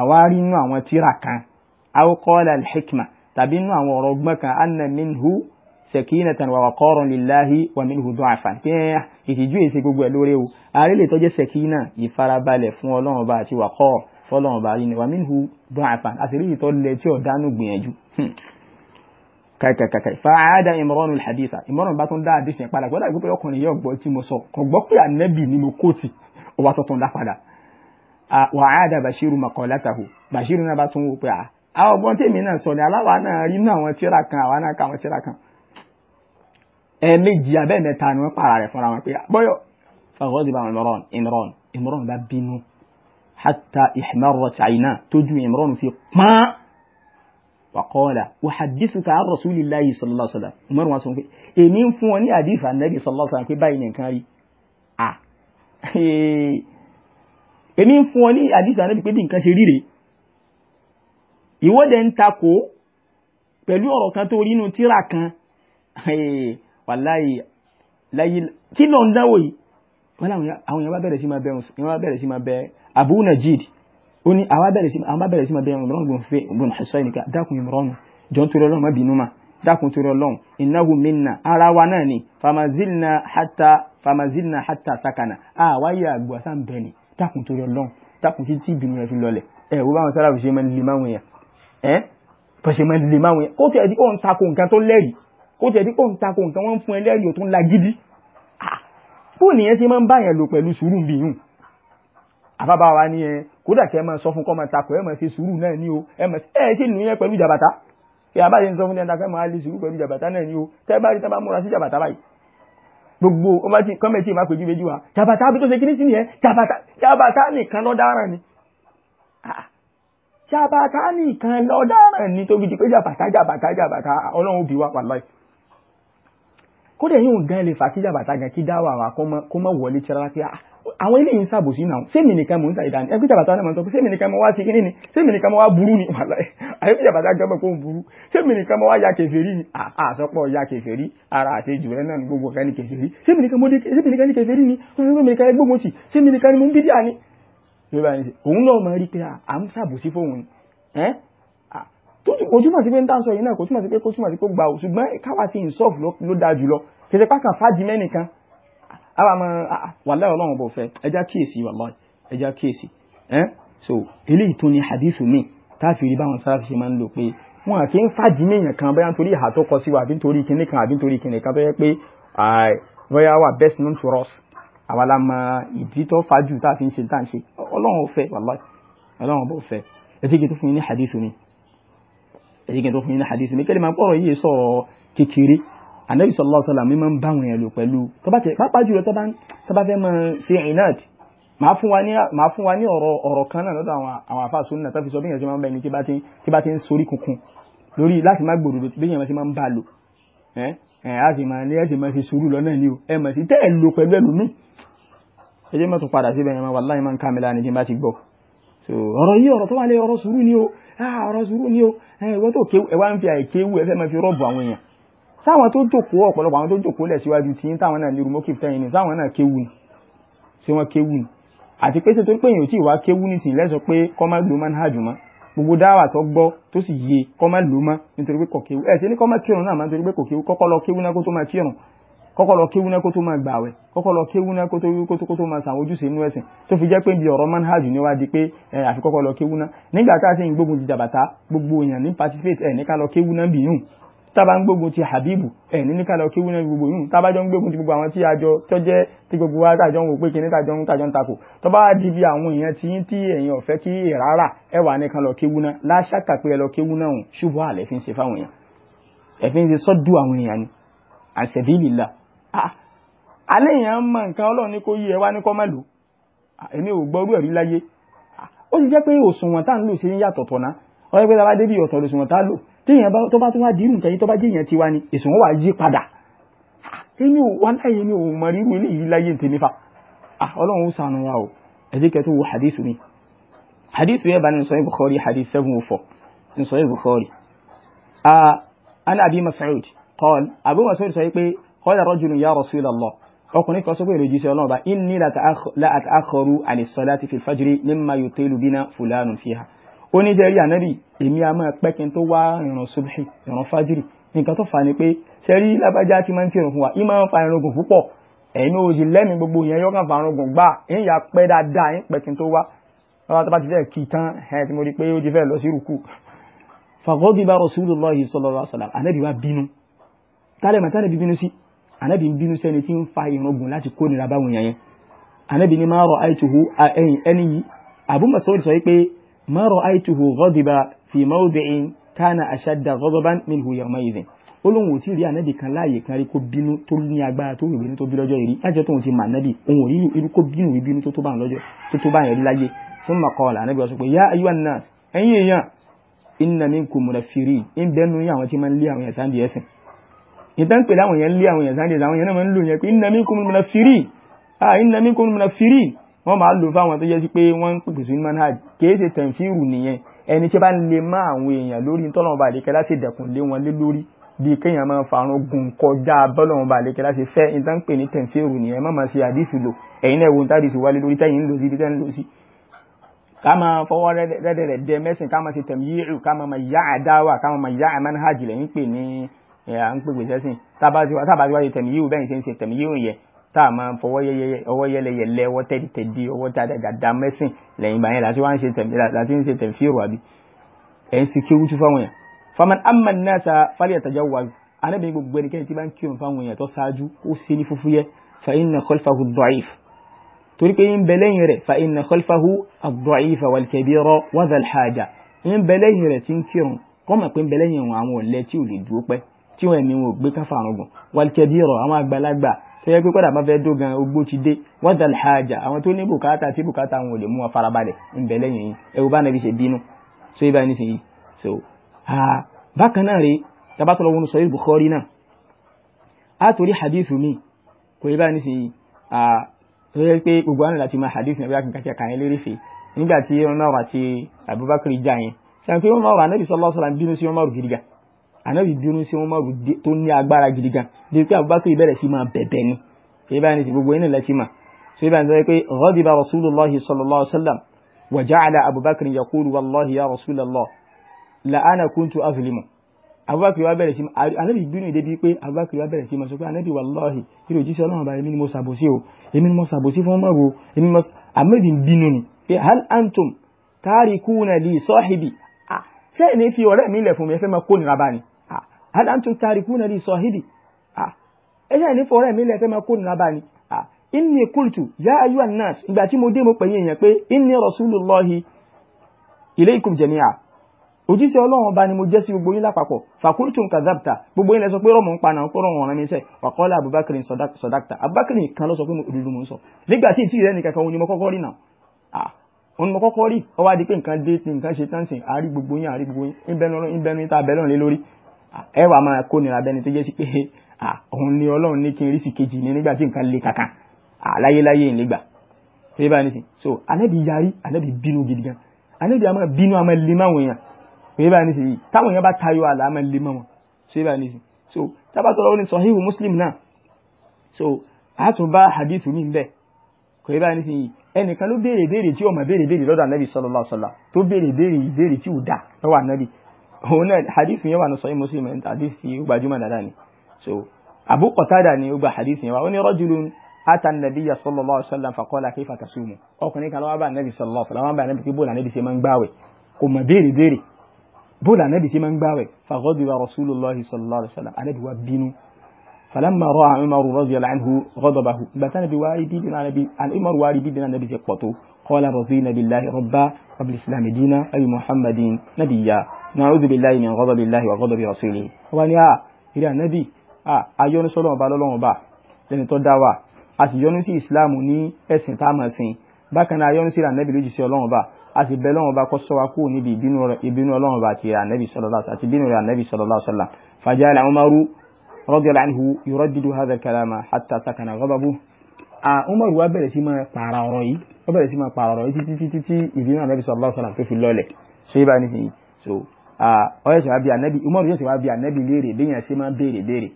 àwárí inú àwọn tíra kan aw qala al-hikma tàbí inú àwọn ọ̀rọ̀ ọgbọ́n kan anna minhu sakinatan wa waqaran lillahi wa minhu du'afan kí ẹ ah, ìtìjú èsì gbogbo ẹ̀ lórí o ààrẹ lè tọ́jú sakina ìfarabalẹ̀ fún ọlọ́run ọba àti waqar fọlọ́run ọba yìí ni wa minhu du'afan àṣírí ìtọ́lẹ̀ tí ọ̀dánù gbìyànjú hmm kàkàkàkà fàáda ìmọ̀ràn ìhàdísà ìmọ̀ràn bá tún dá àdìsí yẹn padà gbọ́dọ̀ gbé ọkùnrin yóò gbọ́ tí mo sọ kò gbọ́ pé ànẹ́bì ni mo kóòtì ó wá tuntun dá padà wàhádà bashiru makọlátàhù bashiru náà bá tún wò pé àwọn ọgbọ́n tèmi náà sọ ni aláwa náà rí náà wọn tíra kan àwa náà ka wọn tíra kan ẹ̀ẹ̀mejì abẹ́ mẹ́ta ni wọ́n para rẹ̀ fúnra wọn pé bọ́yọ̀ fàgọ́dìbà wàkọ́ọ̀lá wàhàdìsùkà àrọ̀súlì láyé sọlọ́sọlá umaru wọn sọ pé èmi ń fún wọn ní àdìsà nẹ́bí sọlọ́sọlá pé báyìí nìkan rí à èmi ń fún wọn ní àdìsà nẹ́bí pé bí nǹkan ṣe ríre ìwọ́dẹ̀ ń takò pẹ̀lú ọ̀rọ̀ kan tó rí inú tíra kan wàláyé láyé kí ló ń dáwò yìí wọ́n láwọn àwọn bá bẹ̀rẹ̀ sí máa bẹ Abu Najid ó ní àwa bẹ̀rẹ̀ sí àwa bẹ̀rẹ̀ sí máa bẹ̀rẹ̀ ìmọ̀ràn gbọ̀n fẹ́ gbọ̀n ṣẹṣẹ́ nìkan dákun ìmọ̀ràn jọ̀ọ́ torí ọlọ́run má bínú mà dákun torí ọlọ́run innahu minna ara wa náà ni famazilna hatta famazilna hatta sakana àwa yẹ àgbà sáà ń bẹ̀ ni dákun torí ọlọ́run dákun títí ìbínú rẹ̀ fi lọlẹ̀ ẹ̀ wo báwọn sára ṣe máa ń le máwọn yẹn ẹ́ bọ́ ṣe máa ń le máwọn yẹn kó tiẹ̀ di kó ń takò nǹkan tó lẹ́rìí kó àbábá wa ni ẹ kódà kẹ́ ẹ máa sọ fún kọ́ máa takò ẹ máa ṣe sùúrù náà ni o ẹ máa ṣe ẹ ṣe nù yẹn pẹ̀lú jàbàtà ẹ àbá ṣe ń sọ fún yẹn takò ẹ máa lè sùúrù pẹ̀lú jàbàtà náà ni o tẹ́ bá rí tẹ́ bá múra sí jàbàtà báyìí gbogbo ọmọ tí kọ́mẹ̀ tí ì máa pèjú méjì wa jàbàtà bí tó ṣe kíní sí nìyẹn jàbàtà nìkan lọ dáràn ni ah, jàbàtà nìkan lọ dáràn ni tó fi di pé jàbàtà jàbàtà jàbàtà ọlọ́run òbí wa wàláì kódà yóò gan lè fà kí jàbàtà gan kí dáwà wa kó mọ̀ wọlé tíra pé ah, àwọn ilé yìí ń sàbòsí náà sẹ́mi nìkan mò ń sàyè dání ẹgbẹ́ jàbàtà náà sọ pé sẹ́mi nìkan mọ́ wá sí kí ni sẹ́mi nìkan mọ́ wá burú ni àyẹ̀kẹ́ jàbàtà gbọ́dọ̀ kó ń burú sẹ́mi nìkan mọ́ wá ya kẹfẹ́rí ni àsọpọ̀ ya kẹfẹ́rí ara àtẹjù rẹ náà gbogbo kan ní kẹfẹ́rí sẹ́mi nìkan mọ́ sẹ́mi nìkan ní kẹfẹ́rí ni sẹ́mi nìkan gbogbo sí sẹ́mi nìkan ní. mo ń bí díà ni. òun náà máa rí pé à ń sàbòsí fóun kò túmọ̀ sí pé ń tà ń sọ yìí náà kò túmọ̀ sí pé kò túmọ̀ sí pé gbà ò ṣùgbọ́n káwá sí ìsọ́ọ̀fù ló dáa jùlọ kìí ṣe pàkàn fájì àwọn àmọ́ wàláì ọlọ́run bò fẹ́ ẹja kíyèsí wàláì ẹja kíyèsí so eléyìí tó ní hadith mi táàfìrí báwọn sára fi ṣe máa ń lò pé wọn àti ń fàjì níyàn kan bóyá nítorí ìhà tó kọ sí wa àbí nítorí kinní kan àbí nítorí kinní kan tó yẹ pé bóyá wà best known for us àwa la mọ ìdí tó fàjù tá a fi ń ṣe tá ń ṣe ọlọ́run fẹ́ wàláì ọlọ́run ò fẹ́ ẹ̀sìnkì tó fún yín ní hadith mi ẹ̀sìnkì tó fún yín ní hadith mi kẹ́lẹ́ anabi sallallahu alaihi wasallam mi máa ń bá wọn yẹn lò pẹ̀lú tọ́ba tẹ pápá jùlọ tọ́ba tọ́ba fẹ́ máa ṣe inad màá fún wa ní màá fún wa ní ọ̀rọ̀ ọ̀rọ̀ kan náà lọ́dọ̀ àwọn àwọn afa sunna tó fi sọ bí yẹn ṣe máa ń bẹ ni tí bá ti tí bá ti ń sorí kunkun lórí láti má gbòdòdò bí yẹn ṣe máa ń bá lò ẹ ẹ á máa ní ẹ máa ṣe sùúrù lọ́nà ni o ẹ mà sí tẹ́ ẹ lò pẹ̀lú ẹlòmíì ẹ jẹ́ mọ́tò padà síbẹ̀ yẹn wallahi máa ń ká mi láàrin so ọ̀rọ̀ yìí ọ̀rọ̀ tó wà lé ọ̀rọ̀ sùúrù ni o ah, ọ̀rọ̀ sùúrù ni o ẹ wọ́n tó máa fi rọ́ọ̀bù sáwọn tó jòkó ọ̀pọ̀lọpọ̀ àwọn tó jòkó lẹ̀ síwájú tí ń táwọn náà ní rumọ́ kìí tẹ́yìn ní sáwọn náà kéwù ní sí wọn kéwù ní àti pé tó pé èyàn tí ìwà kéwù ní sí lẹ́sọ pé kọ́má ló máa ń hàjù mọ́ gbogbo dáwà tó gbọ́ tó sì yé kọ́má ló mọ́ nítorí pé kò kéwù ẹ̀ sí ní kọ́má kírun náà máa nítorí pé kò kéwù kọ́kọ́ lọ kéwù náà kó tó máa kírun kọ́kọ́ lọ kéwú náà kó tó máa gbàwẹ̀ kọ́kọ́ lọ náà kó tó kó tó máa sàwọn ojúṣe inú ẹ̀sìn tó fi jẹ́ pé bí ọ̀rọ̀ manhajù ni wá di pé ẹ àfi kọ́kọ́ lọ náà nígbà tá a ti ń gbógun ti jàbàtà gbogbo èèyàn ní participate ẹ̀ ní ká lọ kéwú náà bìyùn tába ń gbógun ti habibu ẹ ní níkàlẹ̀ ọkẹ́ wúnà gbogbo yìí tába jọ ń gbógun ti gbogbo àwọn tí àjọ tó jẹ́ tí gbogbo wa tàjọ ń wò pé kíní tàjọ ń tàjọ ń takò tó bá di bí àwọn èèyàn tí yín tí èèyàn ọ̀fẹ́ kí rárá ẹ wà nìkan lọ kí wúnà láṣà kàpé ẹ lọ kí wúnà òun ṣubú àlẹ́ fi ń ṣe fáwọn èèyàn ẹ fi ń ṣe sọ́dù àwọn èèyàn ni àṣẹbílìlà alẹ́ èèyàn mọ nǹkan ọlọ́run ní kó yí ẹ wá ní kọ́mẹ́lú èmi ò gbọ́rú ẹ̀rí láyé ó ti jẹ́ pé òṣùwọ̀n tá à ń lò ṣe ń yàtọ̀ tọ̀nà ọ̀rẹ́ pé tá a bá débi ọ̀tọ̀ lòṣùwọ̀n tá a lò téèyàn bá tó bá tún wá di nǹkan tó bá jẹ́ èèyàn tiwa ni èsùn wọn wà yí padà ah, èmi ò wá ò mọ̀ rírú eléyìí láyé ń tèmi ah, ọlọ́run sànù wa o ẹ̀dí kẹ́tù wo hadith mi hadith yẹn bá ní sọ Bukhari hadith seven oh four ní sọ ah, ana abi Mas'ud qala Abu Mas'ud sọ pé qala rajulun ya Rasulallah ọkùnrin kan sọ pé èrè jíṣẹ́ ọlọ́run bá inni la àtàkọrù ànisọ́lá ti fi fajiri mimma yutilu bina fulanun fiha ó ní jẹ́rí ànábì èmi a máa pẹ́ kí n tó wá ìrun subhi ìrun fájìrì nǹkan tó fà ní pé sẹ́rí lábájá ti máa ń kírun fún wa ìmọ̀ ń fa irungun púpọ̀ ẹ̀yin ò sì lẹ́mìí gbogbo yẹn yọkàn fa irungun gbà ń yà pẹ́ dáadáa ń pẹ́ kí n tó wá lọ́wọ́ tó bá ti fẹ́ kì í tán ẹ̀ tí mo rí i pé ó ti fẹ́ lọ sí rúkú. fàgọ́dì bá Rasulullahi sallallahu alaihi wasallam ànábì wa bínú ànábì ń bínú ما رأيته غضب في موضع كان أشد غضبا منه يومئذ olóhùn ò tí rí ànábì kan láàyè kan rí kó bínú tó ní agbára tó rìn bínú tó bí lọ́jọ́ ìrí lájọ́ tóun ti mà nábì òun ò rí irú kó bínú rí bínú tó tó bá ń lọ́jọ́ tó tó bá yẹn rí láyé fún màkọ́ọ̀lá ànábì wá sọ pé yá ayúwà náà ẹ̀yin èèyàn iná mi kò múra fìrí ń bẹ́nu yín àwọn tí máa ń lé àwọn èèyàn sáńdì ẹ̀sìn ìtàn pèlè àwọn èèyàn lé àwọn èèyàn sáńdì ẹ̀sìn àwọn èèyàn náà máa ń lò yẹn pé iná mi kò múra fìrí wọ́n máa lò fáwọn tó jẹ́ sí pé wọ́n ń pèpè sí manhaj kì í ṣe tẹ̀ǹfìrù nìyẹn ẹni tí bá ń lè má àwọn èèyàn lórí tọ́lọ́mọba àlékẹ́lá ṣe dẹ̀kùn lé wọn lé lórí bí kéèyàn máa farun gùn kọjá bọ́lọ́mọba àlékẹ́lá ṣe fẹ́ ní tán pè ní tẹ̀ǹfìrù nìyẹn má máa ṣe àdìsù lò ẹ̀yin náà wo ní tàdìsù wálé lórí tẹ́yìn ń lò sí tẹ́yìn ń lò sí. ká máa fọwọ́ rẹ́dẹ̀ tá a máa fọwọ́ ọwọ́ yẹlẹyẹlẹ ọwọ́ tẹ́dítẹ́dí ọwọ́ tàdàdà mẹ́sìn lẹ́yìn ìgbà yẹn láti wá ń ṣe láti ń ṣe tẹ̀fíìrù àbí ẹ̀ ń ṣe kí wútú fáwọn èèyàn faman amman nasa falẹ̀ tàjà wàzù anábìyẹn gbogbo ẹnikẹ́ni tí bá ń kírun fáwọn èèyàn tó ṣáájú ó ṣe ní fúfúyẹ́ fa inna khalfahu ad-da'if torí pé ń bẹ lẹ́yìn rẹ̀ fa inna khalfahu ad-da'if wal-kabira tó yẹ pé kọ́dà bá fẹ́ dó gan ogbó ti dé wọ́n dà láàjà àwọn tó ní bùkátà tí bùkátà wọn ò lè mú wọn farabalẹ̀ ń bẹ lẹ́yìn yìí ẹ̀rù bá nàbí ṣe bínú so ibà ní sìn yìí so bákan náà rèé tabatọ̀lọ́ wọn sọ Bukhari náà a hadith mi kò ibà ní sìn yìí tó yẹ pé gbogbo àwọn láti máa hadith náà bí akin kàkẹ́ kàn yín lérí fè nígbà tí Umar àti Abubakar jà yẹn sàn pé Umar ànábì bínú sí wọn márùn tó ní agbára gidi gan bí pé abubakar bẹ̀rẹ̀ sí máa bẹ̀bẹ̀ ni ṣé báyìí ti gbogbo iná lẹ́sìn mà ṣé báyìí sọ pé ghadiba rasulullahi sallallahu alaihi wasallam wa ja'ala abubakar yaqulu wallahi ya rasulallah la ana kuntu azlimu abubakar wa bẹ̀rẹ̀ sí ànábì bínú ìdẹ́bí pé abubakar wa bẹ̀rẹ̀ sí máa sọ pé ànábì wallahi kí ló jíṣẹ́ ọlọ́run báyìí èmi ni mo ṣàbòsí o èmi ni mo ṣàbòsí fún hal tariku na li sahibi ẹ̀ṣẹ́ ní fọ́rẹ́ mi lẹ́fẹ́ máa kó nínú abá ni inni kultu ya ayyuhan nas ìgbà tí mo dé mo pẹ̀yìn èèyàn pé inni rasulullahi ilaykum jami'a òjíṣẹ́ ọlọ́run ọba ni mo jẹ́ sí gbogbo yín lápapọ̀ fakultum kazabta gbogbo yín lẹ sọ pé rọmọ ń paná kó rọrùn ọ̀ràn mi sẹ́ wàkọ́lá abubakar sọdáktà abubakar kan ló sọ pé mo òdodo mo ń sọ nígbà tí ìtì rẹ nìkan kan ni mo kọ́kọ́ rí náà òun mo kọ́kọ́ rí ọwọ́ adé pé nǹkan dé ti nǹkan ṣe tán sìn àárí gbogbo yín àárí gbogbo yín ń bẹnu ń bẹnu ń ta abẹ́lọ́run lé lórí ẹ wàá máa kó nira bẹ́ni tó jẹ́ sí pé òun ni ọlọ́run ní kí n rí sí kejì ní nígbà tí nǹkan le kàkà láyéláyé ìlégbà ṣé báyìí nísìn so anabi yarí anabi bínú gidi gan anabi a máa bínú a máa lè máwọn èèyàn ṣé báyìí nísìn yìí táwọn èèyàn bá tayọ àlà a máa lè máwọn ṣé báyìí nísìn so tábàtọ̀rọ̀ ó ní sahihu muslim náà so àtúbá hadithu mi bẹ́ẹ̀ kò yẹ báyìí nísìnyí ẹnìkan ló béèrè béèrè tí ọmọ béèrè béèrè lọ́dọ̀ ànábì sallallahu alaihi wasallam tó béèrè béèrè ìbéèrè tí ò dá òun náà hadith yẹn wà ní sọ́yìn muslim ẹ̀ńtà hadith yìí ó gbajúmọ̀ dáadáa ni so abu qatada ni ó gba hadith yẹn wá ó ní rajulun ata nabiya sallallahu alaihi wasallam faqala kayfa tasumu ọkùnrin kan lọ́wọ́ bá nabi sallallahu alaihi wasallam wọ́n bá nabi pé bóòlù anabi ṣe máa ń gbáwẹ̀ kò mọ̀ béèrè béèrè bóòlù anabi ṣe máa ń gbáwẹ̀ faghadiba rasulullahi sallallahu alaihi wasallam anabi wa bínú falamma ra'a umaru radiyallahu anhu ghadabahu bàtà nabi wa ibi dina nabi al umaru wa ibi dina nabi ṣe pọ̀tó qala radina na'udhu billahi min ghadabi llahi wa ghadabi rasulihi ọba ní à ah, ìrìn ànábì ayọ́nu ah, sọ́dọ̀ ọba lọ́lọ́run ọba lẹ́ni tó dá wa a sì yọ́nu sí islam ní ẹ̀sìn tá a mọ̀ sí bákan náà ayọ́nu sí ànábì lójì sí ọlọ́run ọba a sì bẹ lọ́run ọba kó sọ wa kúrò níbi ìbínú ọlọ́run ọba àti ànábì sallallahu àti ìbínú rẹ̀ ànábì sallallahu sallam faja'ala umaru radiyallahu anhu yuraddidu hadha al-kalama hatta sakana ghadabuhu umar wa bẹ̀rẹ̀ sí máa pààrà ọ̀rọ̀ yìí ó bẹ̀rẹ̀ sí máa pààrà ọ̀rọ̀ yìí títí títí ìbínú ànábì sallallahu sallam tó fi lọ́lẹ̀ ṣé ibà nísìnyí so ọ̀yẹ́sẹ̀ ah, wá bí ànábì umaru yẹ́sẹ̀ wá bí ànábì léèrè bí yẹn ṣe máa béèrè béèrè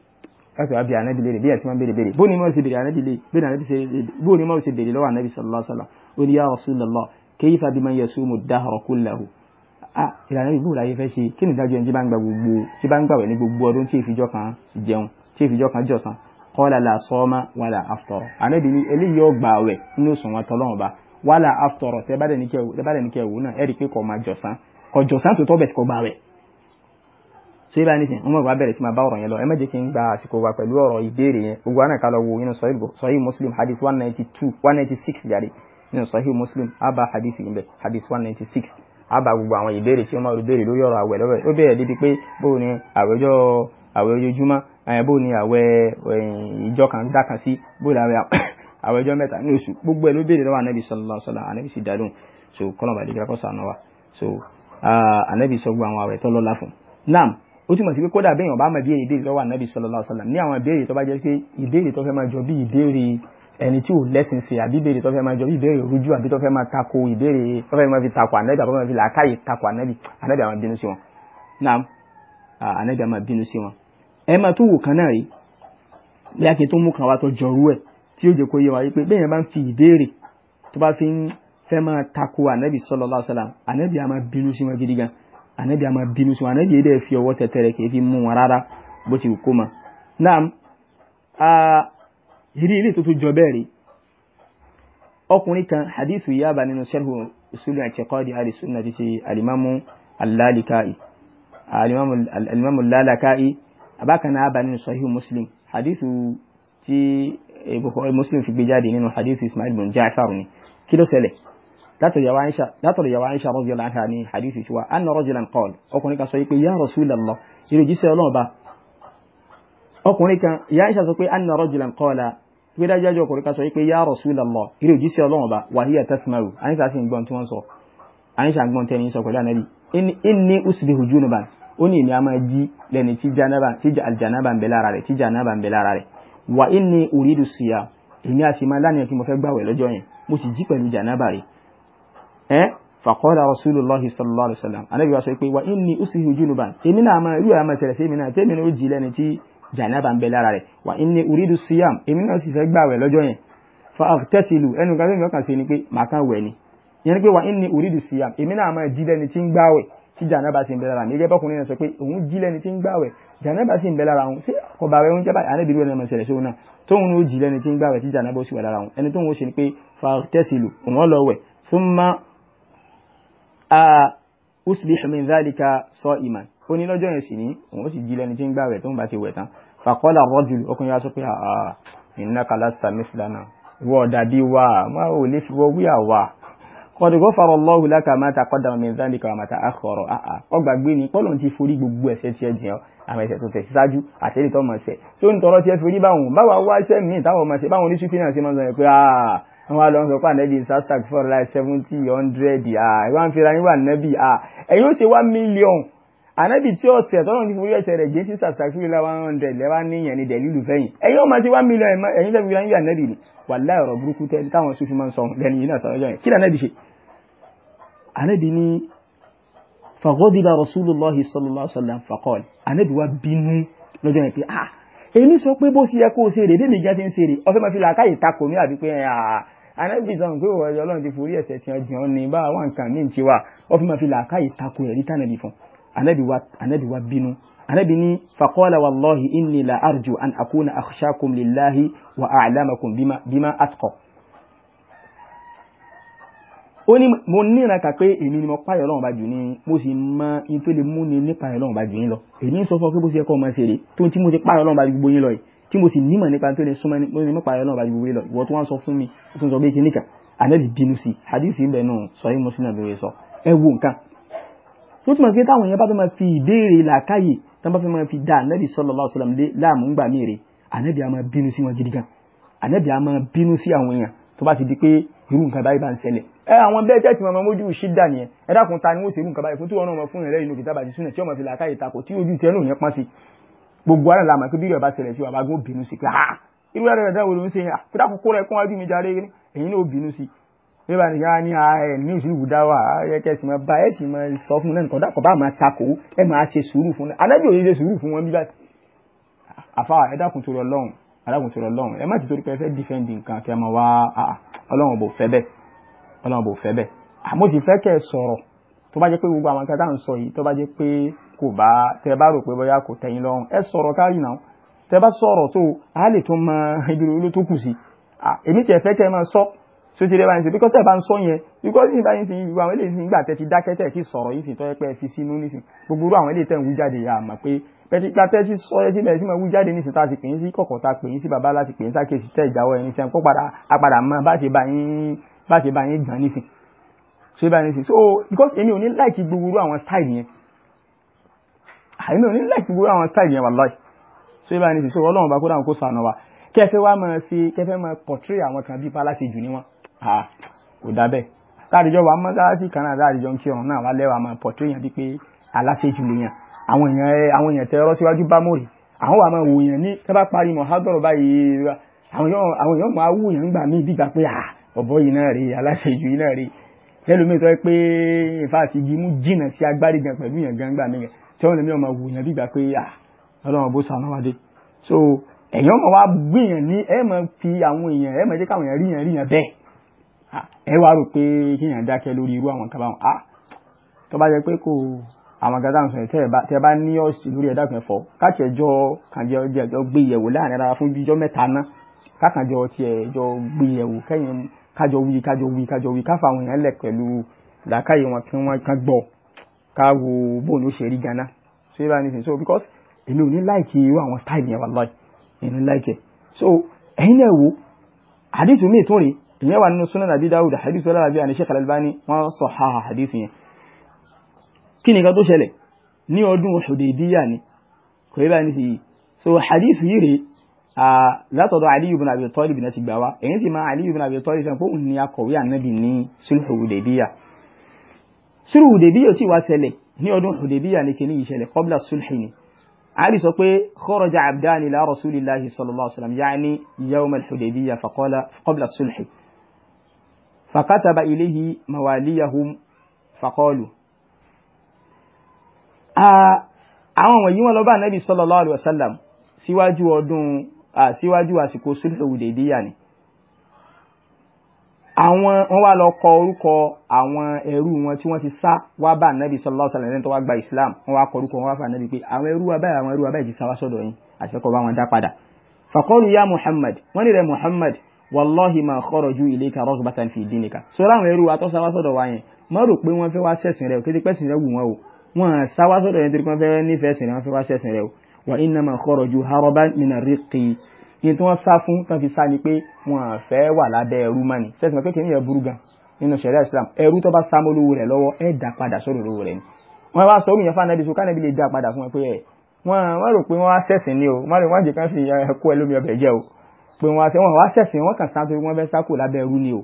ẹsẹ̀ wá bí ànábì léèrè bí yẹn ṣe máa béèrè béèrè bó ni umaru ṣe béèrè ànábì lé bó ni ànábì ṣe bó ni umaru ṣe béèrè lọ́wọ́ ànábì sallallahu alaihi wasallam ó ní ya Rasulullah kayfa biman yasumu ad-dahra kullahu ah ìlànà ìbú láyé fẹ́ ṣe kí ni ìdájọ́ ẹni tí bá ń gba gbogbo tí bá ń gbàwẹ̀ ní gbogbo ọdún tí ìfijọ́ kan jẹun tí ìfijọ́ kan jọ̀sán qala la sọ́ọ́mà wala aftara ànábì ní eléyìí ọgbà wẹ̀ nínú òṣùwọ̀n tọ́lọ́run ba wala aftara tẹ́ bá dẹ̀ ní kẹ́ wò náà ẹ̀rí pé kọ́ máa jọ̀sán kọjọ sáà tó tọ́ bẹ̀ sí kọ gbà rẹ̀ ṣé báyìí nísìnyí wọn bá bẹ̀rẹ̀ sí máa bá ọ̀rọ̀ yẹn lọ ẹ má jẹ́ kí n gba àsìkò wa pẹ̀lú ọ̀rọ̀ ìbéèrè yẹn gbogbo àná kálọ̀ wo nínú sahih muslim hadith one ninety two one ninety six yàrá nínú sahih muslim abba hadith yìí bẹ̀ hadith one ninety six abba gbogbo àwọn ìbéèrè tí wọ́n máa béèrè lórí ọ̀rọ̀ àwẹ̀ lọ́wọ́ ó bẹ̀rẹ̀ débi pé bóò ni àwẹ̀jọ́ àwẹ̀ ojoojúmọ́ bóò ni àwẹ̀ ìjọ kan dá kan sí bóò ni àwẹ̀jọ́ mẹ́ta ní oṣù gbogbo ẹ̀ ló béèrè lọ́wọ́ ànábì sallallahu alaihi wasallam ànábì sì dá lóhùn so kọ́nà bàdé kíra kọ́ sànù wa so Ah, ànábì sọ gbogbo àwọn àwẹ̀ tó lọ́lá fún nam ó túmọ̀ sí pé kódà bẹ́ẹ̀ yàn bá mọ̀ ìbéèrè ìbéèrè lọ́wọ́ ànábì sallallahu alaihi wasallam ní àwọn ìbéèrè tó bá jẹ́ pé ìbéèrè tó fẹ́ máa jọ bí ìbéèrè ẹni tí ò lẹ́sìn sí àbí ìbéèrè tó fẹ́ máa jọ bí ìbéèrè rújú àbí tó fẹ́ máa tako ìbéèrè tó fẹ́ máa fi tako ànábì àbí fi làákàyè tako ànábì àwọn bínú sí wọn nam ànábì àwọn bínú sí wọn. ẹ máa tó wò kan náà rí bí a kì í tó mú kan wá tó jọrú ẹ tí ó jẹ kó yẹ wá yí pé bẹ́ẹ̀ yẹn bá ń fi ìbéèrè tó bá fi ń fẹ́ máa tako ànábì sallallahu alaihi wasallam ànábì a máa bínú sí wọn gidi gan ànábì a máa bínú sí wọn ànábì yìí dẹ̀ fi ọwọ́ tẹ̀tẹ̀rẹ̀ kì í fi mú wọn rárá bó ti kó ma. naam ìrí ilé tó jọ bẹ́ẹ̀ rí ọkùnrin kan hadithu yaba nínú sharhu usulu i'tiqadi ahli sunnah ti ṣe alimamu alalikai alimamu lalakai abákan náà bá nínú sahihu muslim hadithu ti Bukhari muslim fi gbé jáde nínú hadithu ismail bin ja'far ni kí ló ṣẹlẹ̀ látọ̀rọ̀ yàwá Aisha látọ̀rọ̀ yàwá Aisha radiyallahu anha ní hadithi tiwa anna rajulan qala ọkùnrin kan sọ pé ya Rasulallah irú jíṣẹ́ ọlọ́run bá ọkùnrin kan ya Aisha sọ pé anna rajulan qala pé dájájọ́ ọkùnrin kan sọ pé ya Rasulallah irú jíṣẹ́ ọlọ́run bá wa hiya tasma'u Aisha sì ń gbọ́n tí wọ́n sọ Aisha gbọ́n tẹ́ni sọ pẹ̀lú anabi inni usbihu junuban ó ní ìní a máa jí lẹ́ni tí aljanaba ń bẹ lára rẹ̀ tí janaba ń bẹ lára rẹ̀ wa inni uridu siya ìní a sì máa Eh? fàkọ́lá rasulullahi sallallahu alaihi wasallam anábì wa sọ pé wa inni usihu junuban èmi náà máa irú àmà ṣẹlẹ̀ sí èmi náà tẹ́mi náà ó jí lẹ́ni tí jàǹdàbà ń bẹ lára rẹ̀ wa inni uridu siyam èmi náà sì fẹ́ gbàwẹ̀ lọ́jọ́ yẹn fa àtẹ́sílù ẹnu kan fẹ́mi ọkàn sí ni pé màá kàn wẹ̀ ni ìyẹn ni pé wa inni uridu siyam èmi náà máa jí lẹ́ni tí ń gbàwẹ̀ tí jàǹdàbà sì ń bẹ lára mi gẹ́gẹ́ náà sọ pé òun jí lẹ́ni tí ń gbàwẹ̀ jàǹdàbà sì ń bẹ lára sí ọ̀bàwẹ̀ oúnjẹ báyìí a usbih min dhalika sa'iman ó ní lọ́jọ́ yẹn sì ní òun ó sì jí lẹ́ni tí ń gbààwẹ̀ tó ń bá ti wẹ̀ tán faqala ar-rajul ọkùnrin wa sọ pé àà innaka lasta mithlana wọ́ dàbí wa má ò lè fi wọ́ wíyà wa qad ghafara Allahu laka ma taqaddama min dhalika wa ma ta'akhkhara àà ọgbàgbé ni pọ́lọ̀ ti forí gbogbo ẹ̀ṣẹ̀ tí ẹ jìyàn àwọn ẹ̀ṣẹ̀ tó tẹ̀ síṣáájú àtẹ́lẹ̀ tó mọ̀ ṣẹ̀ tí ń tọrọ tí ẹ forí báwọn báwa wá iṣẹ́ míì táwọn ọmọ ṣe báwọn oníṣùfínà wọn lọ sọ pé ànẹ́bí sastak fún ọ̀rọ̀ seventy hundred ẹ wá ń fira níwà ànẹ́bí ẹ̀yin ó ṣe one million ànẹ́bí tí ọ̀sẹ̀ tọ́lọ́ ti forí ẹ̀sẹ̀ rẹ̀ jẹ́ sí sastak fún ìlà one hundred lẹ́wà níyẹn ni dẹ̀lílù fẹ́yìn ẹ̀yin ó máa ti one million ẹ̀yin fẹ́ fira níwà ànẹ́bí ni wàláhì ọ̀rọ̀ burúkú tẹ́ táwọn sùn fi máa ń sọ lẹ́nu yìí náà sọ̀rọ̀ yẹn kí ànẹ́bí ṣe ànẹ́bí ní fagọ́dìbà rasulullahi sallallahu alaihi wasallam faqal ànẹ́bí wa bínú lọ́jọ́ yẹn pé ah èmi sọ pé bó ṣe yẹ kó o ṣe rèé bẹ́ẹ̀ mi jẹ́ ti ń ṣe rèé ọ̀fẹ́ máa fi làákàyè takò mí àbí pé anábì sọ̀rọ̀ pé òwò ẹ̀yọ́ ọlọ́run ti forí ẹ̀sẹ̀ tiẹ̀ jù ọ́ ní bá àwọn nǹkan míì ti wà ó fi máa fi làákàyè tako ẹ̀rí tànàbì fún anábì wa bínú anábì ní faqala wallahi inni la arju an akuna akhshakum lillahi wa a'lamakum bima atqa ó ní mo níra kà pé èmi ni mo páyọ̀ lọ́wọ́ bá jù ní mo sì mọ in tó nípa ẹ̀ bá jù yín lọ èmi sọ fún ọ pé bó ṣe kọ́ ọmọ ṣe rè tó ti mo ti páyọ̀ lọ́wọ́ bá jù gbogbo lọ yìí tí mo sì nímọ̀ nípa tó lè súnmọ́ ní pé nípa ayọ́ náà bá gbogbo lọ ìwọ tó wá sọ fún mi ó tún sọ pé kí nìkan ànábì bínú sí hadith ń bẹ̀ náà sọ yìí muslim bẹ̀rẹ̀ sọ ẹ wo nǹkan tó túmọ̀ pé táwọn èèyàn bá fẹ́ máa fi ìbéèrè làákàyè tán bá fẹ́ máa fi dá ànábì sallallahu alaihi wasallam láàmú ń gbà mí rè ànábì á máa bínú sí wọn gidi gan ànábì á máa bínú sí àwọn èèyàn tó bá ti di pé irú nǹkan báyìí bá ń ṣẹlẹ̀ ẹ àwọn bẹ́ẹ̀ tẹ́tì mọ̀ mójú ṣídà nìyẹn ẹ dákun ta ni wọ́n ṣe irú nǹkan báyìí fún tí wọ́n náà mọ̀ fún ìrẹ́ inú kìtàbà ti súnà tí ọmọ fi làákàyè takò tí ojú tiẹ̀ náà yẹn pọ́n sí gbogbo ara làmọ̀ pé bí ìyọ̀bá ṣẹlẹ̀ sí bàbá gún bínú sí pé ha ah, irú ẹ̀rọ ẹ̀dá wo ló ń ṣe kódà kókó rẹ̀ kún wájú mi jáde ní ẹ̀yin náà bínú sí nígbà tí yára ní ah, ẹ ní òṣèlú ìwúdá wà ẹ kẹsì máa bá ẹ sì máa sọ fún náà kódà kó bá máa takò ẹ máa ṣe sùúrù fún náà adájọ́ òye ṣe sùúrù fún wọn bí báyìí àfa ẹ dákun torí Ọlọ́run adákun torí Ọlọ́run ẹ má ti torí pé ẹ fẹ́ dífẹ́ǹdì nǹkan kí ẹ máa wá ah, Ọlọ́run bò fẹ́ bẹ́ẹ̀ Ọlọ́run bò fẹ́ bẹ́ẹ̀ àmọ́ ti fẹ́ kẹ́ ẹ sọ̀rọ̀ tó bá jẹ́ pé gbogbo àwọn akẹ́kọ̀ọ́ à ń sọ yìí tó bá jẹ́ pé kò bá tẹ bá rò pé bóyá kò tẹ́yìn lọ́rùn ẹ sọ̀rọ̀ kárí náà tẹ bá sọ̀rọ̀ tó a lè tún mọ ibi ló tó kù sí èmi tiẹ̀ fẹ́ kẹ́ ẹ máa sọ tí ó ti dé báyìí sí bíkọ́ tẹ̀ bá ń sọ yẹn bíkọ́ sì báyìí sí ìwà àwọn eléyìí nígbà tẹ́ ti dákẹ́ tẹ́ ti sọ̀rọ̀ yìí sì tọ́ pẹ́ fi sínú nísìn gbogbo irú àwọn eléyìí tẹ̀ ń wú jáde yà mọ̀ pé pẹ́tíkà tẹ́ ti sọ ẹ́ síbẹ̀ sí máa wú nísìn tá a sì pè é sí kọ̀kọ̀ tá a pè é sí bàbá láti pè é sáké sí tẹ́ ìjáwọ́ ẹni sẹ́n kó padà apadà mọ́ bá ṣe bá yín gbọ́n nísìn so because èmi ò ní láìkí gbogbo irú àwọn àìmí ò ní láìkí gbogbo àwọn style yẹn wà láì so ibà ní ìṣòro ọlọ́run bá kó dáhùn kó sànù wa kẹfẹ́ wa máa ṣe kẹfẹ́ máa portray àwọn kan bíi palace jù ní wọn kò dá bẹ́ẹ̀ sáàdìjọ wa mọ́sálásí kan náà sáàdìjọ ń kírun náà wà lẹ́wọ̀ àmọ́ portray yẹn bíi pé aláṣejù lèèyàn àwọn èèyàn àwọn èèyàn tẹ ọ̀rọ̀ síwájú bá mòrì àwọn wà máa wòyàn ní tẹ bá parí mọ̀ hádọ́rọ̀ báyìí àwọn èèyàn máa wòyàn gbà mí bígbà pé ọ̀bọ yìí náà rèé aláṣejù yìí náà rèé tẹlómi tí wọ́n lè mí ọmọ wùyàn bí gbà pé ọlọ́run bó sànú wádé so ẹ̀yàn ọmọ wa gbìyàn ní ẹ máa fi àwọn èèyàn ẹ máa jẹ́ káwọn èèyàn ríyàn ríyàn bẹ́ẹ̀ ẹ wá rò pé kíyàn dákẹ́ lórí irú àwọn kan báwọn ah tó bá jẹ́ pé kò àwọn gàdá nǹkan tẹ bá ní ọ̀sì lórí ẹ̀dá kan fọ káàkiri ẹjọ́ kànjẹ́ ọjọ́ ẹjọ́ gbé yẹ̀wò láàrin ara fún bíjọ́ mẹ́ta ná kákànjọ tiẹ̀ ẹjọ́ gbé yẹ̀wò kẹ́yìn kájọ wí kájọ wí kájọ wí káfà àwọn èèyàn lẹ̀ pẹ̀lú làákàyè wọn kí wọ́n kán gbọ́ ká wo bóun ló ṣe rí ganá so yíba nísìnyí so because èmi ò ní láìkí irú àwọn style yẹn wallahi èmi ní láìkí ẹ̀ so ẹ̀yin náà wo hadith mi tún rè ìyẹn wà nínú sunan abi dawud hadith wọlé abi àni sheikh al-albani wọn sọ ha hadith yẹn kí ni nǹkan tó ṣẹlẹ̀ ní ọdún Hudaybiyah ni kò yíba nísìnyí so hadith yìí rè látọ̀dọ̀ aliyu bin abi talib náà ti gbà wá èyí sì máa aliyu bin abi talib sàn pé òun ni akọ̀wé ànábì ní sírù Hudaybiyah sì wá ṣẹlẹ̀ ní ọdún Hudaybiyah ní kìíní ìṣẹ̀lẹ̀ qabla sulhi ni àárí sọ pé kharaja abdani la rasulillahi sallallahu alaihi wasallam yaani yawm al-Hudaybiyah faqala qabla sulhi fakataba ilayhi mawaliyahum faqalu àwọn wọ̀nyí wọ́n lọ bá nabi sallallahu alaihi wasallam síwájú ọdún síwájú àwọn wọ́n wá lọ kọ orúkọ àwọn ẹrú wọn tí wọ́n ti sá wá bá nàbì sallallahu alaihi wasallam tó wá gba islam wọ́n wá kọ orúkọ wọn wá fà nàbì pé àwọn ẹrú wa báyìí àwọn ẹrú wa báyìí ti sá wá sọ́dọ̀ yín àṣẹkọ̀ bá wọn dá padà. faqalu ya muhammad wọ́n ní rẹ̀ muhammad wallahi ma kharaju ilayka raghbatan fi dinika. sọ́dọ̀ àwọn ẹrú wa tó sá wá sọ́dọ̀ wa yẹn má rò pé wọ́n fẹ́ wá sẹ̀sìn rẹ̀ kété pẹ́sìn rẹ̀ wù wọ́n o wọ́n sá wá sọ́dọ̀ yẹn torí ní tí wọ́n sá fún tán fi sá ni pé wọ́n fẹ́ wà lábẹ́ ẹrú mọ́ni sẹ́sìn mọ́ pé kìíní yẹn burú gan nínú sẹ̀rẹ́ Islam ẹrú tó bá sámọ́ olówó rẹ̀ lọ́wọ́ ẹ̀ dá padà sọ́dọ̀ olówó rẹ̀ ni wọ́n wá sọ òmìnira fáwọn ẹbí so káwọn ẹbí lè dá padà fún wọn pé ẹ̀ wọ́n rò pé wọ́n wá sẹ̀sìn ni o wọ́n rò wọ́n jẹ́ kán fi ẹ̀kọ́ ẹ lómi ọbẹ̀ jẹ́ o pé wọ́n wá sẹ̀sìn wọ́n kàn sá torí wọ́n fẹ́ sá kù lábẹ́ ẹrú ni o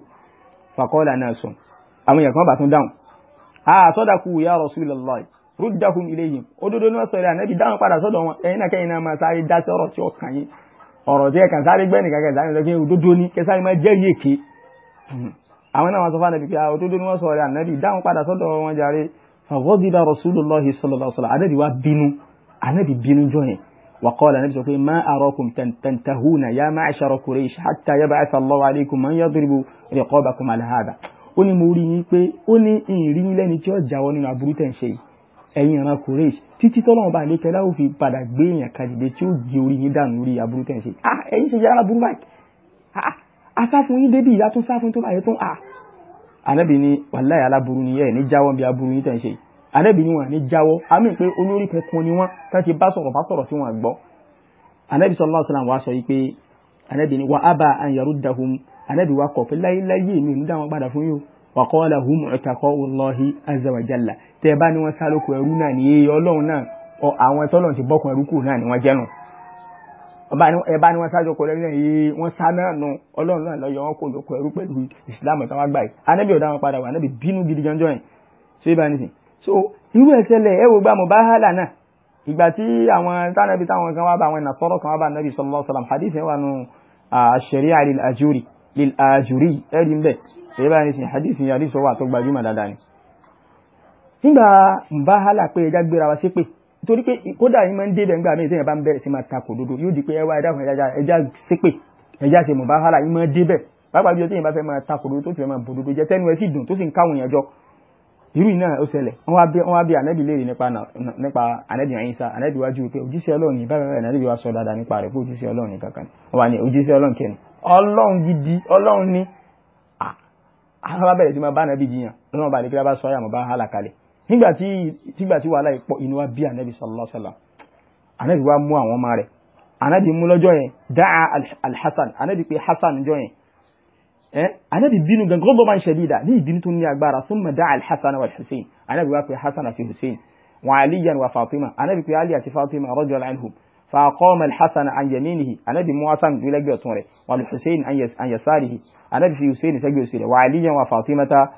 fàkọ́ọ́lá náà sùn àwọn èèyàn kan bá tún dáhùn ah sadaku ya Rasulullah ruddahum ilayhim òdodo ni wọ́n sọ ìrìn àná ibi dáhùn padà sọ́dọ̀ wọn ẹ̀yin náà kẹ́yìn náà máa sáré dá sí ọ̀rọ̀ tí ó kàn ọ̀rọ̀ tí ẹ kàn sáré gbẹ́ nìkan kẹsàn-án lọ́gbẹ́ òdodo ni kẹsàn-án máa jẹ́ yìí èké àwọn náà wọn sọ fún ànábì pé ah, òdodo ni wọ́n sọ rẹ̀ ànábì dáhùn padà sọ́dọ̀ wọn jàre fàgọ́dìdà rasulullahi sallallahu alaihi wasallam ànábì wa bínú ànábì bínú jọ yẹn wa qala ànábì sọ pé ma arakum tantahuna ya ma'ashara quraish hatta yab'atha Allahu alaykum man yadribu riqabakum ala hada ó ní mo ń ṣe yìí ẹ̀yin ìran Quraysh títí tọ́lọ́run bá lè kẹ́lá ó fi padà gbé èèyàn kan dìde tí ó di orí yín dànù lórí aburú tẹ̀ ń ṣe ah ẹ̀yin ṣe yára burú báyìí ah asáfún yín débi ìyá tún sáfún tó báyìí tún ah ànábì ni wàláyé aláburú ni ẹ̀ ní jáwọ́ bí aburú yín tẹ̀ ń ṣe ànábì ni wọn ní jáwọ́ àmì pé olórí kankan ni wọn tán ti bá sọ̀rọ̀ bá sọ̀rọ̀ tí wọn gbọ́ ànábì sallallahu alaihi wasallam wá sọ wa kọ̀ pé wàkọ́ọ́lá hum ẹ̀tàkọ́ ọlọ́hì azawajalla tẹ́ bá ní wọ́n sá lóko ẹrú náà ní yéye ọlọ́run náà ọ àwọn ẹ̀tọ́ lọ́n ti bọ́kùn ẹrú kù náà ni wọ́n jẹ́nu ẹ̀bá ni wọ́n sá lóko ẹrú náà yéye wọ́n sá náà nu ọlọ́run náà lọ́yọ̀ wọn kò lóko ẹrú pẹ̀lú ìsìlámù ẹ̀tàn wọn gbà yìí anábì ọ̀dà wọn padà wà anábì bínú gidi jọjọ yẹn ṣe bá ní sin hadith ní àdísọ wà tó gbajúmọ̀ dáadáa ni nígbà mbahala pé ẹja gbéra wa ṣépè torí pé kódà yìí máa ń débẹ̀ nígbà míì téèyàn bá ń bẹ̀rẹ̀ sí máa takò dodo yóò di pé ẹwà ẹja fún ẹja ṣépè ẹja ṣe mbahala yìí máa débẹ̀ pàápàá jùlọ téèyàn bá fẹ́ máa takò dodo tó ti fẹ́ máa bòdodo jẹ tẹnu ẹ sì dùn tó sì ń káwọn èèyàn jọ irú iná ó ṣẹlẹ̀ wọ́n wá bí ànábì léèrè nípa ànábì àyíṣà ànábì wájú pé òjíṣẹ́ ọlọ́run yìí bábẹ́ ànábì wá sọ dáadáa nípa rẹ̀ pé òjíṣẹ́ ọlọ́run kankan wọ́n wá ní òjíṣẹ́ ọlọ́run kẹ́ni ọlọ́run gidi ọlọ́run ní àwọn abẹ́rẹ́ sí máa bá nàbí jiyàn lọ́nà bá ní kí lábá sọ àyàmọ̀ bá hàlà kalẹ̀ nígbà tí wàhálà ìpọ̀ inú wa bí ànábì sallallahu alaihi wasallam ànábì wa mú àwọn ọmọ rẹ̀ ànábì mú lọ́jọ́ yẹn dáa alhassan ànábì pé hassan jọ yẹn ànábì bínú gangan lọ́mọ shadida ní ìbínú tó ní agbára thumma dáa alhassan wa hussein ànábì wa pé hassan àti hussein wa aliyan wa fatima ànábì pé ali àti fatima radiyallahu anhum فقام الحسن عن يمينه النبي موسى بلغ يسوره والحسين عن يساره النبي في حسين سجد يسره وعليا وفاطمة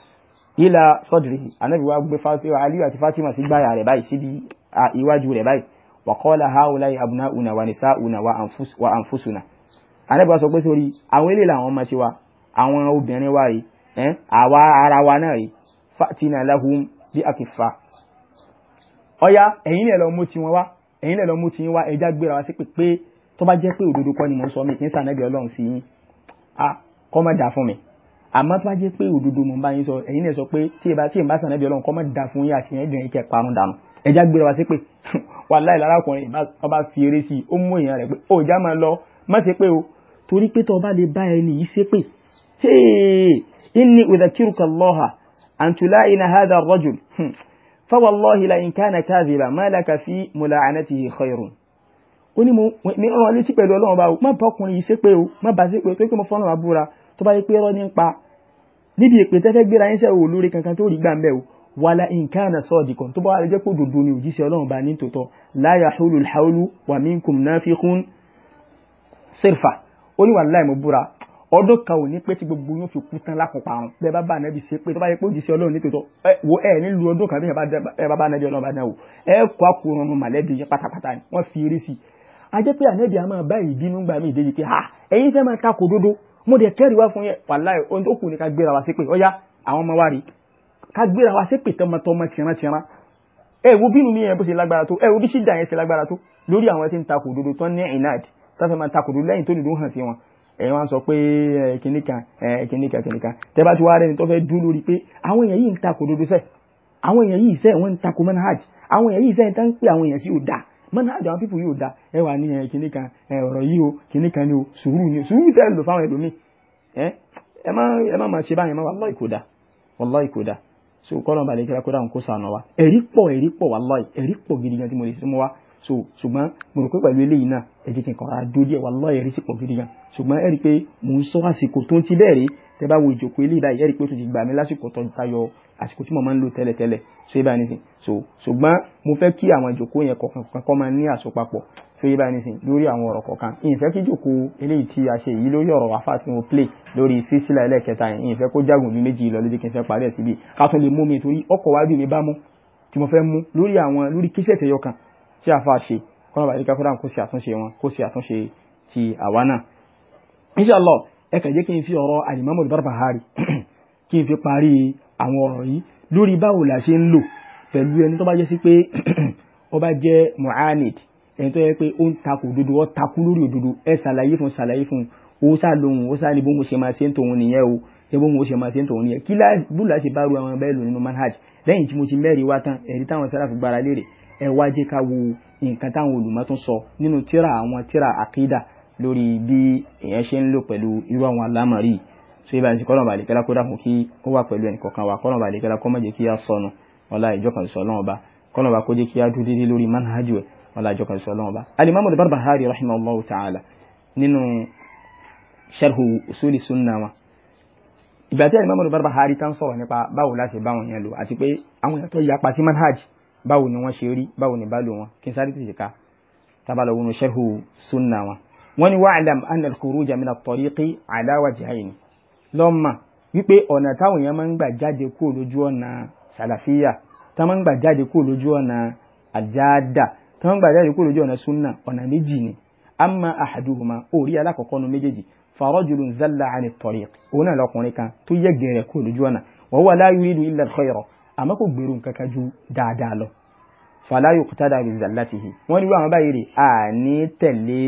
إلى صدره النبي وأبو فاطمة وعلي وفاطمة سيبا يا رباي سيدي إيواجو رباي وقال هؤلاء أبناؤنا ونساؤنا وأنفس وأنفسنا النبي وأسوق بسوري أولي لا هم سوى àwọn obìnrin wa yìí ẹ́n àwa ara wa náà yìí fatina lahum bí akifá ọya wá ẹ̀yin lẹ́lọ́ mú ti yín wá ẹja gbéra wá sí pé pé tó bá jẹ́ pé òdodo kọ́ ni mò ń sọ mi kì í sànẹ́bí ọlọ́run sí yín a kọ́ má dà fún mi àmọ́ tó bá jẹ́ pé òdodo mò ń bá yín sọ ẹ̀yin lẹ́ sọ pé tí ìbá tí ìbá sànẹ́bí ọlọ́run kọ́ má dà fún yín àti ẹ̀dùn yín kẹ́ parun dànù ẹja gbéra wá sí pé wàláì lárakùnrin ọba fi eré sí ó mú èèyàn rẹ̀ pé ó já máa lọ má ṣe pé o torí pé tó lè bá ẹni yìí ṣe pé inni udhakiruka allaha an tulaina hadha ar-rajul hmm fawallahi la in kana kadhiba ma laka fi mula'anatihi khairun ó ní mo ní ran létí pẹ̀lú Ọlọ́run bá o má bá ọkùnrin yìí ṣépè o má bá ṣépè pé kí mo fọ́nà àbúra tó bá yẹ pé ọ̀rọ̀ nípa níbi èpè tẹ́fẹ́ gbéra yín sẹ́ o lórí kankan tó rí gbà ń bẹ́ o wala in kana sadiqan tó bá wà jẹ́ pé òdodo ni òjíṣẹ́ Ọlọ́run bá ọdún kan ò ní pé tí gbogbo yóò fi kú tán lákòópa àrùn bẹ́ẹ̀ bá bá ànábì ṣe pé tó bá yẹ pé ó jìṣẹ́ ọlọ́run ní tòótọ́ ẹ wo ẹ nílùú ọdún kan bí bá bá ànábì ọlọ́run bá dán wò ẹ kó àkóràn nu màlẹ́bí yẹn pátápátá ni wọ́n fi eré sí i a jẹ́ pé ànábì a máa bá ìbínú gbà mí ìdéjì pé ha ẹ̀yin fẹ́ máa takò dodo mo dẹ̀ kẹ́rì wá fún yẹn wàláì ohun tó kù ni ká gbéra wa ṣépè ọ̀yá àwọn ọmọ wa rí ká gbéra wa ṣépè tọmọtọmọ tìrantìran ẹ wo bínú mi yẹn bó ṣe lágbára tó ẹ wo bí ṣídà yẹn ẹ wá sọ pé ẹ kìnìkan ẹ kìnìkan kìnìkan tẹ bá ti wá rẹni tó fẹ́ dún lórí pé àwọn èèyàn yìí ń takò dodo sẹ àwọn èèyàn yìí sẹ wọn ń takò manhaj àwọn èèyàn yìí sẹ ń tán pé àwọn èèyàn sí ò dáa manhaj àwọn pípù yìí ò da, ẹ wà ní ẹ kìnìkan ẹ ọ̀rọ̀ yìí o kìnìkan ni o sùúrù ni sùúrù tẹ lò fáwọn ẹlòmíì ẹ ẹ má ẹ má máa ṣe báyìí má wallahi kò dáa wallahi so kọ́lọ́n balẹ̀ kíra kó dáhùn wa ẹ̀rí pọ̀ ẹ̀rí pọ̀ wallahi ẹ̀rí pọ̀ gidi gan tí mo so ṣùgbọ́n mo rò pé pẹ̀lú eléyìí náà ẹ jẹ́ kí n kàn ra dó díẹ̀ wà lọ́ọ̀yẹ̀ rí sí pọ̀ gidi gan ṣùgbọ́n ẹ rí i pé mò ń sọ àsìkò tó ń ti bẹ́ẹ̀ rí tẹ bá wo ìjòkó eléyìí báyìí ẹ rí i pé ó ti gbà mí lásìkò tó ń tayọ àsìkò tí mo máa ń lò tẹ́lẹ̀ tẹ́lẹ̀ so yé báyìí nísìn so ṣùgbọ́n mo fẹ́ kí àwọn ìjòkó yẹn kọ̀ọ̀kan kọ́ máa ní àsopapọ̀ so yé báyìí nísìn lórí àwọn ọ̀rọ̀ kọ̀ọ̀kan ìyìnfẹ́ kí ìjòkó eléyìí tí a ṣe yìí lórí ọ̀rọ̀ wàfà tí mo play lórí sísílà ẹlẹ́ẹ̀kẹta yẹn ìyìnfẹ́ kó jágùn mi méjì lọ lójú kí n fẹ́ parí ẹ̀ síbi ká tún lè mú mi torí ọkọ̀ wájú mi bá mú tí mo fẹ́ mú lórí àwọn lórí kíṣẹ̀ tẹ̀yọ kan tí a fa ṣe kọ́nà bàdí káfíńdà kó ṣe àtúnṣe wọn kó ṣe àtúnṣe ti àwa náà. inshallah ẹ kàn jẹ́ kí n fi ọ̀rọ̀ alimami al-Barbahari kí n fi parí àwọn ọ̀rọ̀ yìí lórí báwo la ṣe ń lò pẹ̀lú ẹni tó bá jẹ́ sí pé ó bá jẹ́ mu'anid ẹni tó yẹ pé ó ń takò òdodo ó takú lórí òdodo ẹ ṣàlàyé fún ṣàlàyé fún ó sá lóhùn ó sá ní bóun ṣe máa ṣe ń tòun nìyẹn o ṣe bóun ṣe máa ṣe ń tòun nìyẹn kí búlà ṣe bá ru àwọn bẹ́ẹ̀ lò nínú manhaj lẹ́yìn tí mo ti mẹ́rin wá tán ẹ̀rí táwọn sáláfù gbára léèrè ẹ wá jẹ́ ká wo nǹkan táwọn olùmọ̀ tún sọ nínú tíra àwọn tíra àkídà lórí bí èèyàn ṣe ń lò pẹ̀lú irú àwọn alámọ̀rí tó yẹ báyìí kọ́nà balẹ̀ kẹ́lá kó dàpọ̀ kí ó wà pẹ̀lú ẹnì kọ̀ọ̀kan wa kọ́nà balẹ̀ kẹ́lá kọ́ má jẹ́ kí á sọnù ọlá ìjọkàn sọ lọ́wọ́ ba kọ́nà bá kó jẹ́ kí á dúró déédéé lórí manhaj ẹ̀ ọlá ìjọkàn sọ lọ́wọ́ ba. alimami barbahari rahimahullahu ta'ala nínú sharhu usuli sunna wa ìgbà tí alimami barbahari tán sọ̀rọ̀ nípa báwo láti báwọn yẹn lò àti pé àwọn yàtọ̀ yapa sí manhaj báwo ni wọ́n ṣe rí báwo ni bá lò wọn kí n sáré tètè ká tábàlà wọn ṣẹ́hù sunna wọn. wọ́n ní wa'lam anna al-khuruja min at-tariqi ala wajhayn lọ́mà wípé ọ̀nà táwọn èèyàn máa ń gbà jáde kúrò lójú ọ̀nà sàlàfíà tá máa ń gbà jáde kúrò lójú ọ̀nà àjáàdà tá máa ń gbà jáde kúrò lójú ọ̀nà sunna ọ̀nà méjì ni amma ahaduhuma orí alákọ̀ọ́kọ́ nu méjèèjì farajulun zalla 'an at-tariq òun náà lọkùnrin àmọ́ kò gbèrò nǹkan ju dáadáa lọ fala yuqtada bi zallatihi wọ́n nílò àwọn báyìí rè àní tẹ̀lé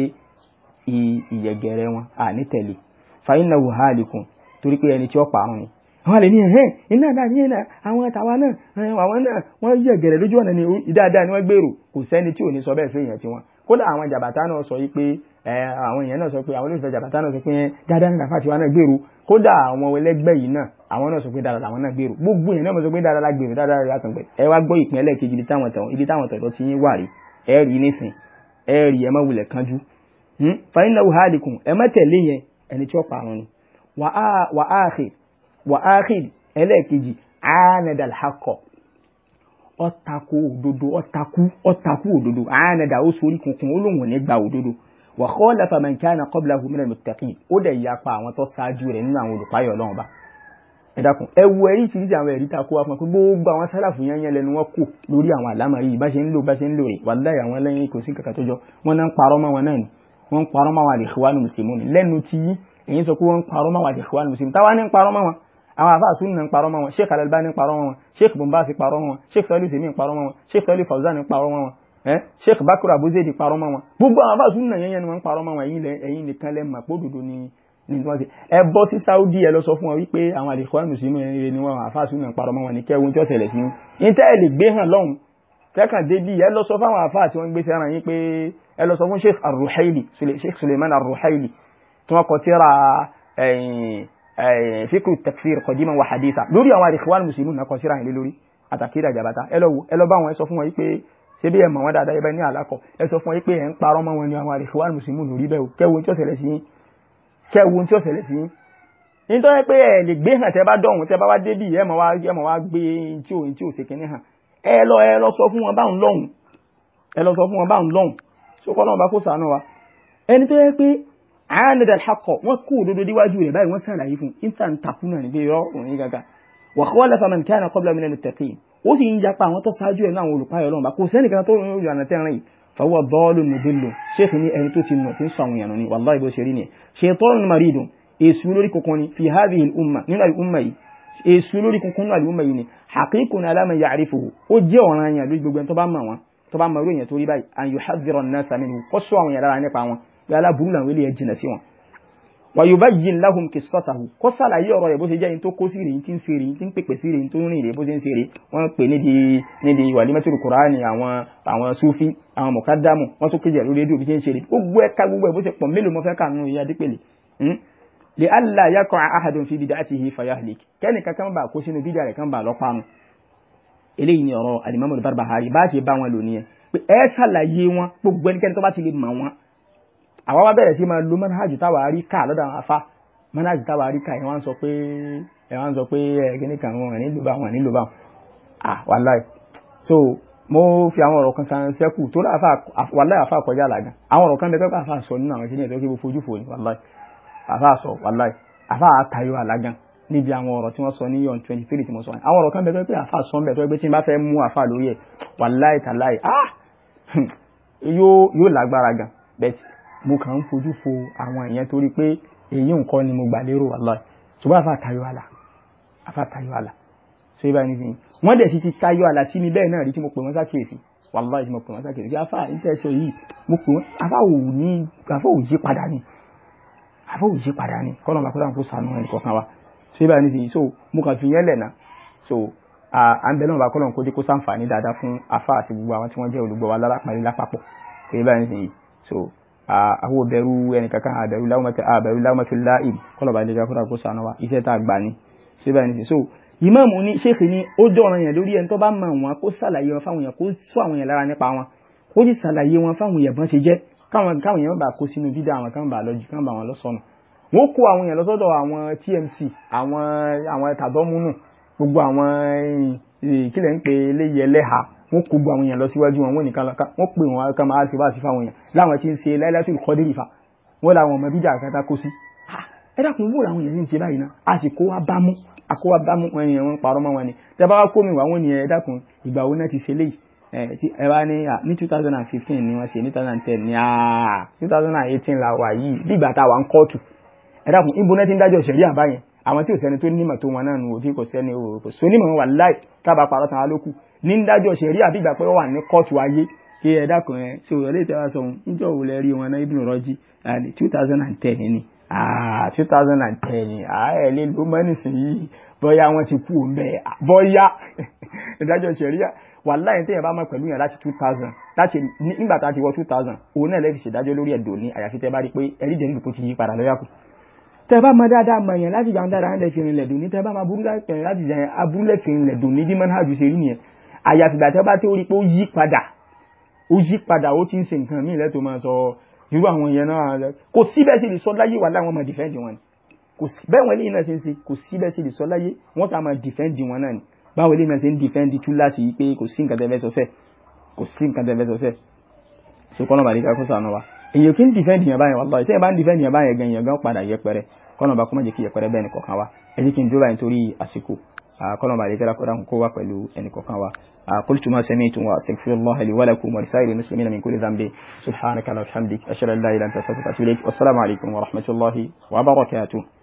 ìyẹ̀gẹ̀rẹ̀ wọn àní tẹ̀lé fa innahu halikun torí pé ẹni tí ó parun ni àwọn àlè ní ẹ̀hẹ́ iná àdá ní ẹ̀nà àwọn àtàwà náà àwọn náà wọ́n yẹ̀gẹ̀rẹ̀ lójú ọ̀nà ní ìdáadáa ni wọ́n gbèrò kò sẹ́ni tí ò ní sọ bẹ́ẹ̀ fẹ́yìn ẹ̀ tí wọ́n kódà àwọn jàbàtà náà sọ yìí pé àwọn èèyàn náà sọ pé àwọn olóòfẹ́ jàbátá náà sọ pé dáadáa nígbà fàtiwá náà gbèrú kódà àwọn ẹlẹgbẹ́ yìí náà àwọn náà sọ pé dáadáa làwọn náà gbèrú gbogbo èèyàn náà mọ̀ sọ pé dáadáa la gbèrú dáadáa la kàn pẹ̀ ẹ wá gbọ́ ìpín ẹlẹ́ẹ̀kejì ibi táwọn tẹ̀wọ̀n ibi táwọn tẹ̀wọ̀n ti yín wà rí ẹ rí nísìn ẹ rí ẹ má wulẹ̀ kánjú hmm? fàyínà wàhálìkùn ẹ má tẹ̀lé yẹn ẹni tí ó pa àwọn ni wàhálì ẹlẹ́ẹ̀kejì wa khalafa man kana qablahu minal muttaqin ó dẹ̀ yapa àwọn tó ṣáájú rẹ̀ nínú àwọn olùpáyọ̀ Ọlọ́run bá ẹ dákun ẹ wo ẹ̀rí sí ti àwọn ẹ̀rí tá a kó wa fún ẹ pé gbogbo àwọn sálàfù yẹn yẹn lẹnu wọn kò lórí àwọn àlámà yìí bá ṣe ń lò bá ṣe ń lò rè wallahi àwọn lẹ́yìn kò sí kankan tó wọn náà ń parọ́ mọ́ wọn náà ni wọ́n ń parọ́ mọ́ àwọn al-ikhwanu muslimun lẹ́nu tí èyí sọ pé wọ́n ń parọ́ mọ́ àwọn al-ikhwanu muslimun táwa ní ń parọ́ mọ́ wọn àwọn àfáà sunna ń parọ́ mọ́ wọn sheikh al-Albani ń parọ́ mọ́ wọn sheikh bumba parọ́ mọ́ wọn sheikh sọlí sèmi ń parọ́ mọ́ wọn sheikh sọlí fawzan ń parọ́ mọ́ wọn Eh? sheikh bakr abuzedi parọ́ mọ́ wọn gbogbo àwọn afáàsù náà yẹn yẹn ni wọ́n ń parọ́ mọ́ wọn ẹ̀yin nìkan lẹ́ mọ̀ pé òdodo ni ní tí wọ́n ti ẹ bọ́ sí saudi ẹ lọ sọ fún wọn wípé àwọn àlèkọ́ àmùsùlùmí ẹ̀yẹ ni wọ́n àfáàsù náà parọ́ mọ́ wọn ní kẹ́wọ́n tí ó ṣẹlẹ̀ sí yín níta ẹ̀ lè gbé hàn lọ́hùn kẹ́kàn débi ẹ lọ sọ fáwọn àfáàsù wọn gbé sẹ́ran yín pé ẹ lọ sọ fún sheikh arruhaili ṣé bí ẹ mọ̀ wọ́n dáadáa ẹ bá ní àlákọ̀ ẹ sọ fún ẹ pé ẹ ń parọ́ mọ́ wọn ni àwọn àrèfọ́ wàlú mùsùlùmí lórí bẹ́ẹ̀ o kẹ́wo tí ó ṣẹlẹ̀ sí yín kẹ́wo tí ó ṣẹlẹ̀ sí yín nítorí pé ẹ lè gbé hàn tẹ́ bá dọ̀hún tẹ́ bá wá débì ẹ mọ̀ wá ẹ mọ̀ wá gbé tí ò tí ò ṣe kínní hàn ẹ lọ ẹ lọ sọ fún wọn báwọn lọ́hùn ẹ lọ sọ fún wọn báwọn lọ́hùn sókọ́ náà bá kó sànú wa ẹni tó yẹ pé àánidà àkọ́ wọn kó òdodo díwájú rẹ̀ báyìí wọ́n sàlàyé ó sì ń yapa àwọn tó ṣáájú ẹ̀ náà àwọn olùpáyọ̀ lọ́nà bá kò sẹ́nìkan tó ń yànà tẹ́rin yìí fọwọ́ bọ́ọ̀lù nùdúlù ṣéèkì ní ẹni tó ti nù tí ń sọ àwọn èèyàn ní wàláhì bó ṣe rí ni ṣaitanun maridun èṣù lórí kòkó ni fi hadhihi al-umma nínú al-umma yìí èṣù lórí kòkó nínú al-umma yìí ni haqiqun ala man ya'rifuhu ó jẹ́ ọ̀ràn yẹn lórí gbogbo tó bá mọ̀ wọn tó bá mọ̀ orí èèyàn tó báyìí an yuhadhdhira nasa minhu kó àwọn èèyàn lára nípa wọn bí aláburú làwọn eléyẹ jìnà sí wọn wàyùbá yìí láhùn kì sọ́tàhù kó sàlàyé ọ̀rọ̀ rẹ̀ bó ṣe jẹ́ in tó kó sí rèé tí ń ṣe rèé tí ń pèpè sí rèé tó rìn rèé bó ṣe ń ṣe rèé wọ́n pè nídìí nídìí wàlímẹ́tìrì kùránì àwọn àwọn sufi àwọn mọ̀kádámù wọ́n tún kéjì lórí rédíò bí ṣe ń ṣe rèé gbogbo ẹ̀ka gbogbo ẹ̀ bó ṣe pọ̀ mélòó mo fẹ́ kà ìyá hmm? dípèlè àwa wá bẹ̀rẹ̀ sí máa lo manhaj táwa rí ká lọ́dọ̀ àwọn afá manhaj táwa rí ká ẹ̀ wá ń sọ pé ẹ̀ wá ń sọ pé ẹ̀ kíní kan wọn nílò báwọn nílò báwọn ah wàláì so mo fi àwọn ọ̀rọ̀ kan kan sẹ́kù tó láàfà wàláì àfà kọjá làgàn àwọn ọ̀rọ̀ kan bẹ pẹ́pẹ́ àfà sọ nínú àwọn kíní ẹ̀ tó kí mo fojú fò ní wàláì àfà sọ wàláì àfà àtayọ àlàgàn níbi àwọn ọ̀rọ̀ tí wọ́n sọ ní yọ̀n twenty three tí mo sọ yẹn àwọn ọ̀rọ̀ kan bẹ pẹ́pẹ́ àfà sọ ń bẹ tó ẹgbẹ́ tí n bá fẹ́ mú àfà lórí ẹ̀ wàláì tàláì ah yóò lágbára gan bẹ́ẹ̀ mo kàn ń fojú fo àwọn èèyàn torí pé èyí nǹkan ni mo gbà lérò wallahi ṣùgbọ́n àfa tayọ àlà àfa tayọ àlà ṣé ibà ní sìn wọ́n dẹ̀ sì ti tayọ àlà sí mi bẹ́ẹ̀ náà rí tí mo pè wọ́n sákèsì wallahi tí mo pè wọ́n sákèsì àfa ìtẹ̀sọ yìí mo pè wọ́n àfa ò ní àfa ò yí padà ni àfa ò yí padà ni kọ́nà bàkúrà ń kó sànù ẹnì kọ̀ọ̀kan wa ṣé ibà ní sìn so mo kàn fi yẹn lẹ̀ náà so à ń bẹ náà bàkúrà ń kó dé kó sàǹfààní dáadáa fún àfa àti gbogbo àwọn tí wọ́n jẹ́ olùgbọ́ wa lálápàlẹ́ lápapọ̀ kò yẹ báyìí sìn yìí so àwọn òbẹ̀rù ẹnìkankan àbẹ̀rù láwùmọ̀tún láìm kọlọ̀bà ilé gáfúrà kó sànú wa iṣẹ́ tá a gbà ní síbẹ̀ ní so ìmáàmù ní ṣéèkì ní ó jọ ọ̀ràn yẹn lórí ẹni tó bá mọ̀ wọn kó sàlàyé wọn fáwọn yẹn kó sọ àwọn yẹn lára nípa wọn kó sì sàlàyé wọn fáwọn yẹn bọ́n ṣe jẹ́ káwọn káwọn yẹn bá kó sínú bídà àwọn kan bá lọ́jì kan bá wọn lọ́sọ̀nà wọn kó àwọn yẹn lọ́sọ̀dọ̀ àwọn TMC àwọn àwọn tàbọ́múnù gbogbo àwọn eh, kílẹ̀ ń pè eléyìí ẹlẹ́ha wọ́n kó gbọ́ àwọn èèyàn lọ síwájú wọn wọ́n nìkan lọ́ka wọ́n pè wọ́n ká máa ṣe bá sí fáwọn èèyàn láwọn tí ń ṣe láìláìtò ìkọ́dé nìfà wọ́n làwọn ọmọ bíjà àkátá kó sí. ẹ dákun wó làwọn èèyàn ń ṣe báyìí náà a sì kó wa bá mú a kó wa bá mú wọn nìyẹn wọn parọ́ mọ́ wọn ni tẹ bá wá kó mi wá wọn nìyẹn ẹ dákun ìgbà wo náà ti ṣe léyìí ẹ wá ní ní two thousand and fifteen ni wọ́n ṣe ní two thousand and ten ní two thousand and eighteen la wà yìí bí ìgbà tá a wà ń kóòtù ẹ dákun ibo náà ti ń dájọ́ ṣẹ̀rí àbáyẹn àwọn tí ò sẹ́ni tó ní ń dájọ́ ṣẹ̀rí àbí ìgbà pé wọ́n wà ní kóòtù ayé kí ẹ̀dá kan ẹ̀ ṣe òrọ̀lẹ́ ìtẹ́wà sọ ohun níjọ́ wo lẹ rí wọn náà Ibn Rajab àlè two thousand and ten ni ah two thousand and ten ni ah ẹ̀ lè ló mọ́ nísìnyí bọ́yá wọ́n ti kú òun bẹ́ẹ̀ ah, bọ́yá ìdájọ́ ṣẹ̀ríà wàláhì téèyàn bá mọ̀ pẹ̀lú yẹn láti two thousand láti nígbà tá a ti wọ two thousand òun náà lè fi ṣèdájọ́ lórí ẹ̀dọ̀ ní àyàfi tẹ́ bá rí pé ẹ̀rí dẹ̀ nílùú kò ti yí padà lọ́yà kù. tẹ́ bá mọ̀ dáadáa mọ̀ yẹn láti gbàǹdára ẹ̀ lẹ́fìrin lẹ̀dùn ní tẹ́ bá mọ̀ burú láti jẹ́ aburú lẹ́fìrin lẹ̀dùn ní dímọ̀ náà rí nìyẹn àyàfìgbà tí wọ́n bá tí ó rí pé ó yí padà ó yí padà ó ti ń ṣe nǹkan míì lẹ́tọ̀ọ́ máa sọ irú àwọn èèyàn náà kò síbẹ̀ sì lè sọ láyé wà láwọn ọmọ dìfẹ́ǹdì wọn ni kò bẹ́ẹ̀ wọn eléyìí náà ṣe ń ṣe kò síbẹ̀ sì lè sọ láyé wọ́n sá máa dìfẹ́ǹdì wọn náà ni báwo eléyìí náà ṣe ń dìfẹ́ǹdì tú láti yí pé kò sí nǹkan tẹ́fẹ́ sọ́sẹ̀ kò sí nǹkan tẹ́fẹ́ sọ́sẹ̀ so bàdí ká kó sànù wa èyàn kí ń dìfẹ́ǹdì yẹn báyẹn wàlláhì tẹ́yìn bá ń dìfẹ́ǹdì yẹn báyẹn gan yẹn gan padà yẹpẹrẹ kọ́nà bá kó má jẹ́ كلهم بعد ذلك قرأ قوة قلوا أن كفان و قلت ما سمعت واستغفر الله لي ولكم ولسائر المسلمين من كل ذنب سبحانك اللهم وبحمدك أشهد أن لا إله إلا أنت أستغفرك وأتوب إليك والسلام عليكم ورحمة الله وبركاته